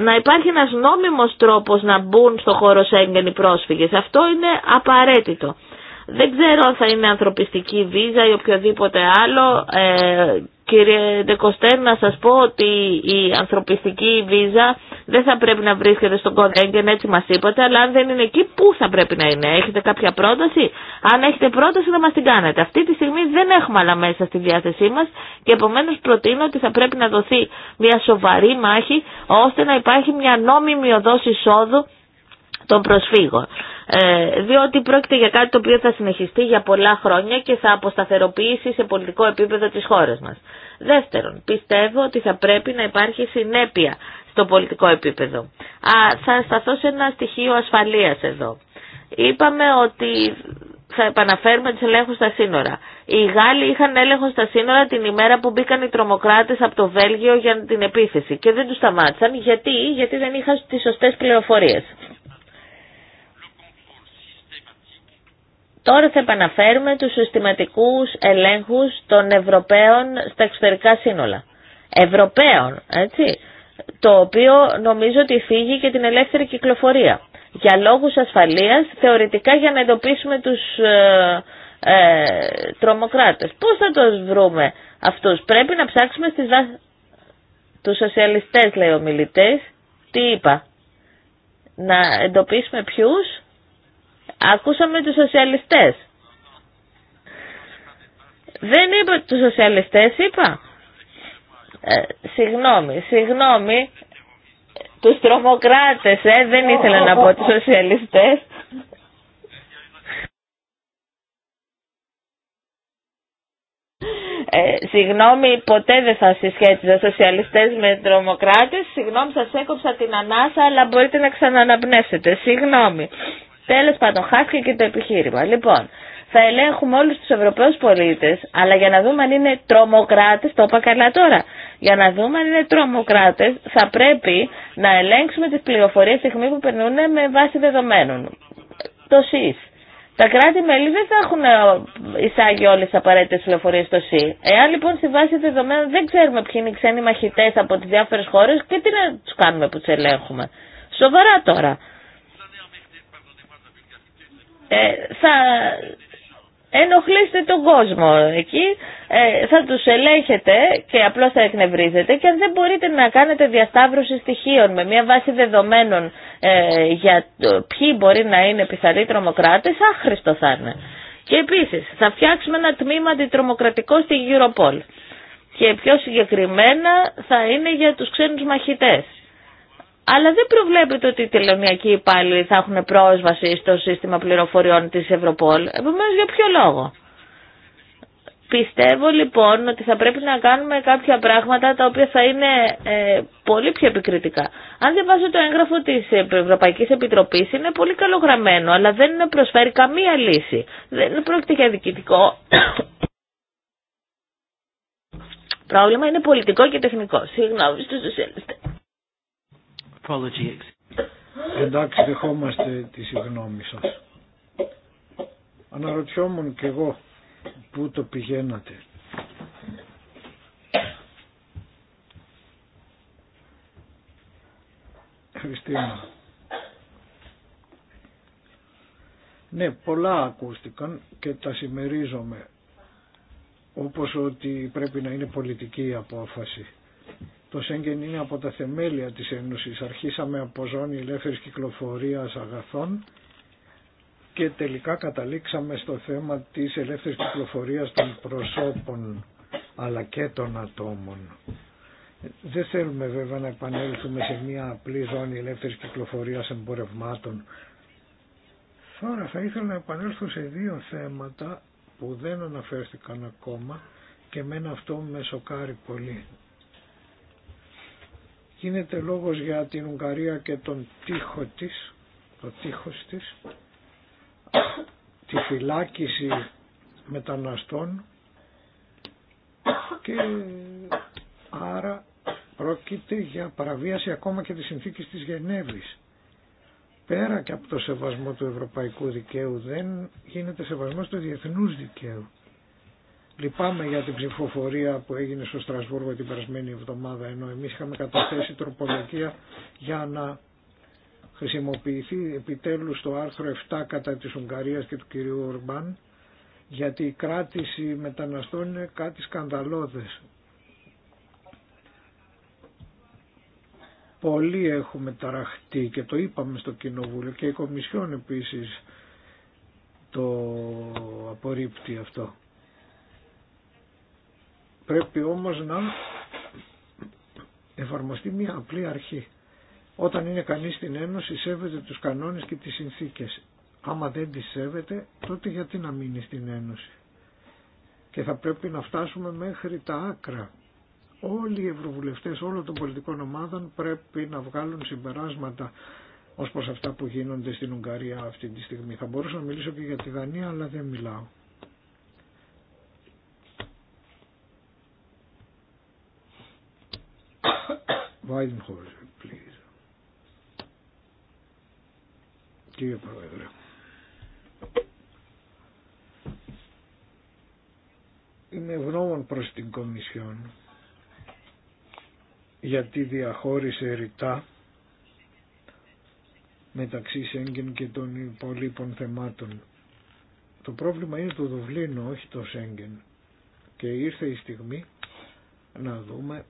να υπάρχει ένας νόμιμος τρόπος να μπουν στο χώρο σε οι πρόσφυγες. Αυτό είναι απαραίτητο. Δεν ξέρω αν θα είναι ανθρωπιστική βίζα ή οποιοδήποτε άλλο. Ε, κύριε Ντεκοστέρ, να σας πω ότι η ανθρωπιστική βίζα δεν θα πρέπει να βρίσκεται στον Κοντέγγεν, ε, ναι, έτσι μας είπατε, αλλά αν δεν είναι εκεί, πού θα πρέπει να είναι. Έχετε κάποια πρόταση. Αν έχετε πρόταση, να μας την κάνετε. Αυτή τη στιγμή δεν έχουμε άλλα μέσα στη διάθεσή μας και επομένως προτείνω ότι θα πρέπει να δοθεί μια σοβαρή μάχη, ώστε να υπάρχει μια νόμιμη οδός εισόδου των προσφύγων. Ε, διότι πρόκειται για κάτι το οποίο θα συνεχιστεί για πολλά χρόνια και θα αποσταθεροποιήσει σε πολιτικό επίπεδο τις χώρες μας. Δεύτερον, πιστεύω ότι θα πρέπει να υπάρχει συνέπεια στο πολιτικό επίπεδο. Α, θα σταθώ σε ένα στοιχείο ασφαλείας εδώ. Είπαμε ότι θα επαναφέρουμε του ελέγχου στα σύνορα. Οι Γάλλοι είχαν έλεγχο στα σύνορα την ημέρα που μπήκαν οι τρομοκράτε από το Βέλγιο για την επίθεση και δεν του σταμάτησαν γιατί, γιατί δεν είχαν τις σωστέ πληροφορίε. Τώρα θα επαναφέρουμε τους συστηματικούς ελέγχους των Ευρωπαίων στα εξωτερικά σύνολα. Ευρωπαίων, έτσι, το οποίο νομίζω ότι φύγει και την ελεύθερη κυκλοφορία. Για λόγους ασφαλείας, θεωρητικά για να εντοπίσουμε τους ε, ε, τρομοκράτες. Πώς θα τους βρούμε αυτούς. Πρέπει να ψάξουμε στις δα Τους σοσιαλιστές, λέει ο μιλητής. Τι είπα. Να εντοπίσουμε ποιους Ακούσαμε τους σοσιαλιστές. Δεν είπα τους σοσιαλιστές, είπα. Ε, συγγνώμη, συγγνώμη. Τους τρομοκράτες, ε, δεν ήθελα να πω τους σοσιαλιστές. Ε, συγγνώμη, ποτέ δεν θα συσχέτιζα σοσιαλιστές με τρομοκράτες. Συγγνώμη, σας έκοψα την ανάσα, αλλά μπορείτε να ξαναναπνέσετε Συγγνώμη. Τέλος πάντων, χάθηκε και το επιχείρημα. Λοιπόν, θα ελέγχουμε όλου του Ευρωπαίου πολίτε, αλλά για να δούμε αν είναι τρομοκράτε, το είπα καλά τώρα. Για να δούμε αν είναι τρομοκράτε, θα πρέπει να ελέγξουμε τι πληροφορίε στιγμή που περνούν με βάση δεδομένων. Το ΣΥΣ. Τα κράτη-μέλη δεν θα έχουν ε, εισάγει όλε τι απαραίτητε πληροφορίε στο ΣΥ. Εάν λοιπόν στη βάση δεδομένων δεν ξέρουμε ποιοι είναι οι ξένοι μαχητέ από τι διάφορε χώρε, και τι να του κάνουμε που του ελέγχουμε. Σοβαρά τώρα. Ε, θα ενοχλήσετε τον κόσμο εκεί, ε, θα τους ελέγχετε και απλώς θα εκνευρίζετε και αν δεν μπορείτε να κάνετε διασταύρωση στοιχείων με μια βάση δεδομένων ε, για ποιοι μπορεί να είναι πιθανοί τρομοκράτες, άχρηστο θα είναι. Και επίσης θα φτιάξουμε ένα τμήμα αντιτρομοκρατικό στη Europol και πιο συγκεκριμένα θα είναι για τους ξένους μαχητές αλλά δεν προβλέπετε ότι οι τελωνιακοί υπάλληλοι θα έχουν πρόσβαση στο σύστημα πληροφοριών της Ευρωπόλ. Επομένως, για ποιο λόγο. Πιστεύω λοιπόν ότι θα πρέπει να κάνουμε κάποια πράγματα τα οποία θα είναι ε, πολύ πιο επικριτικά. Αν διαβάζω το έγγραφο της Ευρωπαϊκής Επιτροπής είναι πολύ καλογραμμένο αλλά δεν προσφέρει καμία λύση. Δεν πρόκειται για διοικητικό. Πρόβλημα είναι πολιτικό και τεχνικό. Συγγνώμη στους σοσιαλιστές. Εντάξει, δεχόμαστε τη συγγνώμη σα. Αναρωτιόμουν κι εγώ πού το πηγαίνατε. Χριστίνα. Ναι, πολλά ακούστηκαν και τα συμμερίζομαι. Όπως ότι πρέπει να είναι πολιτική η απόφαση. Το Σέγγεν είναι από τα θεμέλια της Ένωσης. Αρχίσαμε από ζώνη ελεύθερης κυκλοφορίας αγαθών και τελικά καταλήξαμε στο θέμα της ελεύθερης κυκλοφορίας των προσώπων αλλά και των ατόμων. Δεν θέλουμε βέβαια να επανέλθουμε σε μια απλή ζώνη ελεύθερης κυκλοφορίας εμπορευμάτων. Τώρα θα ήθελα να επανέλθω σε δύο θέματα που δεν αναφέρθηκαν ακόμα και μένα αυτό με σοκάρει πολύ. Γίνεται λόγος για την Ουγγαρία και τον τείχο της, το τείχος της, τη φυλάκιση μεταναστών και άρα πρόκειται για παραβίαση ακόμα και της συνθήκης της Γενέβης. Πέρα και από το σεβασμό του ευρωπαϊκού δικαίου δεν γίνεται σεβασμός του διεθνούς δικαίου. Λυπάμαι για την ψηφοφορία που έγινε στο Στρασβούργο την περασμένη εβδομάδα ενώ εμείς είχαμε καταθέσει τροπολογία για να χρησιμοποιηθεί επιτέλους το άρθρο 7 κατά της Ουγγαρίας και του κυρίου Ορμπάν γιατί η κράτηση μεταναστών είναι κάτι σκανδαλώδες. Πολλοί έχουμε ταραχτεί και το είπαμε στο Κοινοβούλιο και η Κομισιόν επίσης το απορρίπτει αυτό. Πρέπει όμως να εφαρμοστεί μια απλή αρχή. Όταν είναι κανείς στην Ένωση σέβεται τους κανόνες και τις συνθήκες. Άμα δεν τις σέβεται τότε γιατί να μείνει στην Ένωση. Και θα πρέπει να φτάσουμε μέχρι τα άκρα. Όλοι οι ευρωβουλευτές όλων των πολιτικών ομάδων πρέπει να βγάλουν συμπεράσματα ως προς αυτά που γίνονται στην Ουγγαρία αυτή τη στιγμή. Θα μπορούσα να μιλήσω και για τη Δανία αλλά δεν μιλάω. please. Κύριε Πρόεδρε. Είμαι ευγνώμων προς την Κομισιόν γιατί διαχώρισε ρητά μεταξύ Σέγγεν και των υπολείπων θεμάτων. Το πρόβλημα είναι το Δουβλίνο, όχι το Σέγγεν. Και ήρθε η στιγμή να δούμε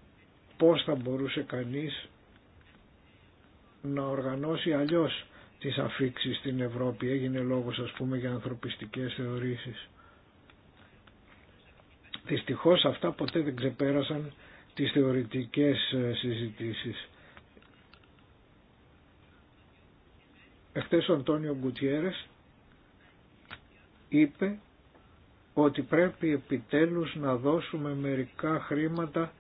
πώς θα μπορούσε κανείς να οργανώσει αλλιώς τις αφήξεις στην Ευρώπη. Έγινε λόγος ας πούμε για ανθρωπιστικές θεωρήσεις. Δυστυχώς αυτά ποτέ δεν ξεπέρασαν τις θεωρητικές ε, συζητήσεις. Εχθές ο Αντώνιο Γκουτιέρες είπε ότι πρέπει επιτέλους να δώσουμε μερικά χρήματα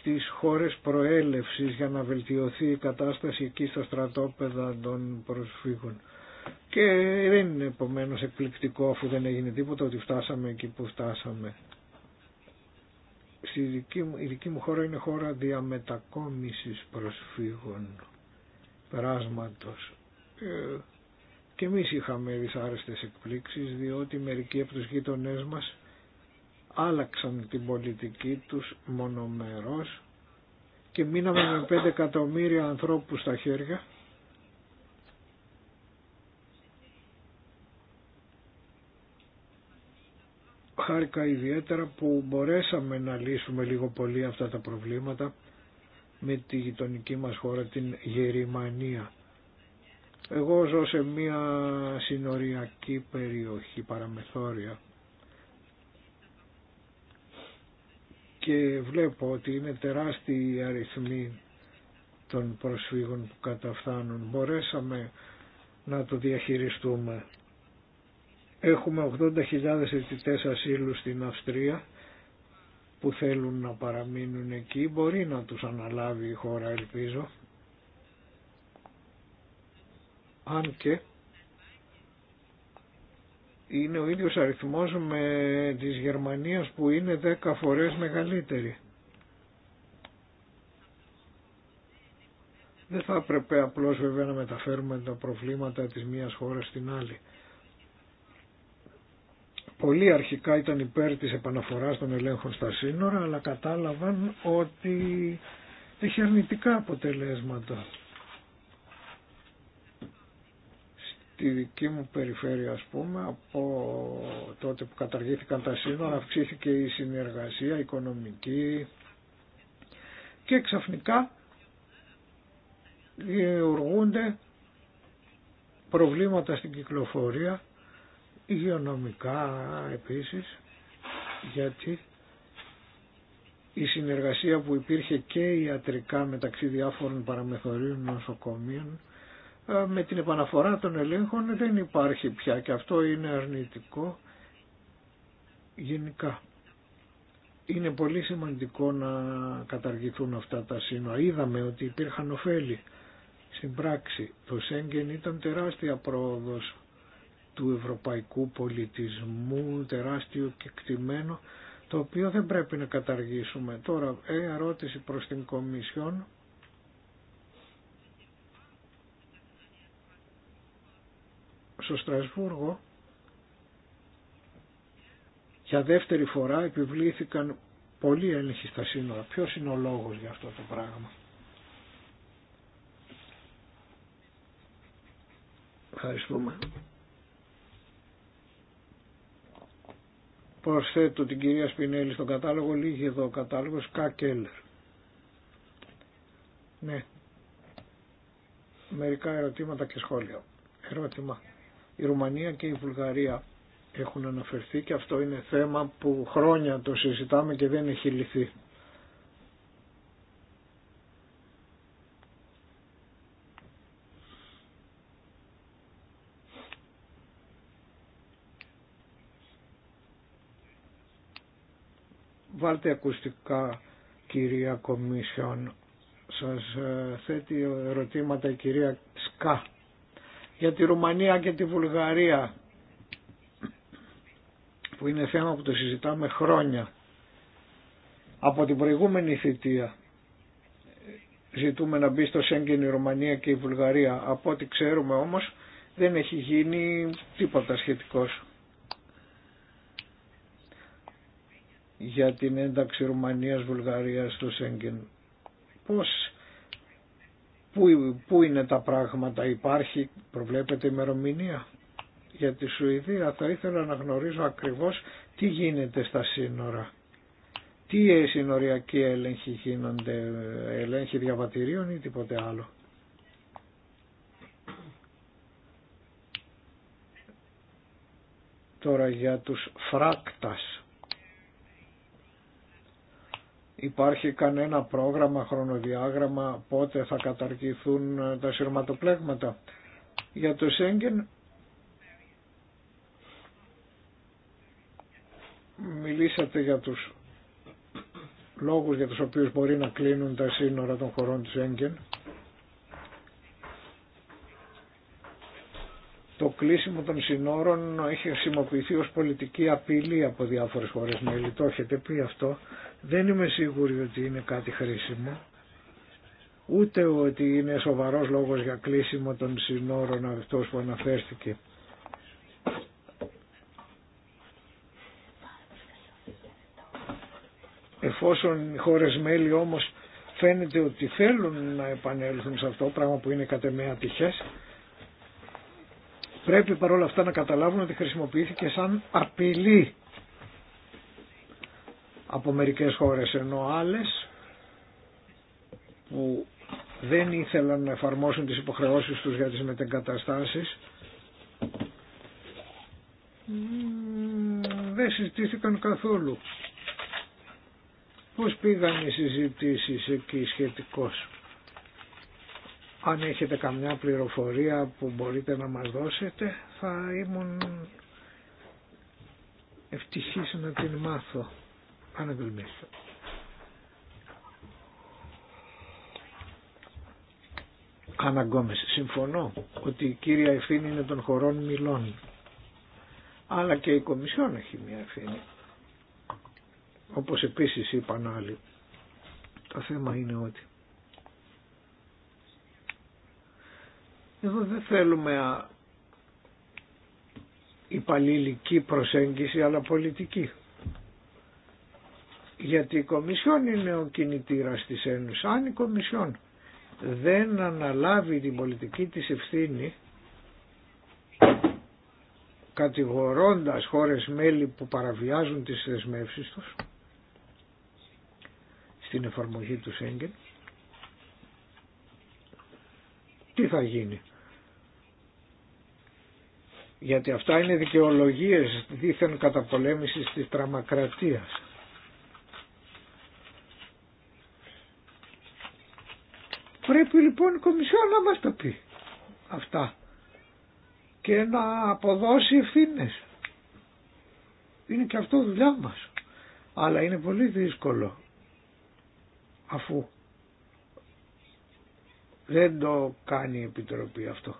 στις χώρες προέλευσης για να βελτιωθεί η κατάσταση εκεί στα στρατόπεδα των προσφύγων. Και δεν είναι επομένω εκπληκτικό αφού δεν έγινε τίποτα ότι φτάσαμε εκεί που φτάσαμε. η δική μου χώρα είναι χώρα διαμετακόμισης προσφύγων, περάσματος. Ε, και εμείς είχαμε δυσάρεστες εκπλήξεις διότι μερικοί από τους γείτονές μας άλλαξαν την πολιτική τους μονομερός και μείναμε με 5 εκατομμύρια ανθρώπους στα χέρια χάρηκα ιδιαίτερα που μπορέσαμε να λύσουμε λίγο πολύ αυτά τα προβλήματα με τη γειτονική μας χώρα την Γερμανία. Εγώ ζω σε μια συνοριακή περιοχή παραμεθόρια και βλέπω ότι είναι τεράστιοι οι αριθμοί των προσφύγων που καταφθάνουν. Μπορέσαμε να το διαχειριστούμε. Έχουμε 80.000 αιτητές ασύλου στην Αυστρία που θέλουν να παραμείνουν εκεί. Μπορεί να τους αναλάβει η χώρα ελπίζω. Αν και είναι ο ίδιος αριθμός με της Γερμανίας που είναι 10 φορές μεγαλύτερη. Δεν θα έπρεπε απλώς βέβαια να μεταφέρουμε τα προβλήματα της μίας χώρας στην άλλη. Πολλοί αρχικά ήταν υπέρ της επαναφοράς των ελέγχων στα σύνορα, αλλά κατάλαβαν ότι έχει αρνητικά αποτελέσματα. Στη δική μου περιφέρεια ας πούμε από τότε που καταργήθηκαν τα σύνορα αυξήθηκε η συνεργασία οικονομική και ξαφνικά δημιουργούνται προβλήματα στην κυκλοφορία υγειονομικά επίσης γιατί η συνεργασία που υπήρχε και ιατρικά μεταξύ διάφορων παραμεθορίων νοσοκομείων ε, με την επαναφορά των ελέγχων δεν υπάρχει πια και αυτό είναι αρνητικό γενικά. Είναι πολύ σημαντικό να καταργηθούν αυτά τα σύνορα. Είδαμε ότι υπήρχαν ωφέλη στην πράξη. Το Σέγγεν ήταν τεράστια πρόοδος του ευρωπαϊκού πολιτισμού, τεράστιο και κτημένο, το οποίο δεν πρέπει να καταργήσουμε. Τώρα, ε, ερώτηση προς την Κομισιόν στο Στρασβούργο για δεύτερη φορά επιβλήθηκαν πολλοί έλεγχοι στα σύνορα. Ποιος είναι ο λόγος για αυτό το πράγμα. Ευχαριστούμε. Προσθέτω την κυρία Σπινέλη στον κατάλογο, λίγη εδώ ο κατάλογος, Κα Ναι. Μερικά ερωτήματα και σχόλια. Ερώτημα. Η Ρουμανία και η Βουλγαρία έχουν αναφερθεί και αυτό είναι θέμα που χρόνια το συζητάμε και δεν έχει λυθεί. Βάλτε ακουστικά κυρία Κομίσιον. Σας ε, θέτει ερωτήματα η κυρία Σκά για τη Ρουμανία και τη Βουλγαρία που είναι θέμα που το συζητάμε χρόνια από την προηγούμενη θητεία ζητούμε να μπει στο Σέγγεν η Ρουμανία και η Βουλγαρία από ό,τι ξέρουμε όμως δεν έχει γίνει τίποτα σχετικό για την ένταξη Ρουμανίας-Βουλγαρίας στο Σέγγεν πώς Πού, πού είναι τα πράγματα, υπάρχει, προβλέπετε ημερομηνία για τη Σουηδία. Θα ήθελα να γνωρίζω ακριβώς τι γίνεται στα σύνορα. Τι συνοριακοί έλεγχοι γίνονται, έλεγχοι διαβατηρίων ή τίποτε άλλο. Τώρα για τους φράκτας. Υπάρχει κανένα πρόγραμμα, χρονοδιάγραμμα, πότε θα καταργηθούν ε, τα σειρματοπλέγματα. Για το Σέγγεν μιλήσατε για τους λόγους για τους οποίους μπορεί να κλείνουν τα σύνορα των χωρών του Σέγγεν. Το κλείσιμο των συνόρων έχει χρησιμοποιηθεί ως πολιτική απειλή από διάφορες χώρες μέλη. Το έχετε πει αυτό δεν είμαι σίγουρη ότι είναι κάτι χρήσιμο, ούτε ότι είναι σοβαρός λόγος για κλείσιμο των συνόρων αυτός που αναφέρθηκε. Εφόσον οι χώρες μέλη όμως φαίνεται ότι θέλουν να επανέλθουν σε αυτό, πράγμα που είναι κατ' εμέ πρέπει παρόλα αυτά να καταλάβουν ότι χρησιμοποιήθηκε σαν απειλή από μερικές χώρες ενώ άλλες που δεν ήθελαν να εφαρμόσουν τις υποχρεώσεις τους για τις μετεγκαταστάσεις δεν συζητήθηκαν καθόλου. Πώς πήγαν οι συζητήσεις εκεί σχετικώς. Αν έχετε καμιά πληροφορία που μπορείτε να μας δώσετε θα ήμουν ευτυχής να την μάθω αναδολμές. συμφωνώ ότι η κύρια ευθύνη είναι των χωρών μιλών. Αλλά και η Κομισιόν έχει μια ευθύνη. Όπως επίσης είπαν άλλοι. Το θέμα είναι ότι εδώ δεν θέλουμε υπαλληλική προσέγγιση αλλά πολιτική. Γιατί η Κομισιόν είναι ο κινητήρας της Ένωσης. Αν η Κομισιόν δεν αναλάβει την πολιτική της ευθύνη κατηγορώντας χώρες μέλη που παραβιάζουν τις δεσμεύσεις τους στην εφαρμογή του Σέγγεν τι θα γίνει γιατί αυτά είναι δικαιολογίες δίθεν καταπολέμησης της τραμακρατίας λοιπόν η Κομισιόν να μας τα πει αυτά και να αποδώσει ευθύνε. Είναι και αυτό δουλειά μας. Αλλά είναι πολύ δύσκολο αφού δεν το κάνει η Επιτροπή αυτό.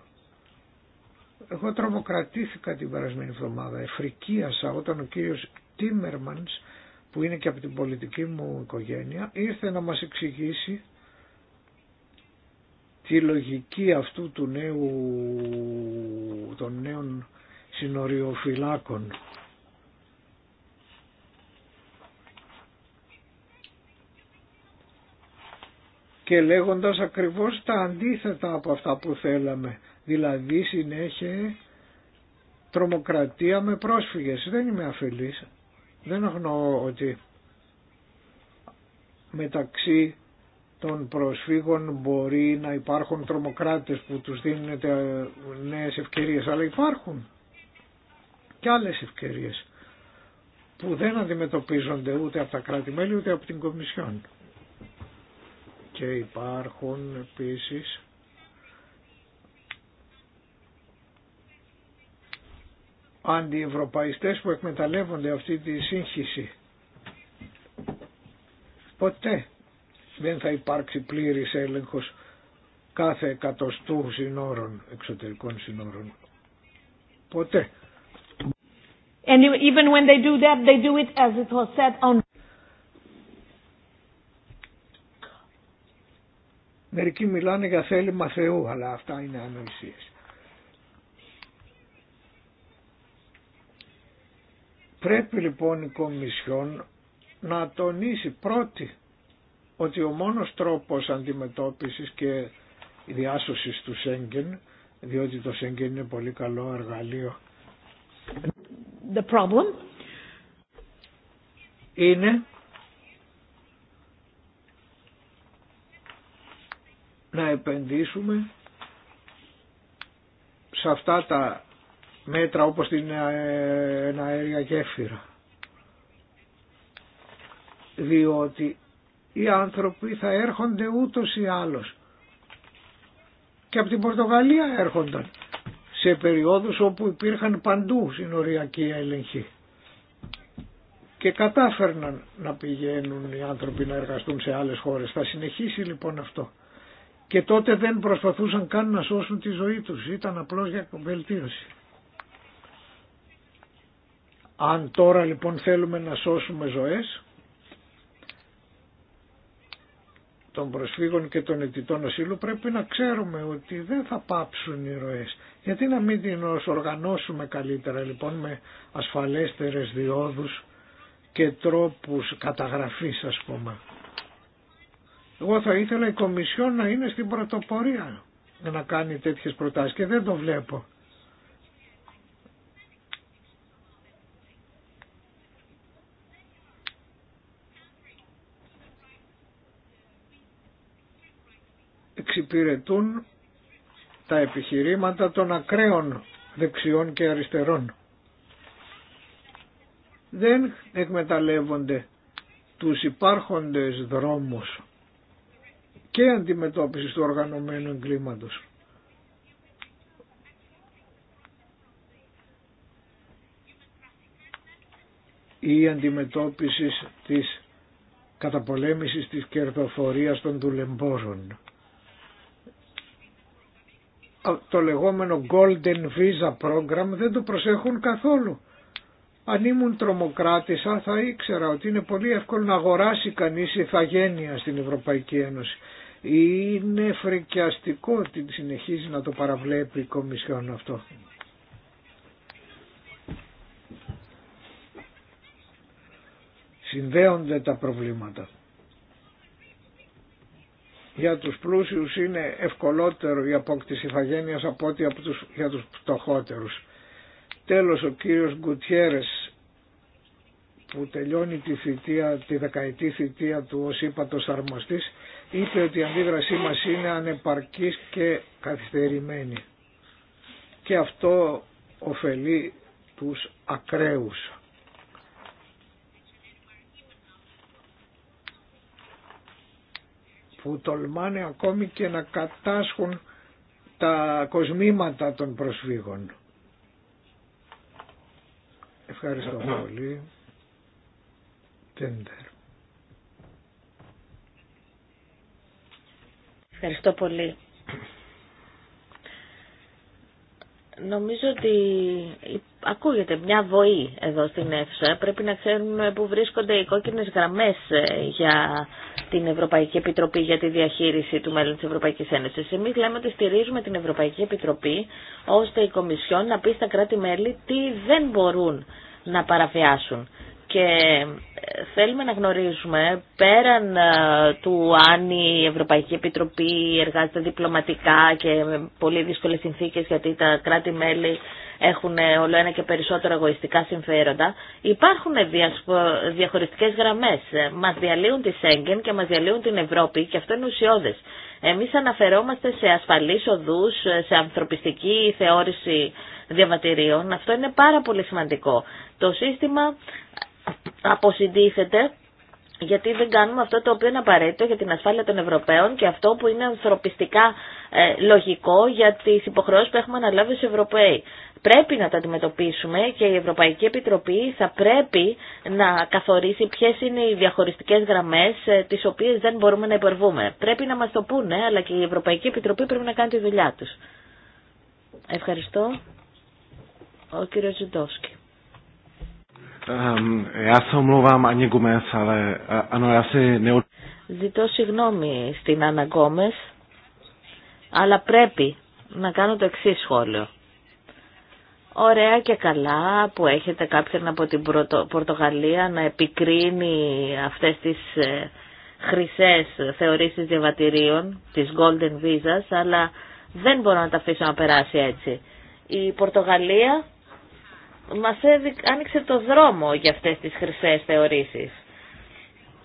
Εγώ τρομοκρατήθηκα την περασμένη εβδομάδα, εφρικίασα όταν ο κύριος Τίμερμανς που είναι και από την πολιτική μου οικογένεια ήρθε να μας εξηγήσει τη λογική αυτού του νέου, των νέων συνοριοφυλάκων. Και λέγοντας ακριβώς τα αντίθετα από αυτά που θέλαμε, δηλαδή συνέχεια τρομοκρατία με πρόσφυγες. Δεν είμαι αφελής, δεν αγνοώ ότι μεταξύ των προσφύγων μπορεί να υπάρχουν τρομοκράτες που τους δίνετε ε, νέες ευκαιρίες, αλλά υπάρχουν και άλλες ευκαιρίες που δεν αντιμετωπίζονται ούτε από τα κράτη-μέλη ούτε από την Κομισιόν. Και υπάρχουν επίσης αντιευρωπαϊστές που εκμεταλλεύονται αυτή τη σύγχυση. Ποτέ δεν θα υπάρξει πλήρης έλεγχος κάθε εκατοστού συνόρων, εξωτερικών συνόρων. Ποτέ. Μερικοί μιλάνε για θέλημα Θεού, αλλά αυτά είναι ανοησίες. Πρέπει λοιπόν η Κομισιόν να τονίσει πρώτη ότι ο μόνος τρόπος αντιμετώπισης και διάσωσης του Σέγγεν, διότι το Σέγγεν είναι πολύ καλό εργαλείο, The problem. είναι να επενδύσουμε σε αυτά τα μέτρα όπως την ε, αέρια γέφυρα. Διότι οι άνθρωποι θα έρχονται ούτως ή άλλως. Και από την Πορτογαλία έρχονταν σε περιόδους όπου υπήρχαν παντού συνοριακοί έλεγχοι. Και κατάφερναν να πηγαίνουν οι άνθρωποι να εργαστούν σε άλλες χώρες. Θα συνεχίσει λοιπόν αυτό. Και τότε δεν προσπαθούσαν καν να σώσουν τη ζωή τους. Ήταν απλώς για βελτίωση. Αν τώρα λοιπόν θέλουμε να σώσουμε ζωές, των προσφύγων και των αιτητών ασύλου πρέπει να ξέρουμε ότι δεν θα πάψουν οι ροές. Γιατί να μην την οργανώσουμε καλύτερα λοιπόν με ασφαλέστερες διόδους και τρόπους καταγραφής ας πούμε. Εγώ θα ήθελα η Κομισιόν να είναι στην πρωτοπορία να κάνει τέτοιες προτάσεις και δεν το βλέπω. τα επιχειρήματα των ακραίων δεξιών και αριστερών. Δεν εκμεταλλεύονται τους υπάρχοντες δρόμους και αντιμετώπιση του οργανωμένου εγκλήματος. ή αντιμετώπισης της καταπολέμησης της κερδοφορίας των δουλεμπόρων το λεγόμενο Golden Visa Program δεν το προσέχουν καθόλου. Αν ήμουν τρομοκράτησα θα ήξερα ότι είναι πολύ εύκολο να αγοράσει κανείς ηθαγένεια στην Ευρωπαϊκή Ένωση. Είναι φρικιαστικό ότι συνεχίζει να το παραβλέπει η Κομισιόν αυτό. Συνδέονται τα προβλήματα για τους πλούσιους είναι ευκολότερο η απόκτηση ηθαγένειας από ό,τι για τους πτωχότερους. Τέλος ο κύριος Γκουτιέρες που τελειώνει τη, δεκαετή θητεία του ως ύπατος αρμοστής είπε ότι η αντίδρασή μας είναι ανεπαρκής και καθυστερημένη. Και αυτό ωφελεί τους ακραίους. που τολμάνε ακόμη και να κατάσχουν τα κοσμήματα των προσφύγων. Ευχαριστώ πολύ. Τέντερ. Ευχαριστώ πολύ. Νομίζω ότι ακούγεται μια βοή εδώ στην αίθουσα. Πρέπει να ξέρουμε πού βρίσκονται οι κόκκινες γραμμές ε, για την Ευρωπαϊκή Επιτροπή για τη διαχείριση του μέλλον της Ευρωπαϊκής Ένωσης. Εμείς λέμε ότι στηρίζουμε την Ευρωπαϊκή Επιτροπή ώστε η Κομισιόν να πει στα κράτη-μέλη τι δεν μπορούν να παραβιάσουν και ε, θέλουμε να γνωρίζουμε πέραν ε, του αν η Ευρωπαϊκή Επιτροπή εργάζεται διπλωματικά και με πολύ δύσκολες συνθήκες γιατί τα κράτη-μέλη έχουν ε, όλο ένα και περισσότερο εγωιστικά συμφέροντα, υπάρχουν διαχωριστικές γραμμές. Μας διαλύουν τη Σέγγεν και μας διαλύουν την Ευρώπη και αυτό είναι ουσιώδες. Εμείς αναφερόμαστε σε ασφαλείς οδούς, σε ανθρωπιστική θεώρηση διαβατηρίων. Αυτό είναι πάρα πολύ σημαντικό. Το σύστημα αποσυντήθεται γιατί δεν κάνουμε αυτό το οποίο είναι απαραίτητο για την ασφάλεια των Ευρωπαίων και αυτό που είναι ανθρωπιστικά ε, λογικό για τις υποχρεώσεις που έχουμε αναλάβει ως Ευρωπαίοι. Πρέπει να τα αντιμετωπίσουμε και η Ευρωπαϊκή Επιτροπή θα πρέπει να καθορίσει ποιες είναι οι διαχωριστικές γραμμές ε, τις οποίες δεν μπορούμε να υπερβούμε. Πρέπει να μας το πούνε, αλλά και η Ευρωπαϊκή Επιτροπή πρέπει να κάνει τη δουλειά τους. Ευχαριστώ. Ο κύριος Ζητόσκη. Ζητώ συγγνώμη στην Άννα αλλά πρέπει να κάνω το εξή σχόλιο. Ωραία και καλά που έχετε κάποιον από την Πορτογαλία να επικρίνει αυτές τις ε, χρυσές θεωρήσεις διαβατηρίων, της Golden Visa, αλλά δεν μπορώ να τα αφήσω να περάσει έτσι. Η Πορτογαλία μας άνοιξε το δρόμο για αυτές τις χρυσές θεωρήσεις.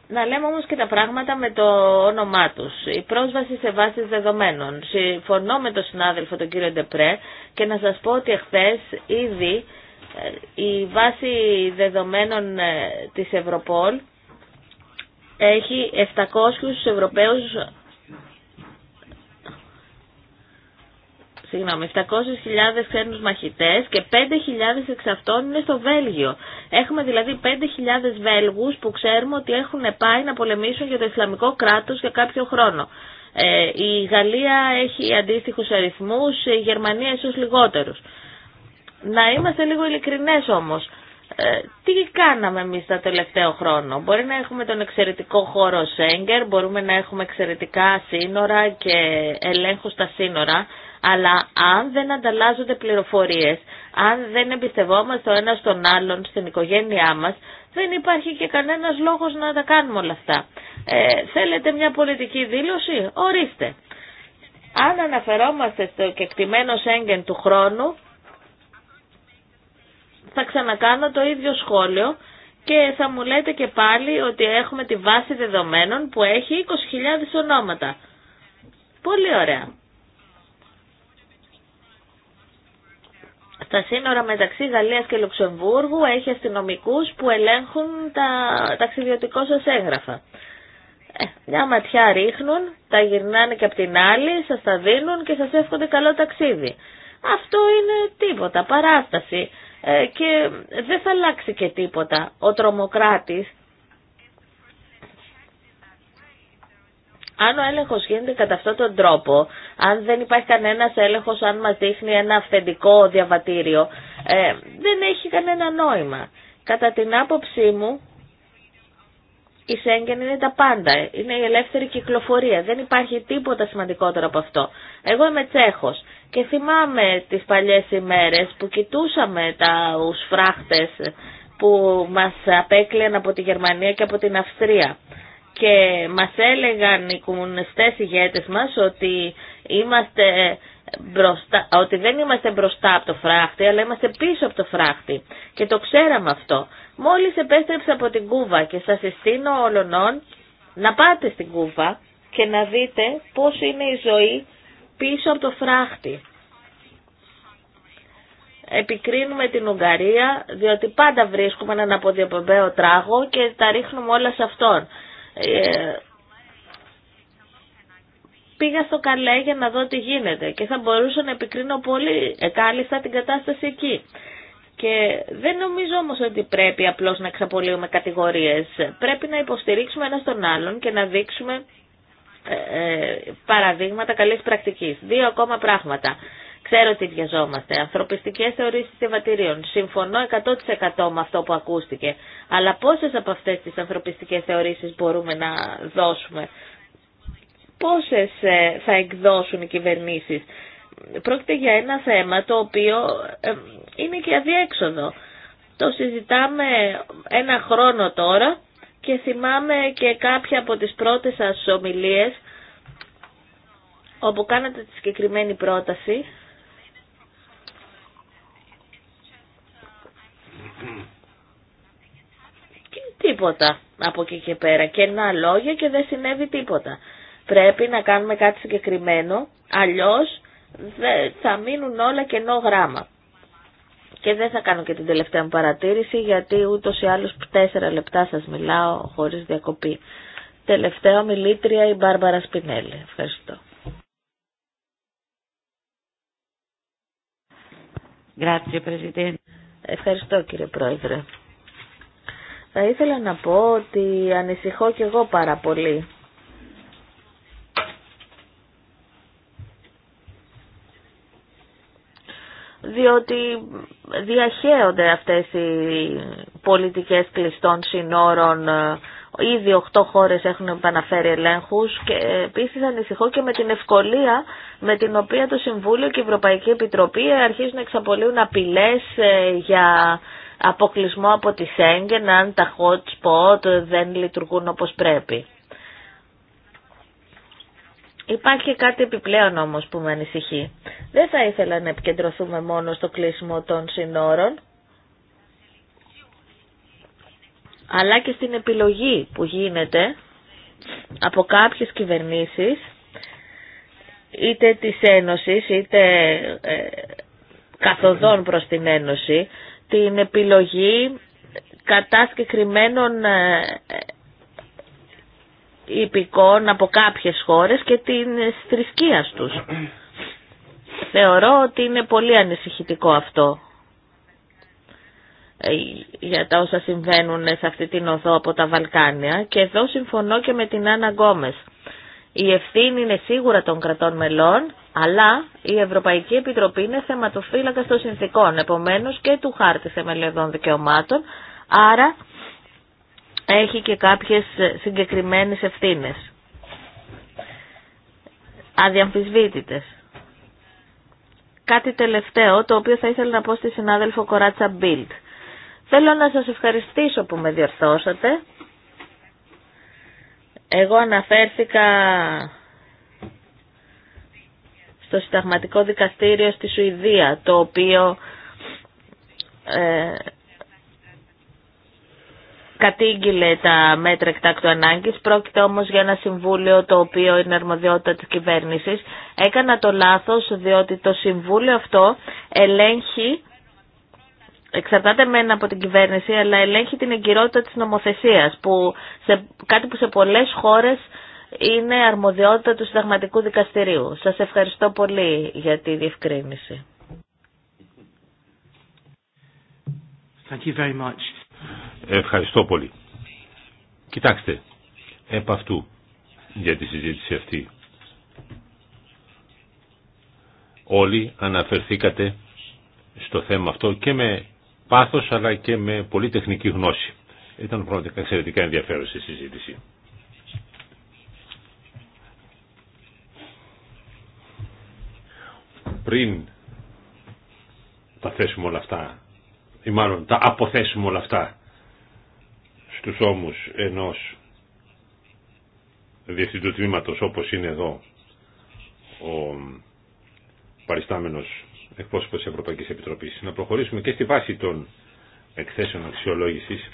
Να λέμε όμως και τα πράγματα με το όνομά τους. Η πρόσβαση σε βάσεις δεδομένων. Συμφωνώ με τον συνάδελφο τον κύριο Ντεπρέ και να σας πω ότι εχθές ήδη ε, η βάση δεδομένων ε, της Ευρωπόλ έχει 700 Ευρωπαίους συγγνώμη, 700.000 ξένους μαχητές και 5.000 εξ αυτών είναι στο Βέλγιο. Έχουμε δηλαδή 5.000 Βέλγους που ξέρουμε ότι έχουν πάει να πολεμήσουν για το Ισλαμικό κράτος για κάποιο χρόνο. Ε, η Γαλλία έχει αντίστοιχους αριθμούς, η Γερμανία ίσως λιγότερους. Να είμαστε λίγο ειλικρινές όμως. Ε, τι κάναμε εμεί τα τελευταίο χρόνο. Μπορεί να έχουμε τον εξαιρετικό χώρο Σέγγερ, μπορούμε να έχουμε εξαιρετικά σύνορα και ελέγχου στα σύνορα, αλλά αν δεν ανταλλάζονται πληροφορίες, αν δεν εμπιστευόμαστε ο ένας τον άλλον στην οικογένειά μας, δεν υπάρχει και κανένας λόγος να τα κάνουμε όλα αυτά. Ε, θέλετε μια πολιτική δήλωση, ορίστε. Αν αναφερόμαστε στο κεκτημένο Σέγγεν του χρόνου, θα ξανακάνω το ίδιο σχόλιο και θα μου λέτε και πάλι ότι έχουμε τη βάση δεδομένων που έχει 20.000 ονόματα. Πολύ ωραία. στα σύνορα μεταξύ Γαλλίας και Λουξεμβούργου έχει αστυνομικούς που ελέγχουν τα ταξιδιωτικό σας έγγραφα. Ε, μια ματιά ρίχνουν, τα γυρνάνε και απ' την άλλη, σας τα δίνουν και σας εύχονται καλό ταξίδι. Αυτό είναι τίποτα, παράσταση ε, και δεν θα αλλάξει και τίποτα. Ο τρομοκράτης Αν ο έλεγχος γίνεται κατά αυτόν τον τρόπο, αν δεν υπάρχει κανένας έλεγχος, αν μας δείχνει ένα αυθεντικό διαβατήριο, ε, δεν έχει κανένα νόημα. Κατά την άποψή μου, η Σέγγεν είναι τα πάντα. Είναι η ελεύθερη κυκλοφορία. Δεν υπάρχει τίποτα σημαντικότερο από αυτό. Εγώ είμαι Τσέχος και θυμάμαι τις παλιές ημέρες που κοιτούσαμε τα φράχτες που μας απέκλαιαν από τη Γερμανία και από την Αυστρία και μας έλεγαν οι κομμουνιστές ηγέτες μας ότι, είμαστε μπροστά, ότι δεν είμαστε μπροστά από το φράχτη αλλά είμαστε πίσω από το φράχτη και το ξέραμε αυτό. Μόλις επέστρεψα από την Κούβα και σας συστήνω όλων να πάτε στην Κούβα και να δείτε πώς είναι η ζωή πίσω από το φράχτη. Επικρίνουμε την Ουγγαρία διότι πάντα βρίσκουμε έναν αποδιοπομπαίο τράγο και τα ρίχνουμε όλα σε αυτόν. Ε, πήγα στο Καλέ για να δω τι γίνεται και θα μπορούσα να επικρίνω πολύ κάλλιστα την κατάσταση εκεί. Και δεν νομίζω όμως ότι πρέπει απλώς να εξαπολύουμε κατηγορίες. Πρέπει να υποστηρίξουμε ένα τον άλλον και να δείξουμε ε, ε, παραδείγματα καλής πρακτικής. Δύο ακόμα πράγματα. Ξέρω ότι βιαζόμαστε. Ανθρωπιστικές θεωρήσεις διαβατηρίων. Συμφωνώ 100% με αυτό που ακούστηκε. Αλλά πόσες από αυτές τις ανθρωπιστικές θεωρήσεις μπορούμε να δώσουμε. Πόσες ε, θα εκδώσουν οι κυβερνήσεις. Πρόκειται για ένα θέμα το οποίο ε, είναι και αδιέξοδο. Το συζητάμε ένα χρόνο τώρα και θυμάμαι και κάποια από τις πρώτες σας ομιλίες όπου κάνατε τη συγκεκριμένη πρόταση τίποτα από εκεί και πέρα. Κενά λόγια και δεν συνέβη τίποτα. Πρέπει να κάνουμε κάτι συγκεκριμένο, αλλιώς θα μείνουν όλα κενό γράμμα. Και δεν θα κάνω και την τελευταία μου παρατήρηση γιατί ούτως ή άλλως τέσσερα λεπτά σας μιλάω χωρίς διακοπή. Τελευταία μιλήτρια η Μπάρμπαρα Σπινέλη. Ευχαριστώ. Ευχαριστώ κύριε Πρόεδρε. Θα ήθελα να πω ότι ανησυχώ κι εγώ πάρα πολύ. διότι διαχέονται αυτές οι πολιτικές κλειστών συνόρων. Ήδη 8 χώρες έχουν επαναφέρει ελέγχους και επίσης ανησυχώ και με την ευκολία με την οποία το Συμβούλιο και η Ευρωπαϊκή Επιτροπή αρχίζουν να εξαπολύουν απειλές ε, για αποκλεισμό από τη Σέγγεν αν τα hot spot δεν λειτουργούν όπως πρέπει. Υπάρχει κάτι επιπλέον όμως που με ανησυχεί. Δεν θα ήθελα να επικεντρωθούμε μόνο στο κλείσιμο των συνόρων, αλλά και στην επιλογή που γίνεται από κάποιες κυβερνήσεις, είτε της Ένωσης, είτε ε, καθοδόν προς την Ένωση, την επιλογή κατά συγκεκριμένων ε, υπηκών από κάποιες χώρες και την θρησκεία τους. Θεωρώ ότι είναι πολύ ανησυχητικό αυτό ε, για τα όσα συμβαίνουν σε αυτή την οδό από τα Βαλκάνια και εδώ συμφωνώ και με την Άννα Γκόμες. Η ευθύνη είναι σίγουρα των κρατών μελών αλλά η Ευρωπαϊκή Επιτροπή είναι θεματοφύλακα των συνθήκων, επομένως και του χάρτη θεμελιωδών δικαιωμάτων, άρα έχει και κάποιες συγκεκριμένες ευθύνες. Αδιαμφισβήτητες. Κάτι τελευταίο, το οποίο θα ήθελα να πω στη συνάδελφο Κοράτσα Μπίλτ. Θέλω να σας ευχαριστήσω που με διορθώσατε. Εγώ αναφέρθηκα στο συνταγματικό δικαστήριο στη Σουηδία, το οποίο ε, κατήγγειλε τα μέτρα εκτάκτου ανάγκης, πρόκειται όμως για ένα συμβούλιο το οποίο είναι αρμοδιότητα της κυβέρνησης. Έκανα το λάθος διότι το συμβούλιο αυτό ελέγχει, εξαρτάται μένα από την κυβέρνηση, αλλά ελέγχει την εγκυρότητα της νομοθεσίας, που σε, κάτι που σε πολλές χώρες είναι αρμοδιότητα του συνταγματικού δικαστηρίου. Σας ευχαριστώ πολύ για τη διευκρίνηση. Thank you very much. Ευχαριστώ πολύ. Κοιτάξτε, επ' αυτού για τη συζήτηση αυτή. Όλοι αναφερθήκατε στο θέμα αυτό και με πάθος αλλά και με πολύ τεχνική γνώση. Ήταν πραγματικά εξαιρετικά ενδιαφέρουσα η συζήτηση. πριν τα θέσουμε όλα αυτά ή μάλλον τα αποθέσουμε όλα αυτά στους ώμους ενός διευθυντού τμήματος όπως είναι εδώ ο παριστάμενος εκπρόσωπος της Ευρωπαϊκής Επιτροπής να προχωρήσουμε και στη βάση των εκθέσεων αξιολόγησης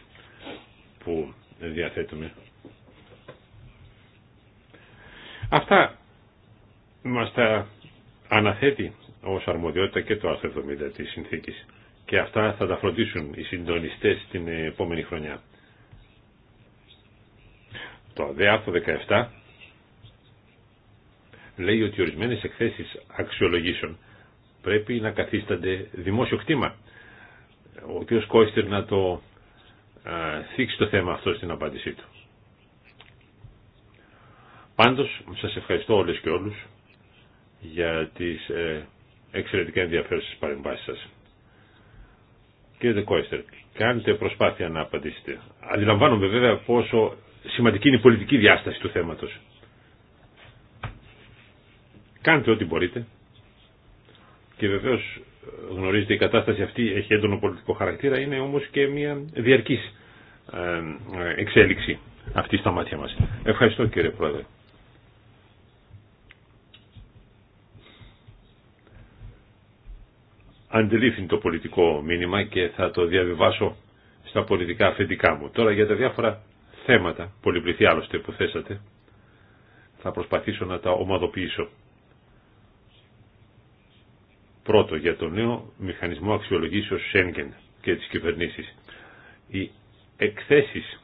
που διαθέτουμε. Αυτά μας τα αναθέτει ως αρμοδιότητα και το άρθρο 70 της συνθήκης. Και αυτά θα τα φροντίσουν οι συντονιστές την επόμενη χρονιά. Το ΑΔΕ άρθρο 17 λέει ότι ορισμένες εκθέσεις αξιολογήσεων πρέπει να καθίστανται δημόσιο κτήμα. Ο κ. Κόιστερ να το θίξει το θέμα αυτό στην απάντησή του. Πάντως, σας ευχαριστώ όλες και όλους για τις ε, εξαιρετικά στις παρεμβάσεις σας. Κύριε Δεκόιστερ, κάνετε προσπάθεια να απαντήσετε. Αντιλαμβάνομαι βέβαια πόσο σημαντική είναι η πολιτική διάσταση του θέματος. Κάντε ό,τι μπορείτε. Και βεβαίως γνωρίζετε η κατάσταση αυτή έχει έντονο πολιτικό χαρακτήρα, είναι όμως και μια διαρκής ε, ε, εξέλιξη αυτή στα μάτια μας. Ευχαριστώ κύριε Πρόεδρε. αντιλήφθη το πολιτικό μήνυμα και θα το διαβιβάσω στα πολιτικά αφεντικά μου. Τώρα για τα διάφορα θέματα, πολυπληθή άλλωστε που θέσατε, θα προσπαθήσω να τα ομαδοποιήσω. Πρώτο, για το νέο μηχανισμό αξιολογήσεως Schengen και τις κυβερνήσεις. Οι εκθέσεις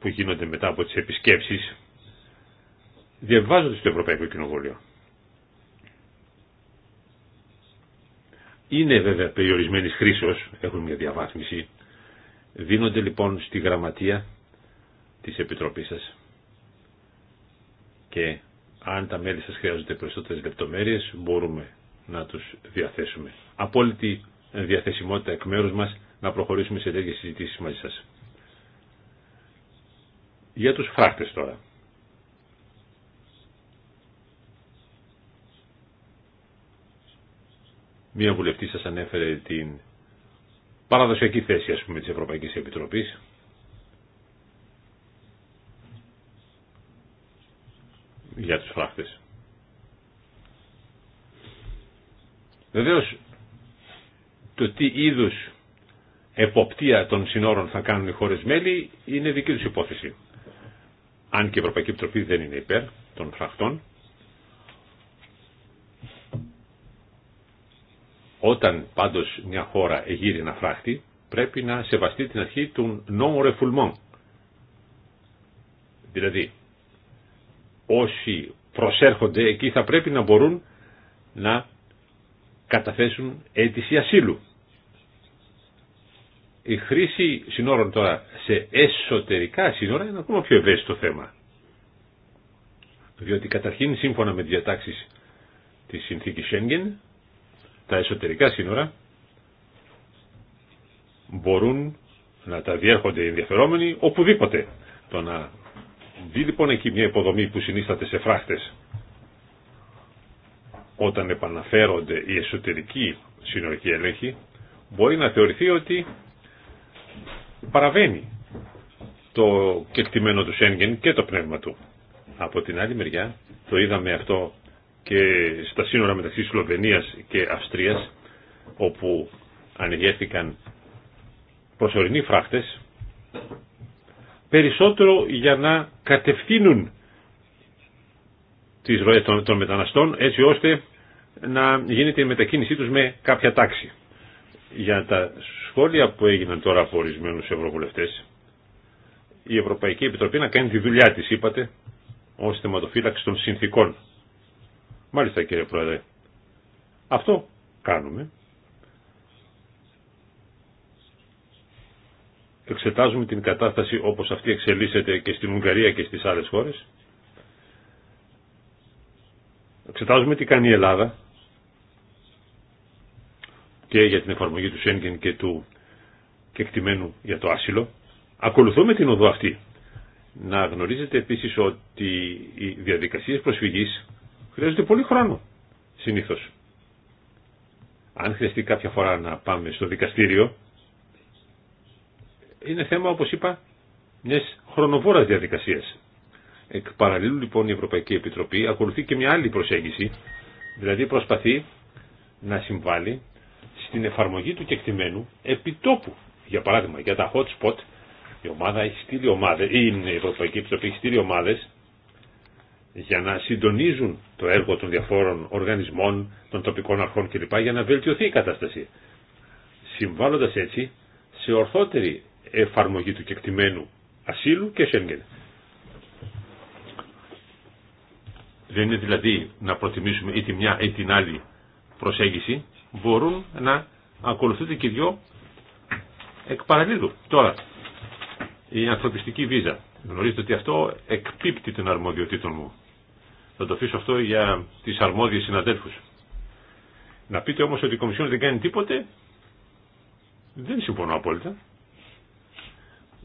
που γίνονται μετά από τις επισκέψεις διαβάζονται στο Ευρωπαϊκό Κοινοβούλιο. είναι βέβαια περιορισμένης χρήσεως, έχουν μια διαβάθμιση, δίνονται λοιπόν στη γραμματεία της Επιτροπής σας. Και αν τα μέλη σας χρειάζονται περισσότερες λεπτομέρειες, μπορούμε να τους διαθέσουμε. Απόλυτη διαθεσιμότητα εκ μέρους μας να προχωρήσουμε σε τέτοιες συζητήσεις μαζί σας. Για τους φράχτες τώρα. Μία βουλευτή σας ανέφερε την παραδοσιακή θέση ας πούμε της Ευρωπαϊκής Επιτροπής για τους φράχτες. Βεβαίω, το τι είδους εποπτεία των συνόρων θα κάνουν οι χώρες μέλη είναι δική τους υπόθεση. Αν και η Ευρωπαϊκή Επιτροπή δεν είναι υπέρ των φραχτών, Όταν πάντως μια χώρα εγείρει ένα φράχτη, πρέπει να σεβαστεί την αρχή του νόμου ρεφουλμών, Δηλαδή, όσοι προσέρχονται εκεί θα πρέπει να μπορούν να καταθέσουν αίτηση ασύλου. Η χρήση συνόρων τώρα σε εσωτερικά σύνορα είναι ακόμα πιο ευαίσθητο θέμα. Διότι καταρχήν σύμφωνα με τις διατάξεις της συνθήκης Schengen τα εσωτερικά σύνορα μπορούν να τα διέρχονται οι ενδιαφερόμενοι οπουδήποτε. Το να δει λοιπόν εκεί μια υποδομή που συνίσταται σε φράχτες όταν επαναφέρονται οι εσωτερικοί συνορικοί έλεγχοι μπορεί να θεωρηθεί ότι παραβαίνει το κεκτημένο του Σέγγεν και το πνεύμα του. Από την άλλη μεριά το είδαμε αυτό και στα σύνορα μεταξύ Σλοβενίας και Αυστρίας όπου ανηγέθηκαν προσωρινοί φράχτες περισσότερο για να κατευθύνουν τις ροές των, μεταναστών έτσι ώστε να γίνεται η μετακίνησή τους με κάποια τάξη. Για τα σχόλια που έγιναν τώρα από ορισμένου ευρωβουλευτές η Ευρωπαϊκή Επιτροπή να κάνει τη δουλειά της είπατε ως θεματοφύλαξη των συνθήκων Μάλιστα κύριε Πρόεδρε. Αυτό κάνουμε. Εξετάζουμε την κατάσταση όπως αυτή εξελίσσεται και στην Ουγγαρία και στις άλλες χώρες. Εξετάζουμε τι κάνει η Ελλάδα και για την εφαρμογή του Σέγγεν και του κεκτημένου για το άσυλο. Ακολουθούμε την οδό αυτή. Να γνωρίζετε επίσης ότι οι διαδικασίες προσφυγής Χρειάζεται πολύ χρόνο συνήθω. Αν χρειαστεί κάποια φορά να πάμε στο δικαστήριο, είναι θέμα, όπως είπα, μιας χρονοβόρας διαδικασίας. Εκ παραλλήλου λοιπόν η Ευρωπαϊκή Επιτροπή ακολουθεί και μια άλλη προσέγγιση, δηλαδή προσπαθεί να συμβάλλει στην εφαρμογή του κεκτημένου επιτόπου. Για παράδειγμα, για τα hot spot, η ομάδα έχει ομάδες, η Ευρωπαϊκή Επιτροπή έχει στείλει ομάδες για να συντονίζουν το έργο των διαφόρων οργανισμών, των τοπικών αρχών κλπ. για να βελτιωθεί η κατάσταση. Συμβάλλοντας έτσι σε ορθότερη εφαρμογή του κεκτημένου ασύλου και Σέγγεν. Δεν είναι δηλαδή να προτιμήσουμε ή τη μια ή την άλλη προσέγγιση, μπορούν να ακολουθούνται και δυο εκ παραλίδου. Τώρα, η ανθρωπιστική βίζα. Γνωρίζετε ότι αυτό εκπίπτει την αρμοδιοτήτων μου. Θα το αφήσω αυτό για τις αρμόδιε συναδέλφου. Να πείτε όμως ότι η Κομισιόν δεν κάνει τίποτε, δεν συμφωνώ απόλυτα.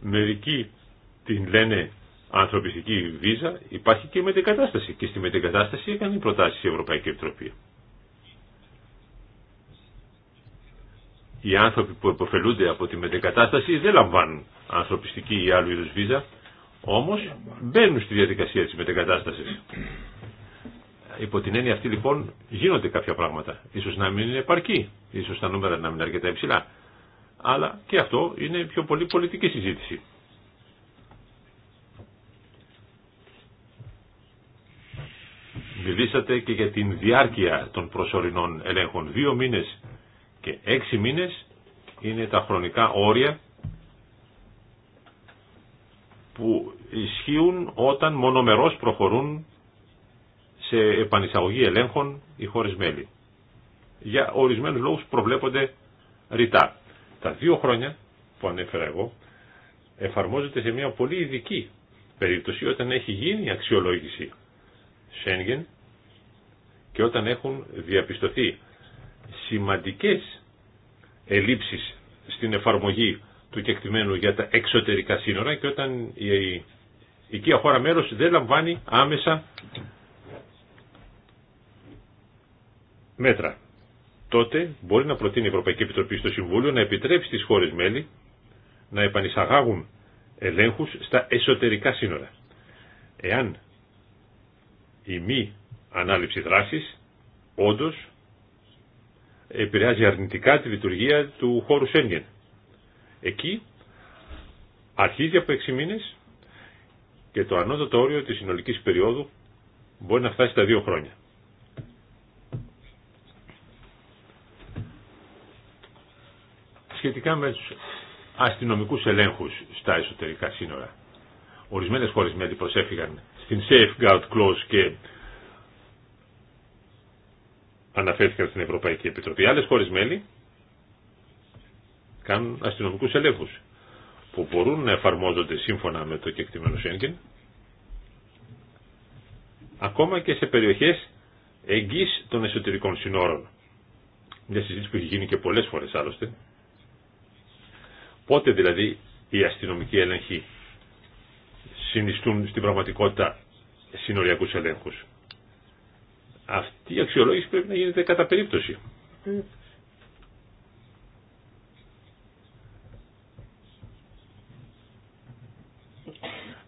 Μερικοί την λένε ανθρωπιστική βίζα, υπάρχει και η μετεγκατάσταση. Και στη μετεγκατάσταση έκανε προτάσει η Ευρωπαϊκή Επιτροπή. Οι άνθρωποι που επωφελούνται από τη μετεγκατάσταση δεν λαμβάνουν ανθρωπιστική ή άλλου είδου βίζα, όμως μπαίνουν στη διαδικασία της μετεγκατάστασης. Υπό την έννοια αυτή λοιπόν γίνονται κάποια πράγματα. Ίσως να μην είναι επαρκή, ίσως τα νούμερα να μην είναι αρκετά υψηλά. Αλλά και αυτό είναι πιο πολύ πολιτική συζήτηση. Μιλήσατε και για την διάρκεια των προσωρινών ελέγχων. Δύο μήνες και έξι μήνες είναι τα χρονικά όρια που ισχύουν όταν μονομερώς προχωρούν σε επανεισαγωγή ελέγχων οι χώρες μέλη. Για ορισμένους λόγους προβλέπονται ρητά. Τα δύο χρόνια που ανέφερα εγώ εφαρμόζεται σε μια πολύ ειδική περίπτωση όταν έχει γίνει η αξιολόγηση Σέγγεν και όταν έχουν διαπιστωθεί σημαντικές ελλείψεις στην εφαρμογή του κεκτημένου για τα εξωτερικά σύνορα και όταν η οικία χώρα μέρος δεν λαμβάνει άμεσα μέτρα. Τότε μπορεί να προτείνει η Ευρωπαϊκή Επιτροπή στο Συμβούλιο να επιτρέψει στις χώρες μέλη να επανεισαγάγουν ελέγχους στα εσωτερικά σύνορα. Εάν η μη ανάληψη δράσης όντως επηρεάζει αρνητικά τη λειτουργία του χώρου Σέγγεν Εκεί αρχίζει από 6 μήνες και το ανώτατο όριο της συνολικής περίοδου μπορεί να φτάσει στα 2 χρόνια. Σχετικά με τους αστυνομικούς ελέγχους στα εσωτερικά σύνορα. Ορισμένες χώρες μέλη προσέφυγαν στην safeguard clause και αναφέρθηκαν στην Ευρωπαϊκή Επιτροπή. Άλλες χώρες μέλη κάνουν αστυνομικού ελέγχου που μπορούν να εφαρμόζονται σύμφωνα με το κεκτημένο Σέγγεν ακόμα και σε περιοχές εγγύς των εσωτερικών συνόρων. Μια συζήτηση που έχει γίνει και πολλές φορές άλλωστε. Πότε δηλαδή οι αστυνομικοί έλεγχοι συνιστούν στην πραγματικότητα συνοριακού ελέγχου, Αυτή η αξιολόγηση πρέπει να γίνεται κατά περίπτωση.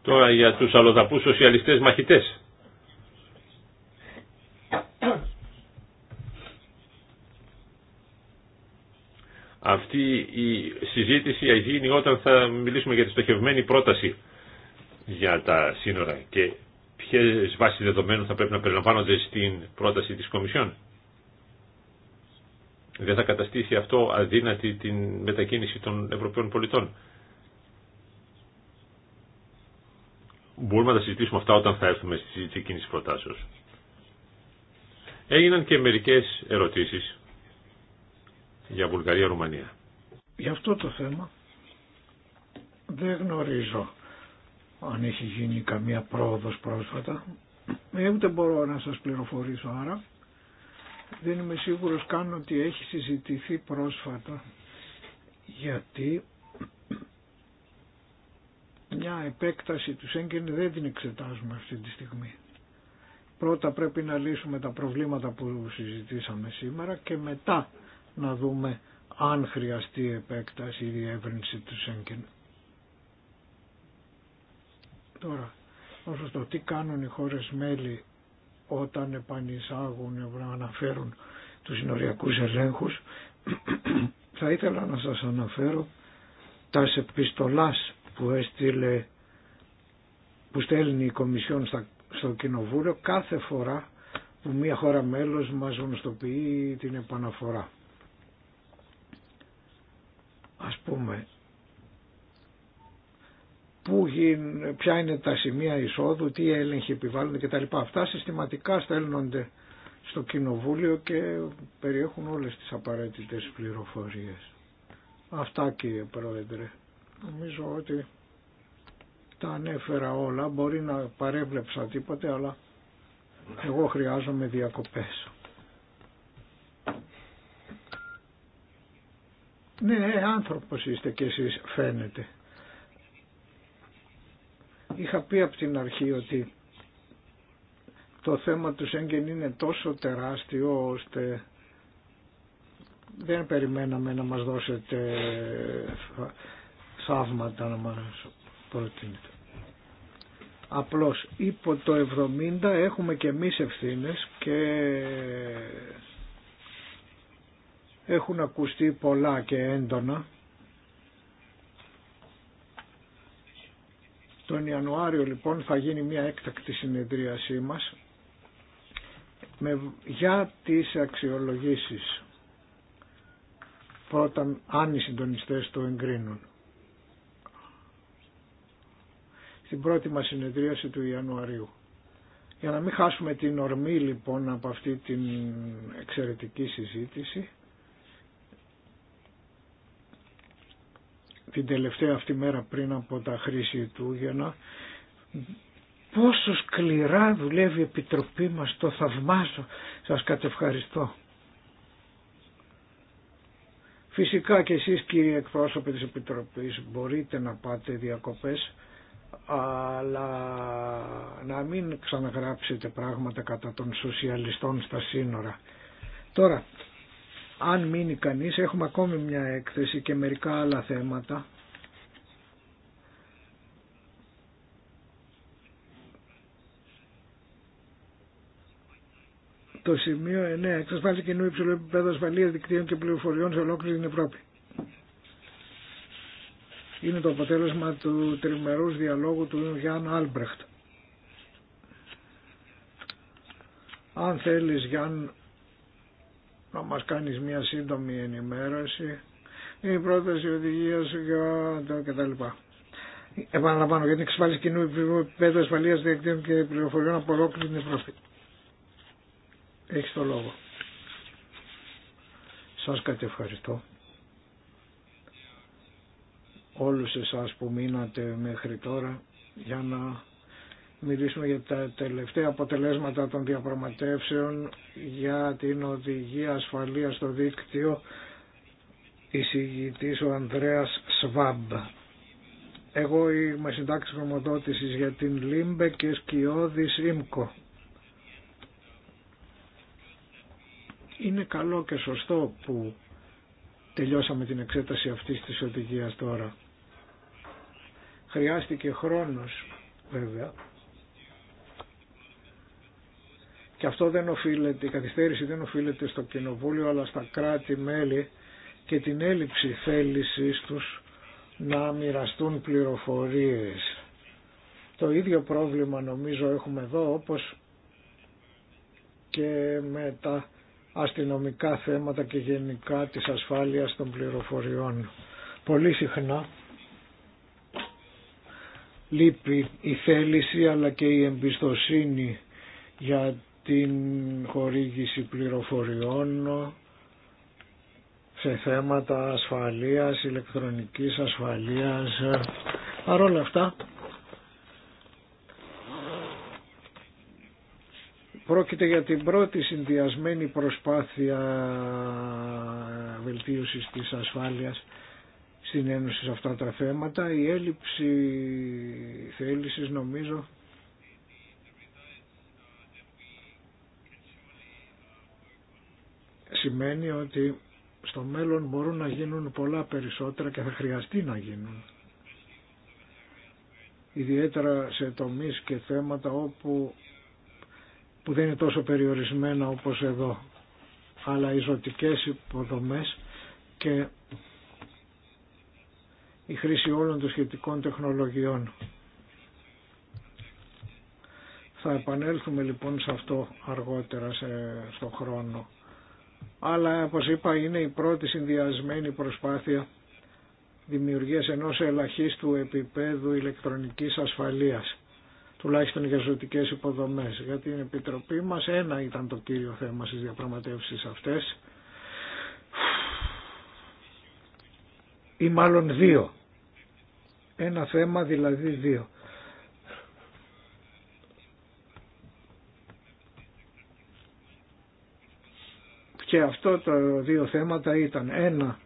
Τώρα για τους αλλοδαπούς σοσιαλιστές μαχητές. Αυτή η συζήτηση γίνει όταν θα μιλήσουμε για τη στοχευμένη πρόταση για τα σύνορα και ποιες βάσεις δεδομένων θα πρέπει να περιλαμβάνονται στην πρόταση της Κομισιόν. Δεν θα καταστήσει αυτό αδύνατη την μετακίνηση των Ευρωπαίων πολιτών. μπορούμε να τα συζητήσουμε αυτά όταν θα έρθουμε στη συζήτηση εκείνη τη Έγιναν και μερικέ ερωτήσει για Βουλγαρία-Ρουμανία. Για αυτό το θέμα δεν γνωρίζω αν έχει γίνει καμία πρόοδος πρόσφατα. Ε, ούτε μπορώ να σας πληροφορήσω άρα. Δεν είμαι σίγουρος καν ότι έχει συζητηθεί πρόσφατα γιατί μια επέκταση του Σέγγεν δεν την εξετάζουμε αυτή τη στιγμή. Πρώτα πρέπει να λύσουμε τα προβλήματα που συζητήσαμε σήμερα και μετά να δούμε αν χρειαστεί επέκταση ή διεύρυνση του Σέγγεν. Τώρα, όσο στο τι κάνουν οι χώρες μέλη όταν επανεισάγουν, αναφέρουν τους συνοριακούς ελέγχους, θα ήθελα να σας αναφέρω τα επιστολάς που έστειλε που στέλνει η Κομισιόν στο Κοινοβούλιο κάθε φορά που μια χώρα μέλος μας γνωστοποιεί την επαναφορά. Ας πούμε, που, ποια είναι τα σημεία εισόδου, τι έλεγχοι επιβάλλονται κτλ. Αυτά συστηματικά στέλνονται στο Κοινοβούλιο και περιέχουν όλες τις απαραίτητες πληροφορίες. Αυτά κύριε Πρόεδρε. Νομίζω ότι τα ανέφερα όλα, μπορεί να παρέβλεψα τίποτε, αλλά εγώ χρειάζομαι διακοπές. Ναι, άνθρωπος είστε και εσείς φαίνεται. Είχα πει από την αρχή ότι το θέμα του Σέγγεν είναι τόσο τεράστιο ώστε δεν περιμέναμε να μας δώσετε θαύματα να μας προτείνετε. Απλώς υπό το 70 έχουμε και εμείς ευθύνες και έχουν ακουστεί πολλά και έντονα. Τον Ιανουάριο λοιπόν θα γίνει μια έκτακτη συνεδρίασή μας με, για τις αξιολογήσεις πρώτα αν οι συντονιστές το εγκρίνουν. στην πρώτη μας συνεδρίαση του Ιανουαρίου. Για να μην χάσουμε την ορμή λοιπόν από αυτή την εξαιρετική συζήτηση, την τελευταία αυτή μέρα πριν από τα χρήση Χριστούγεννα, πόσο σκληρά δουλεύει η Επιτροπή μας, το θαυμάζω, σας κατευχαριστώ. Φυσικά και εσείς κύριοι εκπρόσωποι της Επιτροπής μπορείτε να πάτε διακοπές αλλά να μην ξαναγράψετε πράγματα κατά των σοσιαλιστών στα σύνορα. Τώρα, αν μείνει κανείς, έχουμε ακόμη μια έκθεση και μερικά άλλα θέματα. Το σημείο 9. Εξασφάλιση κοινού υψηλού επίπεδου ασφαλεία δικτύων και πληροφοριών σε ολόκληρη την Ευρώπη είναι το αποτέλεσμα του τριμερούς διαλόγου του Γιάνν Άλμπρεχτ. Αν θέλεις Γιάνν να μας κάνεις μια σύντομη ενημέρωση, η πρόταση οδηγίας για το κτλ. Επαναλαμβάνω για την εξασφάλιση κοινού επίπεδου ασφαλείας, διεκτήμων και πληροφοριών από ολόκληρη την Ευρώπη. Έχει το λόγο. Σας κατευχαριστώ όλους εσάς που μείνατε μέχρι τώρα για να μιλήσουμε για τα τελευταία αποτελέσματα των διαπραγματεύσεων για την οδηγία ασφαλείας στο δίκτυο εισηγητής ο Ανδρέας Σβάμπ. Εγώ είμαι συντάξη χρηματοδότησης για την Λίμπε και Σκιώδη ΣΥΜΚΟ. Είναι καλό και σωστό που τελειώσαμε την εξέταση αυτής της οδηγίας τώρα. Χρειάστηκε χρόνος βέβαια. Και αυτό δεν οφείλεται, η καθυστέρηση δεν οφείλεται στο κοινοβούλιο αλλά στα κράτη-μέλη και την έλλειψη θέλησής τους να μοιραστούν πληροφορίες. Το ίδιο πρόβλημα νομίζω έχουμε εδώ όπως και μετά αστυνομικά θέματα και γενικά της ασφάλειας των πληροφοριών. Πολύ συχνά λείπει η θέληση αλλά και η εμπιστοσύνη για την χορήγηση πληροφοριών σε θέματα ασφαλείας, ηλεκτρονικής ασφαλείας. Παρ' όλα αυτά Πρόκειται για την πρώτη συνδυασμένη προσπάθεια βελτίωσης της ασφάλειας στην Ένωση σε αυτά τα θέματα. Η έλλειψη θέλησης νομίζω σημαίνει ότι στο μέλλον μπορούν να γίνουν πολλά περισσότερα και θα χρειαστεί να γίνουν. Ιδιαίτερα σε τομείς και θέματα όπου που δεν είναι τόσο περιορισμένα όπως εδώ αλλά οι ζωτικές υποδομές και η χρήση όλων των σχετικών τεχνολογιών. Θα επανέλθουμε λοιπόν σε αυτό αργότερα στο χρόνο. Αλλά όπως είπα είναι η πρώτη συνδυασμένη προσπάθεια δημιουργίας ενός ελαχίστου επίπεδου ηλεκτρονικής ασφαλείας τουλάχιστον για ζωτικέ υποδομές. Για την Επιτροπή μας ένα ήταν το κύριο θέμα στις διαπραγματεύσεις αυτές ή μάλλον δύο. Ένα θέμα δηλαδή δύο. Και αυτό τα δύο θέματα ήταν ένα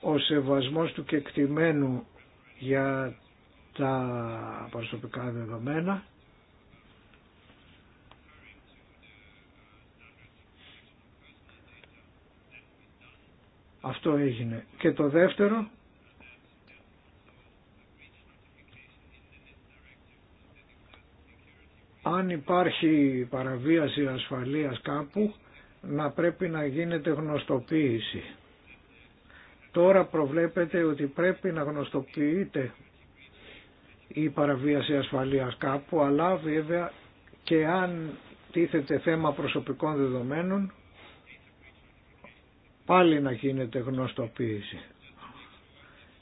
ο σεβασμός του κεκτημένου για τα προσωπικά δεδομένα Αυτό έγινε. Και το δεύτερο αν υπάρχει παραβίαση ασφαλείας κάπου να πρέπει να γίνεται γνωστοποίηση. Τώρα προβλέπετε ότι πρέπει να γνωστοποιείται ή παραβίαση ασφαλείας κάπου, αλλά βέβαια και αν τίθεται θέμα προσωπικών δεδομένων, πάλι να γίνεται γνωστοποίηση.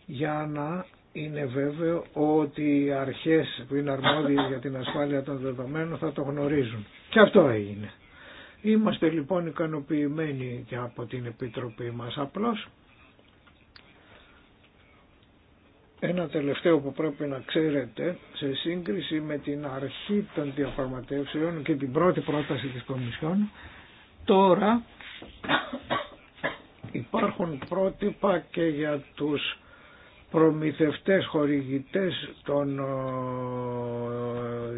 Για να είναι βέβαιο ότι οι αρχές που είναι αρμόδιες για την ασφάλεια των δεδομένων θα το γνωρίζουν. Και αυτό έγινε. Είμαστε λοιπόν ικανοποιημένοι και από την Επιτροπή μας απλώς Ένα τελευταίο που πρέπει να ξέρετε, σε σύγκριση με την αρχή των διαπραγματεύσεων και την πρώτη πρόταση της Κομισιόν, τώρα υπάρχουν πρότυπα και για τους προμηθευτές χορηγητές των ε,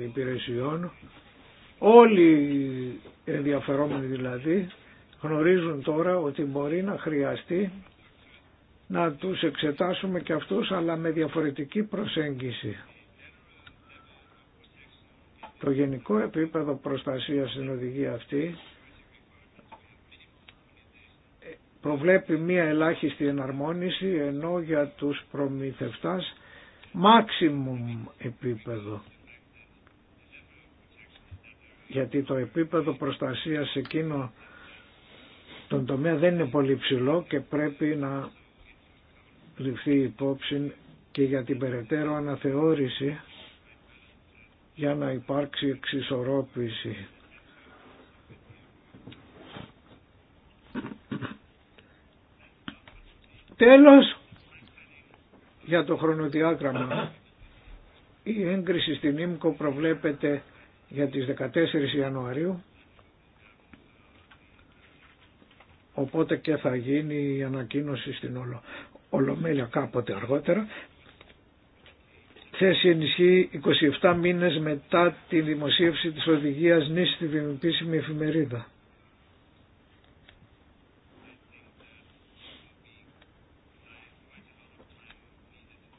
υπηρεσιών. Όλοι οι ενδιαφερόμενοι δηλαδή γνωρίζουν τώρα ότι μπορεί να χρειαστεί να τους εξετάσουμε και αυτούς αλλά με διαφορετική προσέγγιση. Το γενικό επίπεδο προστασίας στην οδηγία αυτή προβλέπει μία ελάχιστη εναρμόνιση ενώ για τους προμηθευτάς maximum επίπεδο. Γιατί το επίπεδο προστασίας εκείνο τον τομέα δεν είναι πολύ ψηλό και πρέπει να ληφθεί υπόψη και για την περαιτέρω αναθεώρηση για να υπάρξει εξισορρόπηση. Τέλος, για το χρονοδιάγραμμα. Η έγκριση στην ΙΜΚΟ προβλέπεται για τις 14 Ιανουαρίου, οπότε και θα γίνει η ανακοίνωση στην όλο. Ολομέλεια κάποτε αργότερα, θέση ενισχύει 27 μήνες μετά τη δημοσίευση της οδηγίας νης στη δημιουργήσιμη εφημερίδα.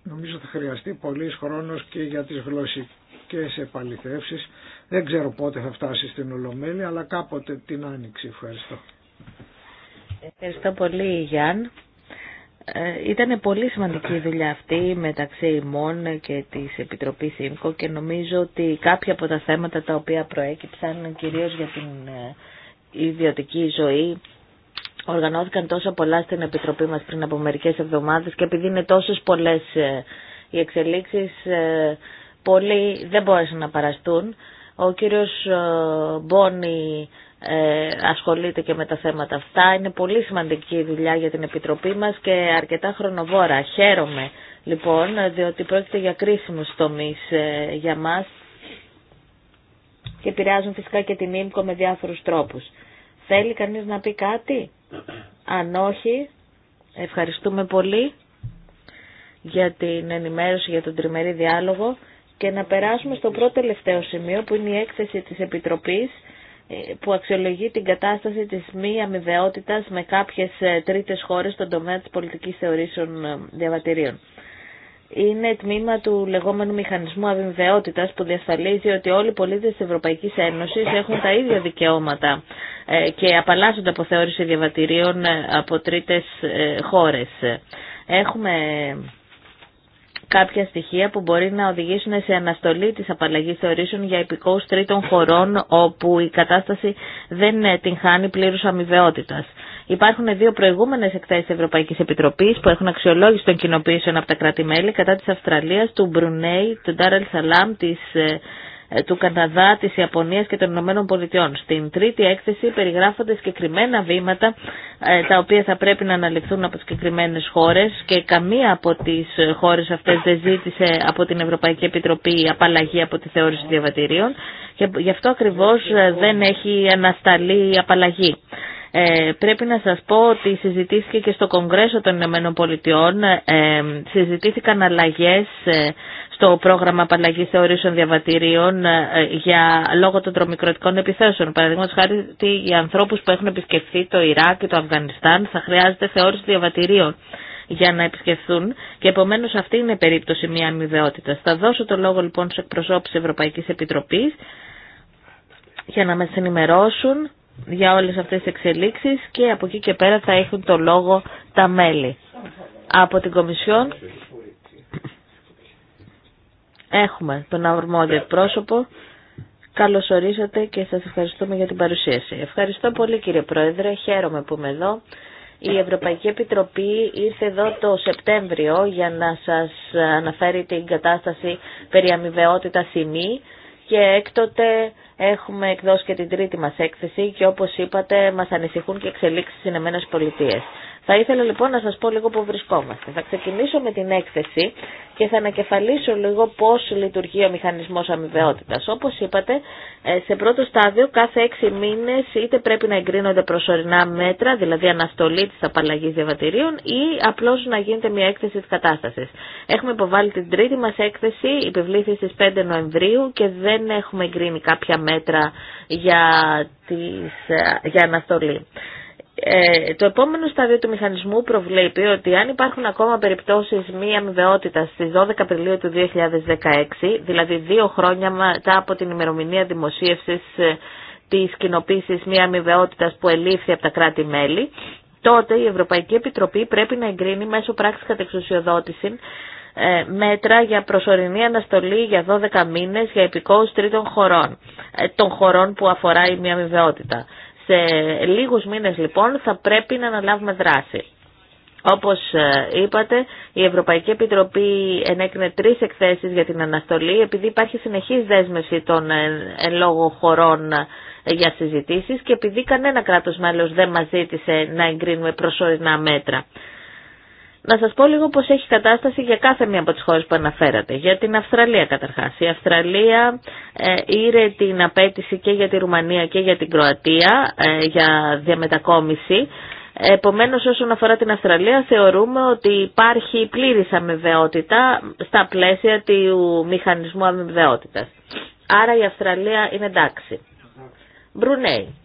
Νομίζω θα χρειαστεί πολύ χρόνος και για τις γλωσσικές επαληθεύσεις. Δεν ξέρω πότε θα φτάσει στην Ολομέλεια, αλλά κάποτε την άνοιξη. Ευχαριστώ. Ευχαριστώ πολύ, Γιάννη. Ε, ήταν πολύ σημαντική η δουλειά αυτή μεταξύ ημών και της Επιτροπής ΥΜΚΟ και νομίζω ότι κάποια από τα θέματα τα οποία προέκυψαν κυρίως για την ε, ιδιωτική ζωή οργανώθηκαν τόσο πολλά στην Επιτροπή μας πριν από μερικές εβδομάδες και επειδή είναι τόσες πολλές ε, οι εξελίξεις πολλοί δεν μπόρεσαν να παραστούν ο κύριος ε, Μπόνι ε, ασχολείται και με τα θέματα αυτά. Είναι πολύ σημαντική η δουλειά για την Επιτροπή μας και αρκετά χρονοβόρα. Χαίρομαι λοιπόν, διότι πρόκειται για κρίσιμους τομείς ε, για μας και επηρεάζουν φυσικά και την ΙΜΚΟ με διάφορους τρόπους. Θέλει κανείς να πει κάτι? Αν όχι, ευχαριστούμε πολύ για την ενημέρωση για τον τριμερή διάλογο και να περάσουμε στο πρώτο τελευταίο σημείο που είναι η έκθεση της Επιτροπής ε, που αξιολογεί την κατάσταση της μη αμοιβαιότητας με κάποιες ε, τρίτες χώρες στον τομέα της πολιτικής θεωρήσεων ε, διαβατηρίων. Είναι τμήμα του λεγόμενου μηχανισμού αμοιβαιότητας που διασφαλίζει ότι όλοι οι πολίτες της Ευρωπαϊκής Ένωσης έχουν τα ίδια δικαιώματα και απαλλάσσονται από θεώρηση διαβατηρίων από τρίτες χώρες. Έχουμε κάποια στοιχεία που μπορεί να οδηγήσουν σε αναστολή της απαλλαγής θεωρήσεων για υπηκόους τρίτων χωρών όπου η κατάσταση δεν την χάνει πλήρους αμοιβαιότητας. Υπάρχουν δύο προηγούμενε εκθέσει Ευρωπαϊκής Ευρωπαϊκή Επιτροπή που έχουν αξιολόγηση των κοινοποιήσεων από τα κρατη κατά τη Αυστραλία, του Μπρουνέη, του Ντάρελ Σαλάμ, τη ε, ε, του Καναδά, τη Ιαπωνία και των Ηνωμένων Πολιτειών. Στην τρίτη έκθεση περιγράφονται συγκεκριμένα βήματα ε, τα οποία θα πρέπει να αναλυθούν από συγκεκριμένε χώρε και καμία από τι χώρε αυτέ δεν ζήτησε από την Ευρωπαϊκή Επιτροπή απαλλαγή από τη θεώρηση διαβατηρίων και γι' αυτό ακριβώς ε, δεν έχει ανασταλεί η απαλλαγή. πρέπει να σας πω ότι συζητήθηκε και στο Κογκρέσο των Ηνωμένων Πολιτειών, συζητήθηκαν αλλαγές το πρόγραμμα απαλλαγή θεωρήσεων διαβατηρίων ε, για λόγω των τρομικροτικών επιθέσεων. Παραδείγματο χάρη ότι οι ανθρώπου που έχουν επισκεφθεί το Ιράκ και το Αφγανιστάν θα χρειάζεται θεώρηση διαβατηρίων για να επισκεφθούν και επομένω αυτή είναι περίπτωση μια αμοιβαιότητα. Θα δώσω το λόγο λοιπόν στου εκπροσώπου Ευρωπαϊκή Επιτροπή για να μα ενημερώσουν για όλε αυτέ τι εξελίξει και από εκεί και πέρα θα έχουν το λόγο τα μέλη. Από την Κομισιόν Έχουμε τον αρμόδιο ναι. εκπρόσωπο. Καλώς ορίσατε και σας ευχαριστούμε για την παρουσίαση. Ευχαριστώ πολύ κύριε Πρόεδρε, χαίρομαι που είμαι εδώ. Η Ευρωπαϊκή Επιτροπή ήρθε εδώ το Σεπτέμβριο για να σας αναφέρει την κατάσταση περί αμοιβαιότητα ημί. και έκτοτε έχουμε εκδώσει και την τρίτη μας έκθεση και όπως είπατε μας ανησυχούν και εξελίξεις στις Ηνωμένες θα ήθελα λοιπόν να σας πω λίγο που βρισκόμαστε. Θα ξεκινήσω με την έκθεση και θα ανακεφαλίσω λίγο πώς λειτουργεί ο μηχανισμός αμοιβαιότητας. Όπως είπατε, ε, σε πρώτο στάδιο κάθε έξι μήνες είτε πρέπει να εγκρίνονται προσωρινά μέτρα, δηλαδή αναστολή της απαλλαγής διαβατηρίων ή απλώς να γίνεται μια έκθεση της κατάστασης. Έχουμε υποβάλει την τρίτη μας έκθεση, υπευλήθη στις 5 Νοεμβρίου και δεν έχουμε εγκρίνει κάποια μέτρα για, τις, ε, για αναστολή. Ε, το επόμενο στάδιο του μηχανισμού προβλέπει ότι αν υπάρχουν ακόμα περιπτώσεις μη αμοιβαιότητας στις 12 Απριλίου του 2016, δηλαδή δύο χρόνια μετά από την ημερομηνία δημοσίευσης ε, της κοινοποίησης μη αμοιβαιότητας που ελήφθη από τα κράτη-μέλη, τότε η Ευρωπαϊκή Επιτροπή πρέπει να εγκρίνει μέσω πράξης κατεξουσιοδότηση ε, μέτρα για προσωρινή αναστολή για 12 μήνες για υπηκόους τρίτων χωρών, ε, των χωρών που αφορά η μη αμοιβαιότητα. Σε λίγους μήνες λοιπόν θα πρέπει να αναλάβουμε δράση. Όπως ε, είπατε, η Ευρωπαϊκή Επιτροπή ενέκρινε τρεις εκθέσεις για την αναστολή επειδή υπάρχει συνεχής δέσμευση των ε, εν λόγω χωρών ε, για συζητήσεις και επειδή κανένα κράτος μέλος δεν μας ζήτησε να εγκρίνουμε προσωρινά μέτρα. Να σας πω λίγο πως έχει κατάσταση για κάθε μία από τις χώρες που αναφέρατε. Για την Αυστραλία καταρχάς. Η Αυστραλία ε, ήρε την απέτηση και για τη Ρουμανία και για την Κροατία ε, για διαμετακόμιση. Επομένως όσον αφορά την Αυστραλία θεωρούμε ότι υπάρχει πλήρης αμοιβαιότητα στα πλαίσια του μηχανισμού αμοιβαιότητας. Άρα η Αυστραλία είναι εντάξει. Μπρουνέι.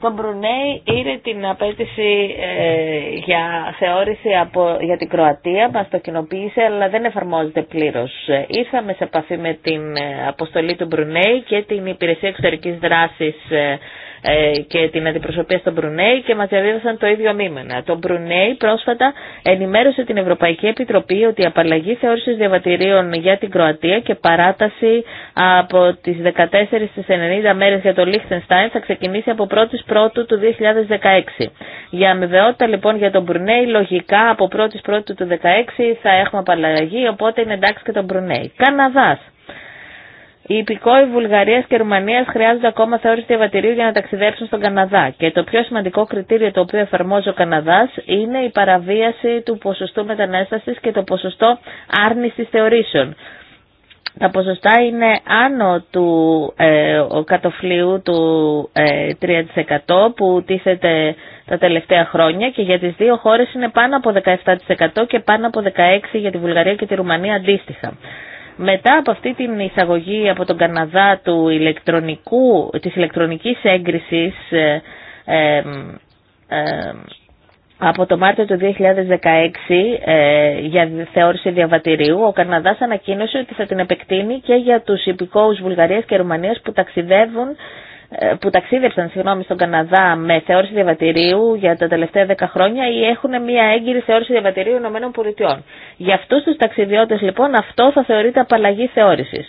Το Μπρουνέι είναι την απέτηση ε, για θεώρηση από, για την Κροατία, μας το κοινοποίησε, αλλά δεν εφαρμόζεται πλήρως. Ήρθαμε σε επαφή με την ε, αποστολή του Μπρουνέι και την Υπηρεσία Εξωτερικής Δράσης ε, ε, και την αντιπροσωπεία στο Μπρουνέι και μας διαβίβασαν το ίδιο μήμενα. Το Μπρουνέι πρόσφατα ενημέρωσε την Ευρωπαϊκή Επιτροπή ότι η απαλλαγή θεώρησης διαβατηρίων για την Κροατία και παράταση από τις 14 στις 90 μέρες για το Λίχτενστάιν θα ξεκινήσει από 1η Πρώτου του 2016. Για αμοιβαιότητα λοιπόν για τον Μπρουνέι λογικά από 1η Πρώτου του 2016 θα έχουμε απαλλαγή οπότε είναι εντάξει και τον Μπρουνέι. Καναδάς. Οι υπηκόοι Βουλγαρίας και Ρουμανία χρειάζονται ακόμα θεώρηση διαβατηρίου για να ταξιδέψουν στον Καναδά και το πιο σημαντικό κριτήριο το οποίο εφαρμόζει ο Καναδά είναι η παραβίαση του ποσοστού μετανέσταση και το ποσοστό άρνησης θεωρήσεων. Τα ποσοστά είναι άνω του ε, ο κατοφλίου του 3% ε, που τίθεται τα τελευταία χρόνια και για τις δύο χώρες είναι πάνω από 17% και πάνω από 16% για τη Βουλγαρία και τη Ρουμανία αντίστοιχα. Μετά από αυτή την εισαγωγή από τον Καναδά του ηλεκτρονικού, της ηλεκτρονικής έγκρισης ε, ε, ε, από το Μάρτιο του 2016 για θεώρηση διαβατηρίου, ο Καναδάς ανακοίνωσε ότι θα την επεκτείνει και για τους υπηκόους Βουλγαρίας και Ρουμανίας που ταξιδεύουν ε, που ταξίδευσαν, συγγνώμη, στον Καναδά με θεώρηση διαβατηρίου για τα τελευταία 10 χρόνια ή έχουν μια έγκυρη θεώρηση διαβατηρίου ΗΠΑ. Για αυτού τους ταξιδιώτες λοιπόν αυτό θα θεωρείται απαλλαγή θεώρηση.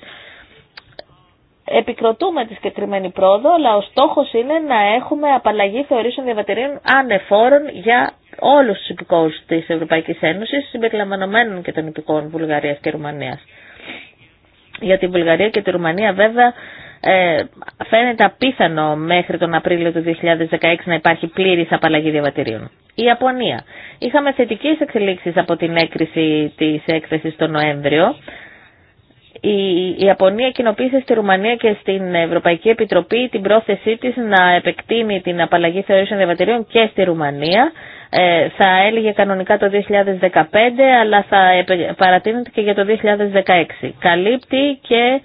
Επικροτούμε τη συγκεκριμένη πρόοδο, αλλά ο στόχο είναι να έχουμε απαλλαγή θεωρήσεων διαβατηρίων ανεφόρων για όλου του υπηκόου τη Ευρωπαϊκής Ένωσης, συμπεριλαμβανομένων και των υπηκόων Βουλγαρια και Ρουμανία. Για την Βουλγαρία και τη Ρουμανία βέβαια ε, φαίνεται απίθανο μέχρι τον Απρίλιο του 2016 να υπάρχει πλήρης απαλλαγή διαβατηρίων. Η Ιαπωνία. Είχαμε θετικές εξελίξεις από την έκρηση της έκθεσης τον Νοέμβριο. Η Ιαπωνία κοινοποίησε στη Ρουμανία και στην Ευρωπαϊκή Επιτροπή την πρόθεσή της να επεκτείνει την απαλλαγή θεωρήσεων διαβατηρίων και στη Ρουμανία. Ε, θα έλεγε κανονικά το 2015 αλλά θα παρατείνεται και για το 2016. Καλύπτει και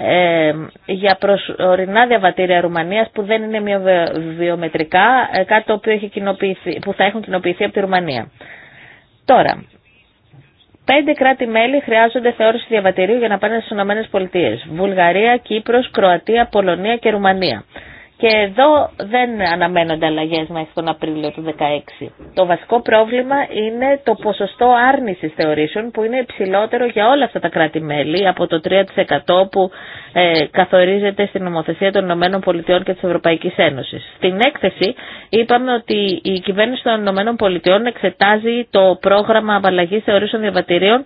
ε, για προσωρινά διαβατήρια Ρουμανίας που δεν είναι βιομετρικά, ε, κάτι το οποίο που θα έχουν κοινοποιηθεί από τη Ρουμανία. Τώρα, πέντε κράτη-μέλη χρειάζονται θεώρηση διαβατηρίου για να πάνε στις ΗΠΑ. Βουλγαρία, Κύπρος, Κροατία, Πολωνία και Ρουμανία. Και εδώ δεν αναμένονται αλλαγέ μέχρι τον Απρίλιο του 2016. Το βασικό πρόβλημα είναι το ποσοστό άρνηση θεωρήσεων που είναι υψηλότερο για όλα αυτά τα κράτη-μέλη από το 3% που ε, καθορίζεται στην νομοθεσία των ΗΠΑ και τη Ευρωπαϊκή Ένωση. Στην έκθεση είπαμε ότι η κυβέρνηση των ΗΠΑ εξετάζει το πρόγραμμα απαλλαγή θεωρήσεων διαβατηρίων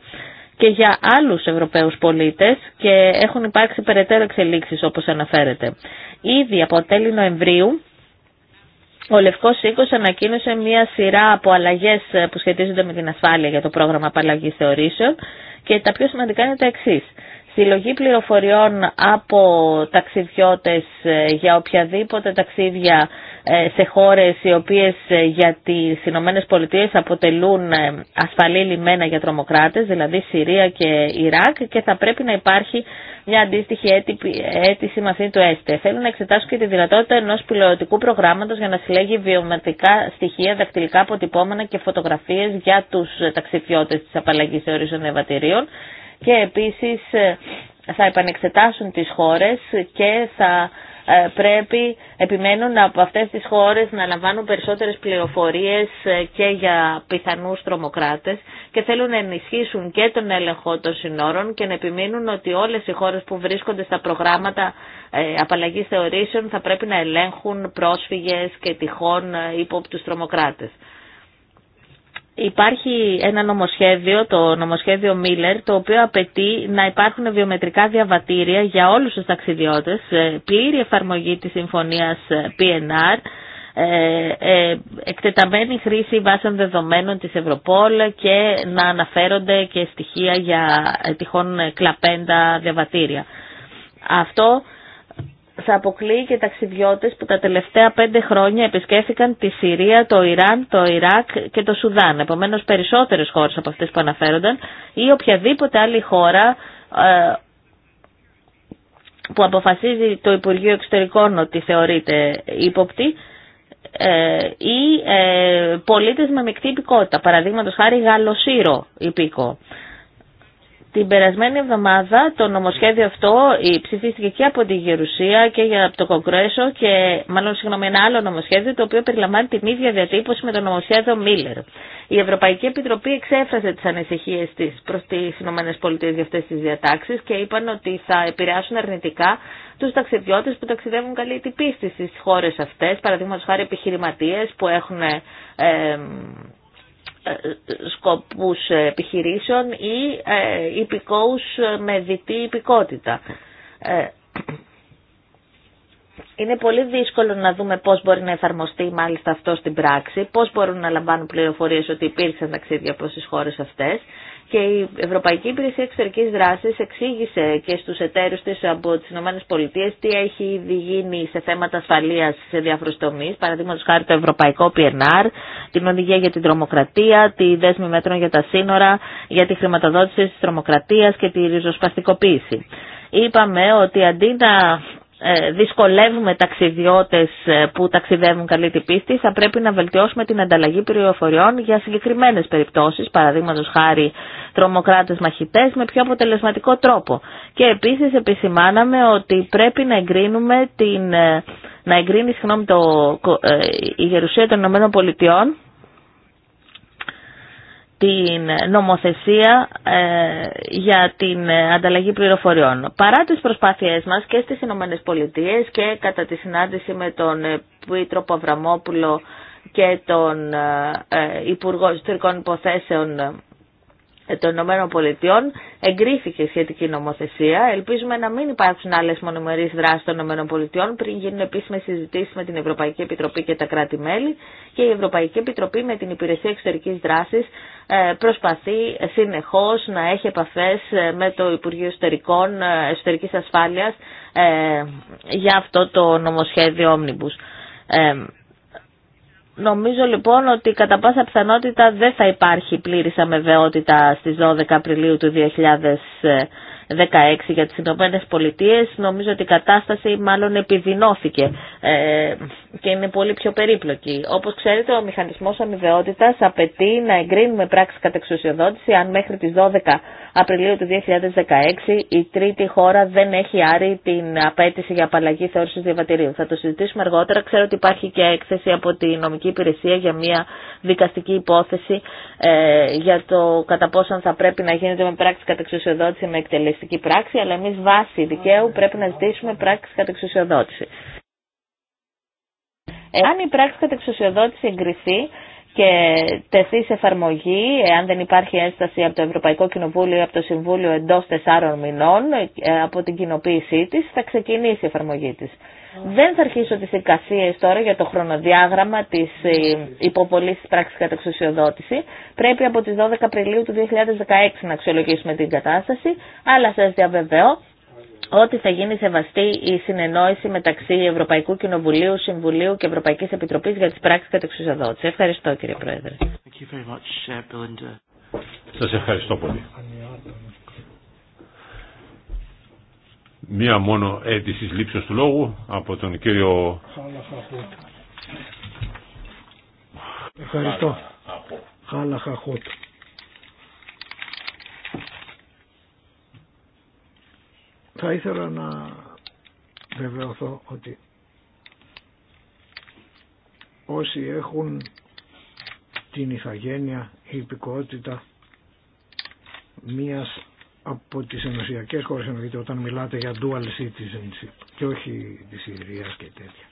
και για άλλους Ευρωπαίους πολίτες και έχουν υπάρξει περαιτέρω εξελίξεις όπως αναφέρεται. Ήδη από τέλη Νοεμβρίου ο Λευκός Οίκο ανακοίνωσε μία σειρά από αλλαγέ που σχετίζονται με την ασφάλεια για το πρόγραμμα απαλλαγή θεωρήσεων και τα πιο σημαντικά είναι τα εξή. Συλλογή πληροφοριών από ταξιδιώτες ε, για οποιαδήποτε ταξίδια ε, σε χώρες οι οποίες ε, για τις Ηνωμένε Πολιτείε αποτελούν ε, ασφαλή λιμένα για τρομοκράτες, δηλαδή Συρία και Ιράκ και θα πρέπει να υπάρχει μια αντίστοιχη αίτηση με αυτή του ΕΣΤΕ. Θέλω να εξετάσουν και τη δυνατότητα ενός πιλωτικού προγράμματος για να συλλέγει βιομετρικά στοιχεία, δακτυλικά αποτυπώμενα και φωτογραφίες για τους ταξιδιώτες της απαλλαγής θεωρήσεων ευατηρίων και επίσης θα επανεξετάσουν τις χώρες και θα ε, πρέπει επιμένουν από αυτές τις χώρες να λαμβάνουν περισσότερες πληροφορίες ε, και για πιθανούς τρομοκράτες και θέλουν να ενισχύσουν και τον έλεγχο των συνόρων και να επιμείνουν ότι όλες οι χώρες που βρίσκονται στα προγράμματα ε, απαλλαγής θεωρήσεων θα πρέπει να ελέγχουν πρόσφυγες και τυχόν ύποπτους τρομοκράτες. Υπάρχει ένα νομοσχέδιο, το νομοσχέδιο Μίλλερ, το οποίο απαιτεί να υπάρχουν βιομετρικά διαβατήρια για όλους τους ταξιδιώτες, ε, πλήρη εφαρμογή της συμφωνίας ε, PNR, ε, εκτεταμένη χρήση βάσεων δεδομένων της Ευρωπόλ και να αναφέρονται και στοιχεία για τυχόν κλαπέντα διαβατήρια. Αυτό θα αποκλείει και ταξιδιώτες που τα τελευταία πέντε χρόνια επισκέφθηκαν τη Συρία, το Ιράν, το Ιράκ και το Σουδάν. Επομένως περισσότερες χώρες από αυτές που αναφέρονταν ή οποιαδήποτε άλλη χώρα ε, που αποφασίζει το Υπουργείο Εξωτερικών ότι θεωρείται ύποπτη ε, ή ε, πολίτες με μεικτή υπηκότητα, παραδείγματος χάρη γαλλοσύρο υπήκο. Την περασμένη εβδομάδα το νομοσχέδιο αυτό ψηφίστηκε και από τη Γερουσία και από το Κογκρέσο και μάλλον συγγνώμη ένα άλλο νομοσχέδιο το οποίο περιλαμβάνει την ίδια διατύπωση με το νομοσχέδιο Μίλλερ. Η Ευρωπαϊκή Επιτροπή εξέφρασε τις ανησυχίες της προς τις ΗΠΑ για αυτές τις διατάξεις και είπαν ότι θα επηρεάσουν αρνητικά τους ταξιδιώτες που ταξιδεύουν καλή την πίστη στις χώρες αυτές, παραδείγματος χάρη επιχειρηματίες που έχουν ε, σκοπούς επιχειρήσεων ή ε, υπηκόους με διτή υπηκότητα. Ε, είναι πολύ δύσκολο να δούμε πώς μπορεί να εφαρμοστεί μάλιστα αυτό στην πράξη, πώς μπορούν να λαμβάνουν πληροφορίες ότι υπήρξαν ταξίδια προς τις χώρες αυτές και η Ευρωπαϊκή Υπηρεσία Εξωτερικής Δράσης εξήγησε και στους εταίρους της από τις ΗΠΑ τι έχει ήδη γίνει σε θέματα ασφαλείας σε διάφορους τομείς, παραδείγματος χάρη το Ευρωπαϊκό PNR, την Οδηγία για την Τρομοκρατία, τη Δέσμη Μέτρων για τα Σύνορα, για τη χρηματοδότηση της τρομοκρατίας και τη ριζοσπαστικοποίηση. Είπαμε ότι αντί να ε, δυσκολεύουμε ταξιδιώτες ε, που ταξιδεύουν καλή την πίστη, θα πρέπει να βελτιώσουμε την ανταλλαγή πληροφοριών για συγκεκριμένες περιπτώσεις, παραδείγματος χάρη τρομοκράτες μαχητές, με πιο αποτελεσματικό τρόπο. Και επίσης επισημάναμε ότι πρέπει να εγκρίνουμε την, ε, να εγκρίνει συγγνώμη, το, η Γερουσία των Ηνωμένων Πολιτειών την νομοθεσία ε, για την ανταλλαγή πληροφοριών. Παρά τις προσπάθειές μας και στις Ηνωμένε Πολιτείε και κατά τη συνάντηση με τον Πίτρο Παυραμόπουλο και τον ε, ε Υπουργό Ιστορικών Υποθέσεων των πολιτείων εγκρίθηκε σχετική νομοθεσία. Ελπίζουμε να μην υπάρξουν άλλες μονομερείς δράσεις των πολιτείων πριν γίνουν επίσημες συζητήσεις με την Ευρωπαϊκή Επιτροπή και τα κράτη-μέλη και η Ευρωπαϊκή Επιτροπή με την Υπηρεσία Εξωτερικής Δράσης ε, προσπαθεί συνεχώς να έχει επαφές ε, με το Υπουργείο Εσωτερικών, ε, Εσωτερικής Ασφάλειας για αυτό το νομοσχέδιο Omnibus. Νομίζω λοιπόν ότι κατά πάσα πιθανότητα δεν θα υπάρχει πλήρης αμεβαιότητα στις 12 Απριλίου του 2016 για τις Ηνωμένε Πολιτείες. Νομίζω ότι η κατάσταση μάλλον επιδεινώθηκε ε, και είναι πολύ πιο περίπλοκη. Όπω ξέρετε, ο μηχανισμό αμοιβαιότητα απαιτεί να εγκρίνουμε πράξη εξουσιοδότηση αν μέχρι τι 12 Απριλίου του 2016 η τρίτη χώρα δεν έχει άρει την απέτηση για απαλλαγή θεώρηση διαβατηρίου. Θα το συζητήσουμε αργότερα. Ξέρω ότι υπάρχει και έκθεση από τη νομική υπηρεσία για μια δικαστική υπόθεση ε, για το κατά πόσο θα πρέπει να γίνεται με πράξη εξουσιοδότηση, με εκτελεστική πράξη, αλλά εμεί βάσει δικαίου πρέπει να ζητήσουμε πράξη κατεξουσιοδότηση. Εάν η πράξη εξουσιοδότηση εγκριθεί και τεθεί σε εφαρμογή, εάν δεν υπάρχει ένσταση από το Ευρωπαϊκό Κοινοβούλιο ή από το Συμβούλιο εντό τεσσάρων μηνών ε, από την κοινοποίησή τη, θα ξεκινήσει η εφαρμογή τη. Δεν θα αρχίσω τι εικασίε τώρα για το χρονοδιάγραμμα τη ε, υποβολή τη πράξη εξουσιοδότηση. Πρέπει από τι 12 Απριλίου του 2016 να αξιολογήσουμε την κατάσταση, αλλά σα διαβεβαιώ ότι θα γίνει σεβαστή η συνεννόηση μεταξύ Ευρωπαϊκού Κοινοβουλίου, Συμβουλίου και Ευρωπαϊκής Επιτροπής για τις πράξεις εξουσιοδότηση. Ευχαριστώ κύριε Πρόεδρε. Uh, Σα ευχαριστώ πολύ. Μία μόνο αίτηση λήψη του λόγου από τον κύριο... Ευχαριστώ. Χάλαχα Θα ήθελα να βεβαιωθώ ότι όσοι έχουν την ηθαγένεια ή υπηκότητα μίας από τις ενωσιακές χώρες εννοείται όταν μιλάτε για dual citizenship και όχι τη Συρίας και τέτοια.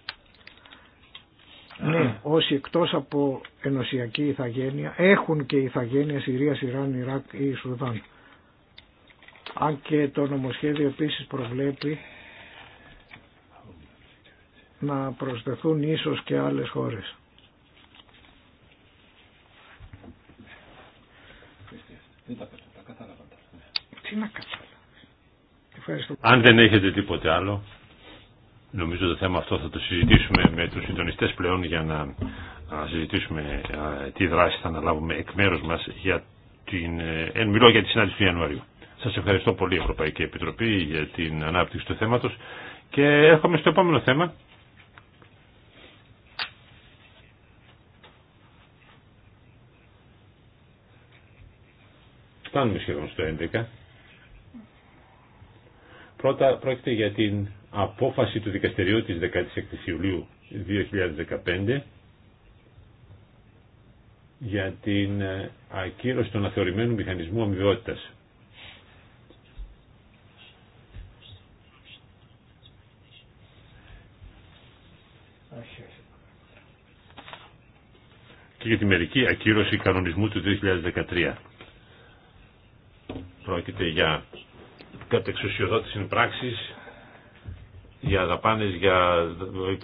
Ναι, όσοι εκτός από ενωσιακή ηθαγένεια έχουν και ηθαγένεια Συρίας, Ιράν, Ιράκ ή Σουδάν. Αν και το νομοσχέδιο επίσης προβλέπει να προσθεθούν ίσως και άλλες χώρες. Αν δεν έχετε τίποτε άλλο, νομίζω το θέμα αυτό θα το συζητήσουμε με τους συντονιστές πλέον για να συζητήσουμε ε, τι δράση θα αναλάβουμε εκ μέρους μας για την... Ε, εν μιλώ για τη συνάντηση του Ιανουαρίου. Σας ευχαριστώ πολύ Ευρωπαϊκή Επιτροπή για την ανάπτυξη του θέματος και έρχομαι στο επόμενο θέμα. Φτάνουμε σχεδόν στο 11. Πρώτα πρόκειται για την απόφαση του δικαστηριού της 16 Ιουλίου 2015 για την ε, ακύρωση των αθεωρημένων μηχανισμού αμοιβαιότητας. και για τη μερική ακύρωση κανονισμού του 2013. Πρόκειται για κατεξουσιοδότηση πράξης για δαπάνες για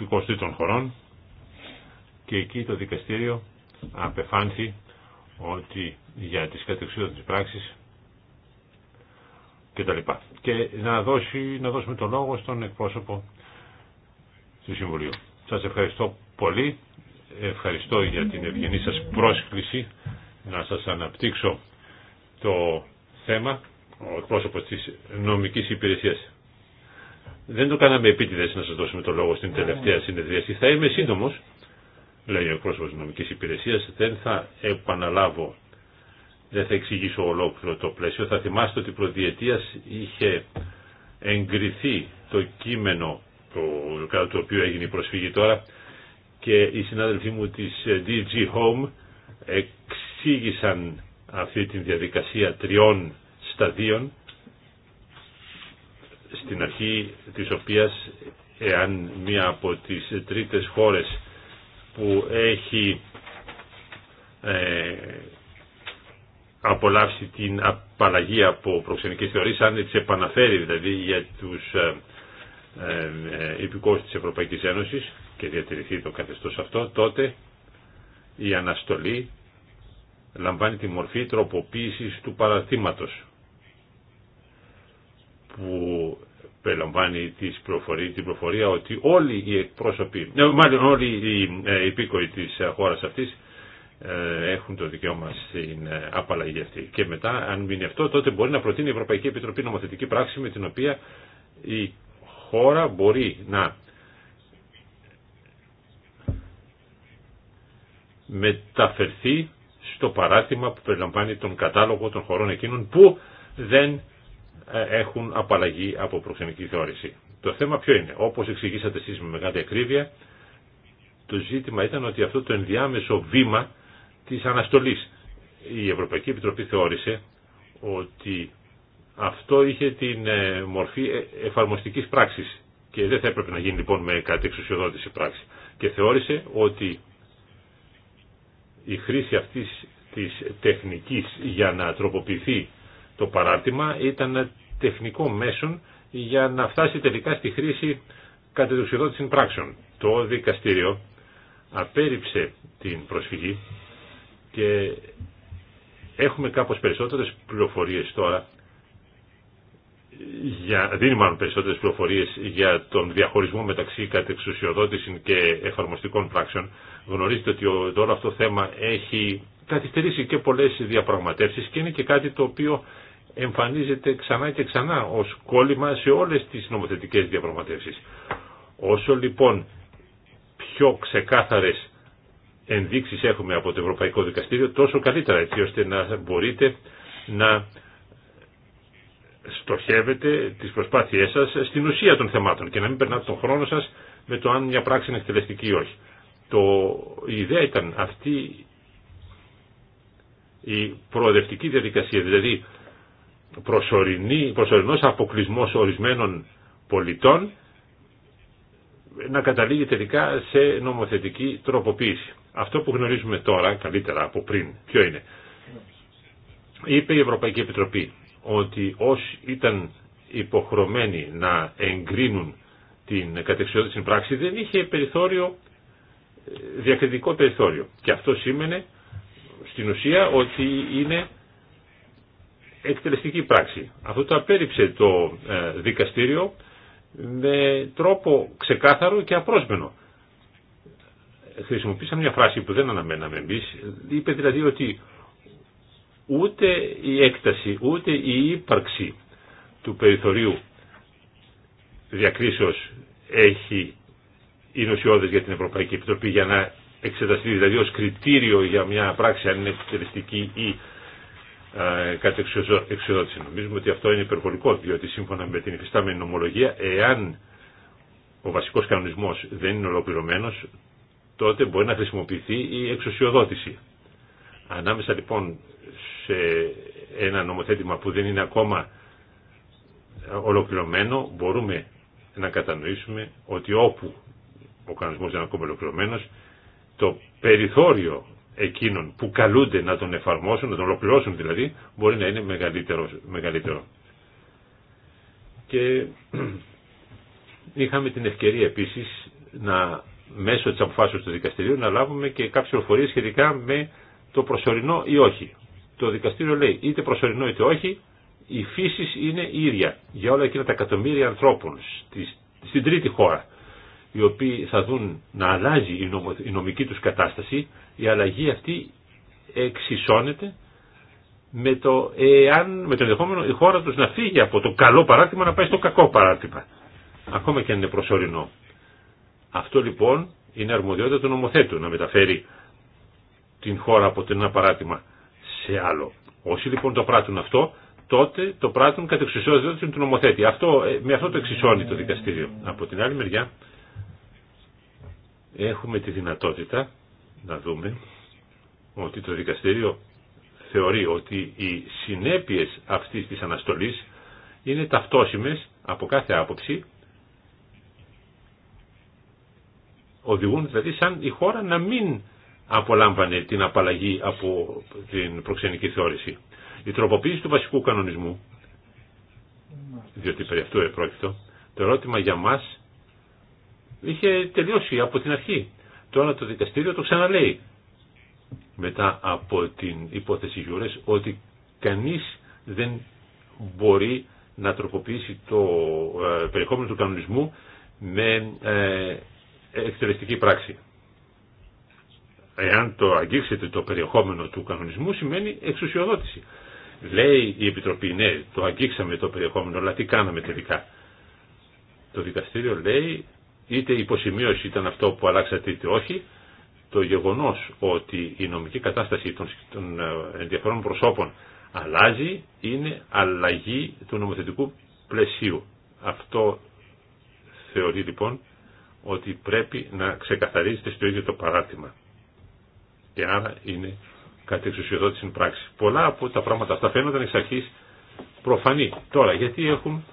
κοστή των χωρών και εκεί το δικαστήριο απεφάνθη ότι για τις κατεξουσιοδότησης πράξης και τα λοιπά. Και να, δώσει, να δώσουμε το λόγο στον εκπρόσωπο του Συμβουλίου. Σας ευχαριστώ πολύ ευχαριστώ για την ευγενή σας πρόσκληση να σας αναπτύξω το θέμα ο εκπρόσωπος της νομικής υπηρεσίας. Δεν το κάναμε επίτηδες να σας δώσουμε το λόγο στην τελευταία συνεδρίαση. Θα είμαι σύντομος, λέει ο εκπρόσωπος της νομικής υπηρεσίας, δεν θα επαναλάβω, δεν θα εξηγήσω ολόκληρο το πλαίσιο. Θα θυμάστε ότι προδιετίας είχε εγκριθεί το κείμενο το, κατά το οποίο έγινε η προσφυγή τώρα και οι συνάδελφοί μου της ε, DG Home εξήγησαν αυτή τη διαδικασία τριών σταδίων στην αρχή της οποίας εάν μία από τις τρίτες χώρες που έχει ε, απολαύσει την απαλλαγή από προξενικές θεωρίες αν τις επαναφέρει δηλαδή για τους ε, ε, ε υπηκόους της Ευρωπαϊκής Ένωσης και διατηρηθεί το καθεστώς αυτό, τότε η αναστολή λαμβάνει τη μορφή τροποποίησης του παρατήματος που περιλαμβάνει την προφορία ότι όλοι οι εκπρόσωποι, ε, μάλλον όλοι οι ε, υπήκοοι της ε, χώρας αυτής έχουν το δικαίωμα στην απαλλαγή αυτή. Και μετά, αν μείνει αυτό, τότε μπορεί να προτείνει η Ευρωπαϊκή Επιτροπή νομοθετική πράξη με την οποία η χώρα μπορεί να μεταφερθεί στο παράθυμα που περιλαμβάνει τον κατάλογο των χωρών εκείνων που δεν ε, έχουν απαλλαγή από προξενική θεώρηση. Το θέμα ποιο είναι. Όπως εξηγήσατε εσείς με μεγάλη ακρίβεια, το ζήτημα ήταν ότι αυτό το ενδιάμεσο βήμα της αναστολής. Η Ευρωπαϊκή Επιτροπή θεώρησε ότι αυτό είχε την ε, μορφή ε, εφαρμοστικής πράξης και δεν θα έπρεπε να γίνει λοιπόν με κάτι πράξη. Και θεώρησε ότι η χρήση αυτής της τεχνικής για να τροποποιηθεί το παράρτημα ήταν τεχνικό μέσον για να φτάσει τελικά στη χρήση κατεδουσιοδότησης πράξεων. Το δικαστήριο απέριψε την προσφυγή και έχουμε κάπως περισσότερες πληροφορίες τώρα για, δίνει μάλλον περισσότερες πληροφορίες για τον διαχωρισμό μεταξύ κατεξουσιοδότηση και εφαρμοστικών πράξεων Γνωρίζετε ότι τώρα όλο αυτό το θέμα έχει καθυστερήσει και πολλές διαπραγματεύσεις και είναι και κάτι το οποίο εμφανίζεται ξανά και ξανά ως κόλλημα σε όλες τις νομοθετικές διαπραγματεύσεις. Όσο λοιπόν πιο ξεκάθαρες ενδείξεις έχουμε από το Ευρωπαϊκό Δικαστήριο, τόσο καλύτερα έτσι ώστε να μπορείτε να στοχεύετε τις προσπάθειές σας στην ουσία των θεμάτων και να μην περνάτε τον χρόνο σας με το αν μια πράξη είναι εκτελεστική ή όχι. Το, η ιδέα ήταν αυτή η προοδευτική διαδικασία, δηλαδή προσωρινή, προσωρινός αποκλεισμός ορισμένων πολιτών να καταλήγει τελικά σε νομοθετική τροποποίηση. Αυτό που γνωρίζουμε τώρα, καλύτερα από πριν, ποιο είναι. Είπε η Ευρωπαϊκή Επιτροπή ότι όσοι ήταν υποχρωμένοι να εγκρίνουν την κατευθυντική στην πράξη δεν είχε περιθώριο διακριτικό περιθώριο. Και αυτό σήμαινε στην ουσία ότι είναι εκτελεστική πράξη. Αυτό το απέρριψε το ε, δικαστήριο με τρόπο ξεκάθαρο και απρόσμενο. Χρησιμοποίησαμε μια φράση που δεν αναμέναμε εμεί. Είπε δηλαδή ότι ούτε η έκταση, ούτε η ύπαρξη του περιθωρίου διακρίσεως έχει είναι ουσιώδες για την Ευρωπαϊκή Επιτροπή για να εξεταστεί δηλαδή ως κριτήριο για μια πράξη αν είναι εκτελεστική ή ε, κάτι εξοδότηση. Νομίζουμε ότι αυτό είναι υπερβολικό διότι σύμφωνα με την υφιστάμενη νομολογία εάν ο βασικός κανονισμός δεν είναι ολοκληρωμένος τότε μπορεί να χρησιμοποιηθεί η εξουσιοδότηση. Ανάμεσα λοιπόν σε ένα νομοθέτημα που δεν είναι ακόμα ε, ολοκληρωμένο μπορούμε να κατανοήσουμε ότι όπου ο κανονισμός δεν είναι ακόμα ολοκληρωμένος, το περιθώριο εκείνων που καλούνται να τον εφαρμόσουν, να τον ολοκληρώσουν δηλαδή, μπορεί να είναι μεγαλύτερο. μεγαλύτερο. Και είχαμε την ευκαιρία επίσης να μέσω της αποφάσεως του δικαστηρίου να λάβουμε και κάποιες πληροφορίες σχετικά με το προσωρινό ή όχι. Το δικαστήριο λέει είτε προσωρινό είτε όχι, η φύση είναι ίδια για όλα εκείνα τα εκατομμύρια ανθρώπων στην τρίτη χώρα οι οποίοι θα δουν να αλλάζει η νομική τους κατάσταση, η αλλαγή αυτή εξισώνεται με το, εάν, με το ενδεχόμενο η χώρα τους να φύγει από το καλό παράτημα να πάει στο κακό παράτημα. Ακόμα και αν είναι προσωρινό. Αυτό λοιπόν είναι αρμοδιότητα του νομοθέτου να μεταφέρει την χώρα από το ένα παράτημα σε άλλο. Όσοι λοιπόν το πράττουν αυτό, τότε το πράττουν κατ' του νομοθέτη. Αυτό, ε, με αυτό το εξισώνει το δικαστήριο. Από την άλλη μεριά, έχουμε τη δυνατότητα να δούμε ότι το δικαστήριο θεωρεί ότι οι συνέπειες αυτής της αναστολής είναι ταυτόσιμες από κάθε άποψη, οδηγούν δηλαδή σαν η χώρα να μην απολάμβανε την απαλλαγή από την προξενική θεώρηση. Η τροποποίηση του βασικού κανονισμού, διότι περί αυτού επρόκειτο, το ερώτημα για μας είχε τελειώσει από την αρχή. Τώρα το δικαστήριο το ξαναλέει μετά από την υπόθεση Γιούρες ότι κανείς δεν μπορεί να τροποποιήσει το ε, περιεχόμενο του κανονισμού με ε, εκτελεστική πράξη. Εάν το αγγίξετε το περιεχόμενο του κανονισμού σημαίνει εξουσιοδότηση. Λέει η Επιτροπή, ναι, το αγγίξαμε το περιεχόμενο, αλλά τι κάναμε τελικά. Το δικαστήριο λέει είτε υποσημείωση ήταν αυτό που αλλάξατε είτε όχι, το γεγονός ότι η νομική κατάσταση των ε, ενδιαφέρων προσώπων αλλάζει είναι αλλαγή του νομοθετικού πλαισίου. Αυτό θεωρεί λοιπόν ότι πρέπει να ξεκαθαρίζεται στο ίδιο το παράρτημα. Και άρα είναι κάτι εξουσιοδότηση στην πράξη. Πολλά από τα πράγματα αυτά φαίνονταν εξ αρχής προφανή. Τώρα, γιατί έχουν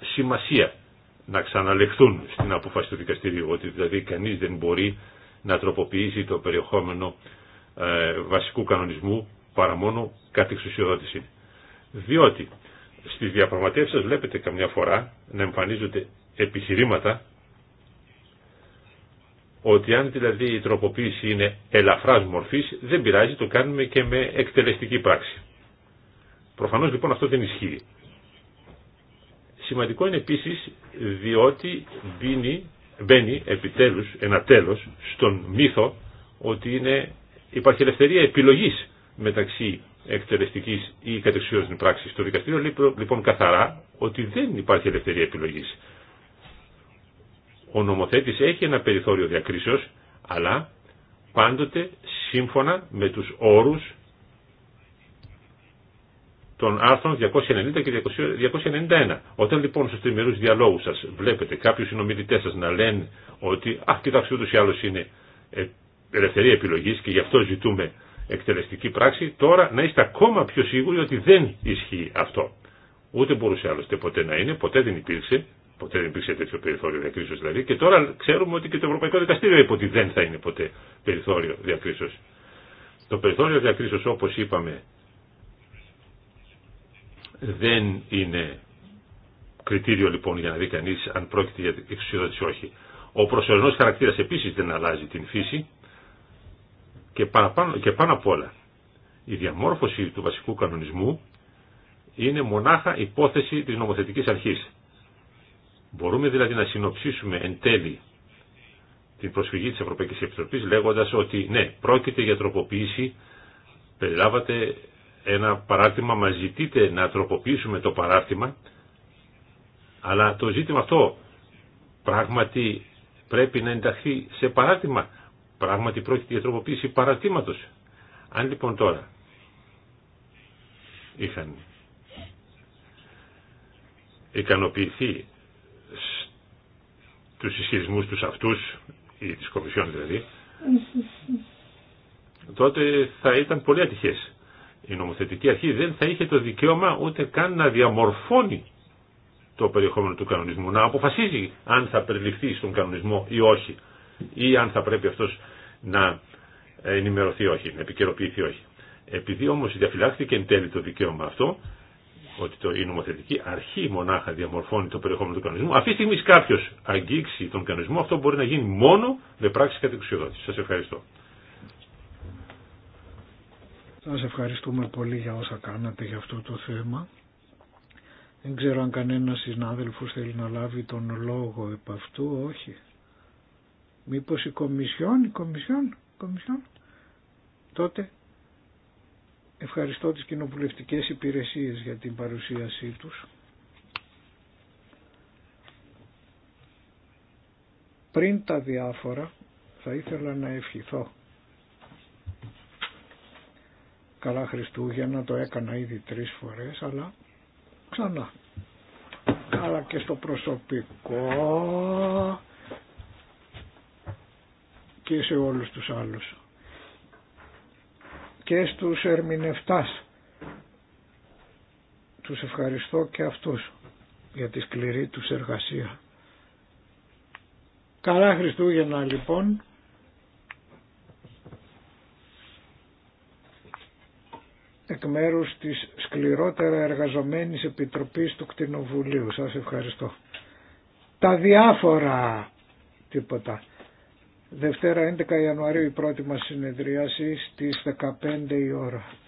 σημασία να ξαναλεχθούν στην απόφαση του δικαστηρίου, ότι δηλαδή κανείς δεν μπορεί να τροποποιήσει το περιεχόμενο ε, βασικού κανονισμού παρά μόνο κατ' εξουσιοδότηση. Διότι στις διαπραγματεύσεις βλέπετε καμιά φορά να εμφανίζονται επιχειρήματα ότι αν δηλαδή η τροποποίηση είναι ελαφράς μορφής δεν πειράζει, το κάνουμε και με εκτελεστική πράξη. Προφανώς λοιπόν αυτό δεν ισχύει. Σημαντικό είναι επίσης διότι μπαίνει, μπαίνει επιτέλους ένα τέλος στον μύθο ότι είναι, υπάρχει ελευθερία επιλογής μεταξύ εκτελεστικής ή της πράξη. Το δικαστήριο λοιπόν καθαρά ότι δεν υπάρχει ελευθερία επιλογής. Ο νομοθέτης έχει ένα περιθώριο διακρίσεως, αλλά πάντοτε σύμφωνα με τους όρους των άρθρων 290 και 291. Όταν λοιπόν στους τριμερούς διαλόγους σας βλέπετε κάποιους συνομιλητές σας να λένε ότι «Αχ, κοιτάξτε, ούτως ή άλλως είναι ε, ελευθερία επιλογής και γι' αυτό ζητούμε εκτελεστική πράξη», τώρα να είστε ακόμα πιο σίγουροι ότι δεν ισχύει αυτό. Ούτε μπορούσε άλλωστε ποτέ να είναι, ποτέ δεν υπήρξε, ποτέ δεν υπήρξε τέτοιο περιθώριο διακρίσεως δηλαδή και τώρα ξέρουμε ότι και το Ευρωπαϊκό Δικαστήριο είπε ότι δεν θα είναι ποτέ περιθώριο διακρίσεως. Το περιθώριο διακρίσεως όπως είπαμε δεν είναι κριτήριο λοιπόν για να δει κανεί αν πρόκειται για εξουσιοδότηση ή όχι. Ο προσωρινό χαρακτήρα επίση δεν αλλάζει την φύση και, παραπάνω, και πάνω απ' όλα η διαμόρφωση του βασικού κανονισμού είναι μονάχα υπόθεση της νομοθετικής αρχής. Μπορούμε δηλαδή να συνοψίσουμε εν τέλει την προσφυγή της Ευρωπαϊκής Επιτροπής λέγοντας ότι ναι, πρόκειται για τροποποίηση, περιλάβατε ένα παράρτημα, μα ζητείτε να τροποποιήσουμε το παράρτημα, αλλά το ζήτημα αυτό πράγματι πρέπει να ενταχθεί σε παράρτημα. Πράγματι πρόκειται για τροποποίηση παρατήματος. Αν λοιπόν τώρα είχαν ικανοποιηθεί τους ισχυρισμούς τους αυτούς, ή της Κομισιόν δηλαδή, τότε θα ήταν πολύ ατυχές η νομοθετική αρχή δεν θα είχε το δικαίωμα ούτε καν να διαμορφώνει το περιεχόμενο του κανονισμού, να αποφασίζει αν θα περιληφθεί στον κανονισμό ή όχι, ή αν θα πρέπει αυτός να ενημερωθεί όχι, να επικαιροποιηθεί όχι. Επειδή όμως διαφυλάχθηκε εν τέλει το δικαίωμα αυτό, ότι το, η νομοθετική αρχή μονάχα διαμορφώνει το περιεχόμενο του κανονισμού, αυτή τη στιγμή κάποιο αγγίξει τον κανονισμό, αυτό μπορεί να γίνει μόνο με πράξη κατεξουσιοδότηση. Σας ευχαριστώ. Σας ευχαριστούμε πολύ για όσα κάνατε για αυτό το θέμα. Δεν ξέρω αν κανένας συνάδελφος θέλει να λάβει τον λόγο επ' αυτού, όχι. Μήπως η Κομισιόν, η Κομισιόν, η Κομισιόν. Τότε ευχαριστώ τις κοινοβουλευτικές υπηρεσίες για την παρουσίασή τους. Πριν τα διάφορα θα ήθελα να ευχηθώ καλά Χριστούγεννα, το έκανα ήδη τρεις φορές, αλλά ξανά. Αλλά και στο προσωπικό και σε όλους τους άλλους. Και στους ερμηνευτάς. Τους ευχαριστώ και αυτούς για τη σκληρή τους εργασία. Καλά Χριστούγεννα λοιπόν. εκ μέρους της σκληρότερα εργαζομένης επιτροπής του Κτηνοβουλίου. Σας ευχαριστώ. Τα διάφορα τίποτα. Δευτέρα 11 Ιανουαρίου η πρώτη μας συνεδρίαση στις 15 η ώρα.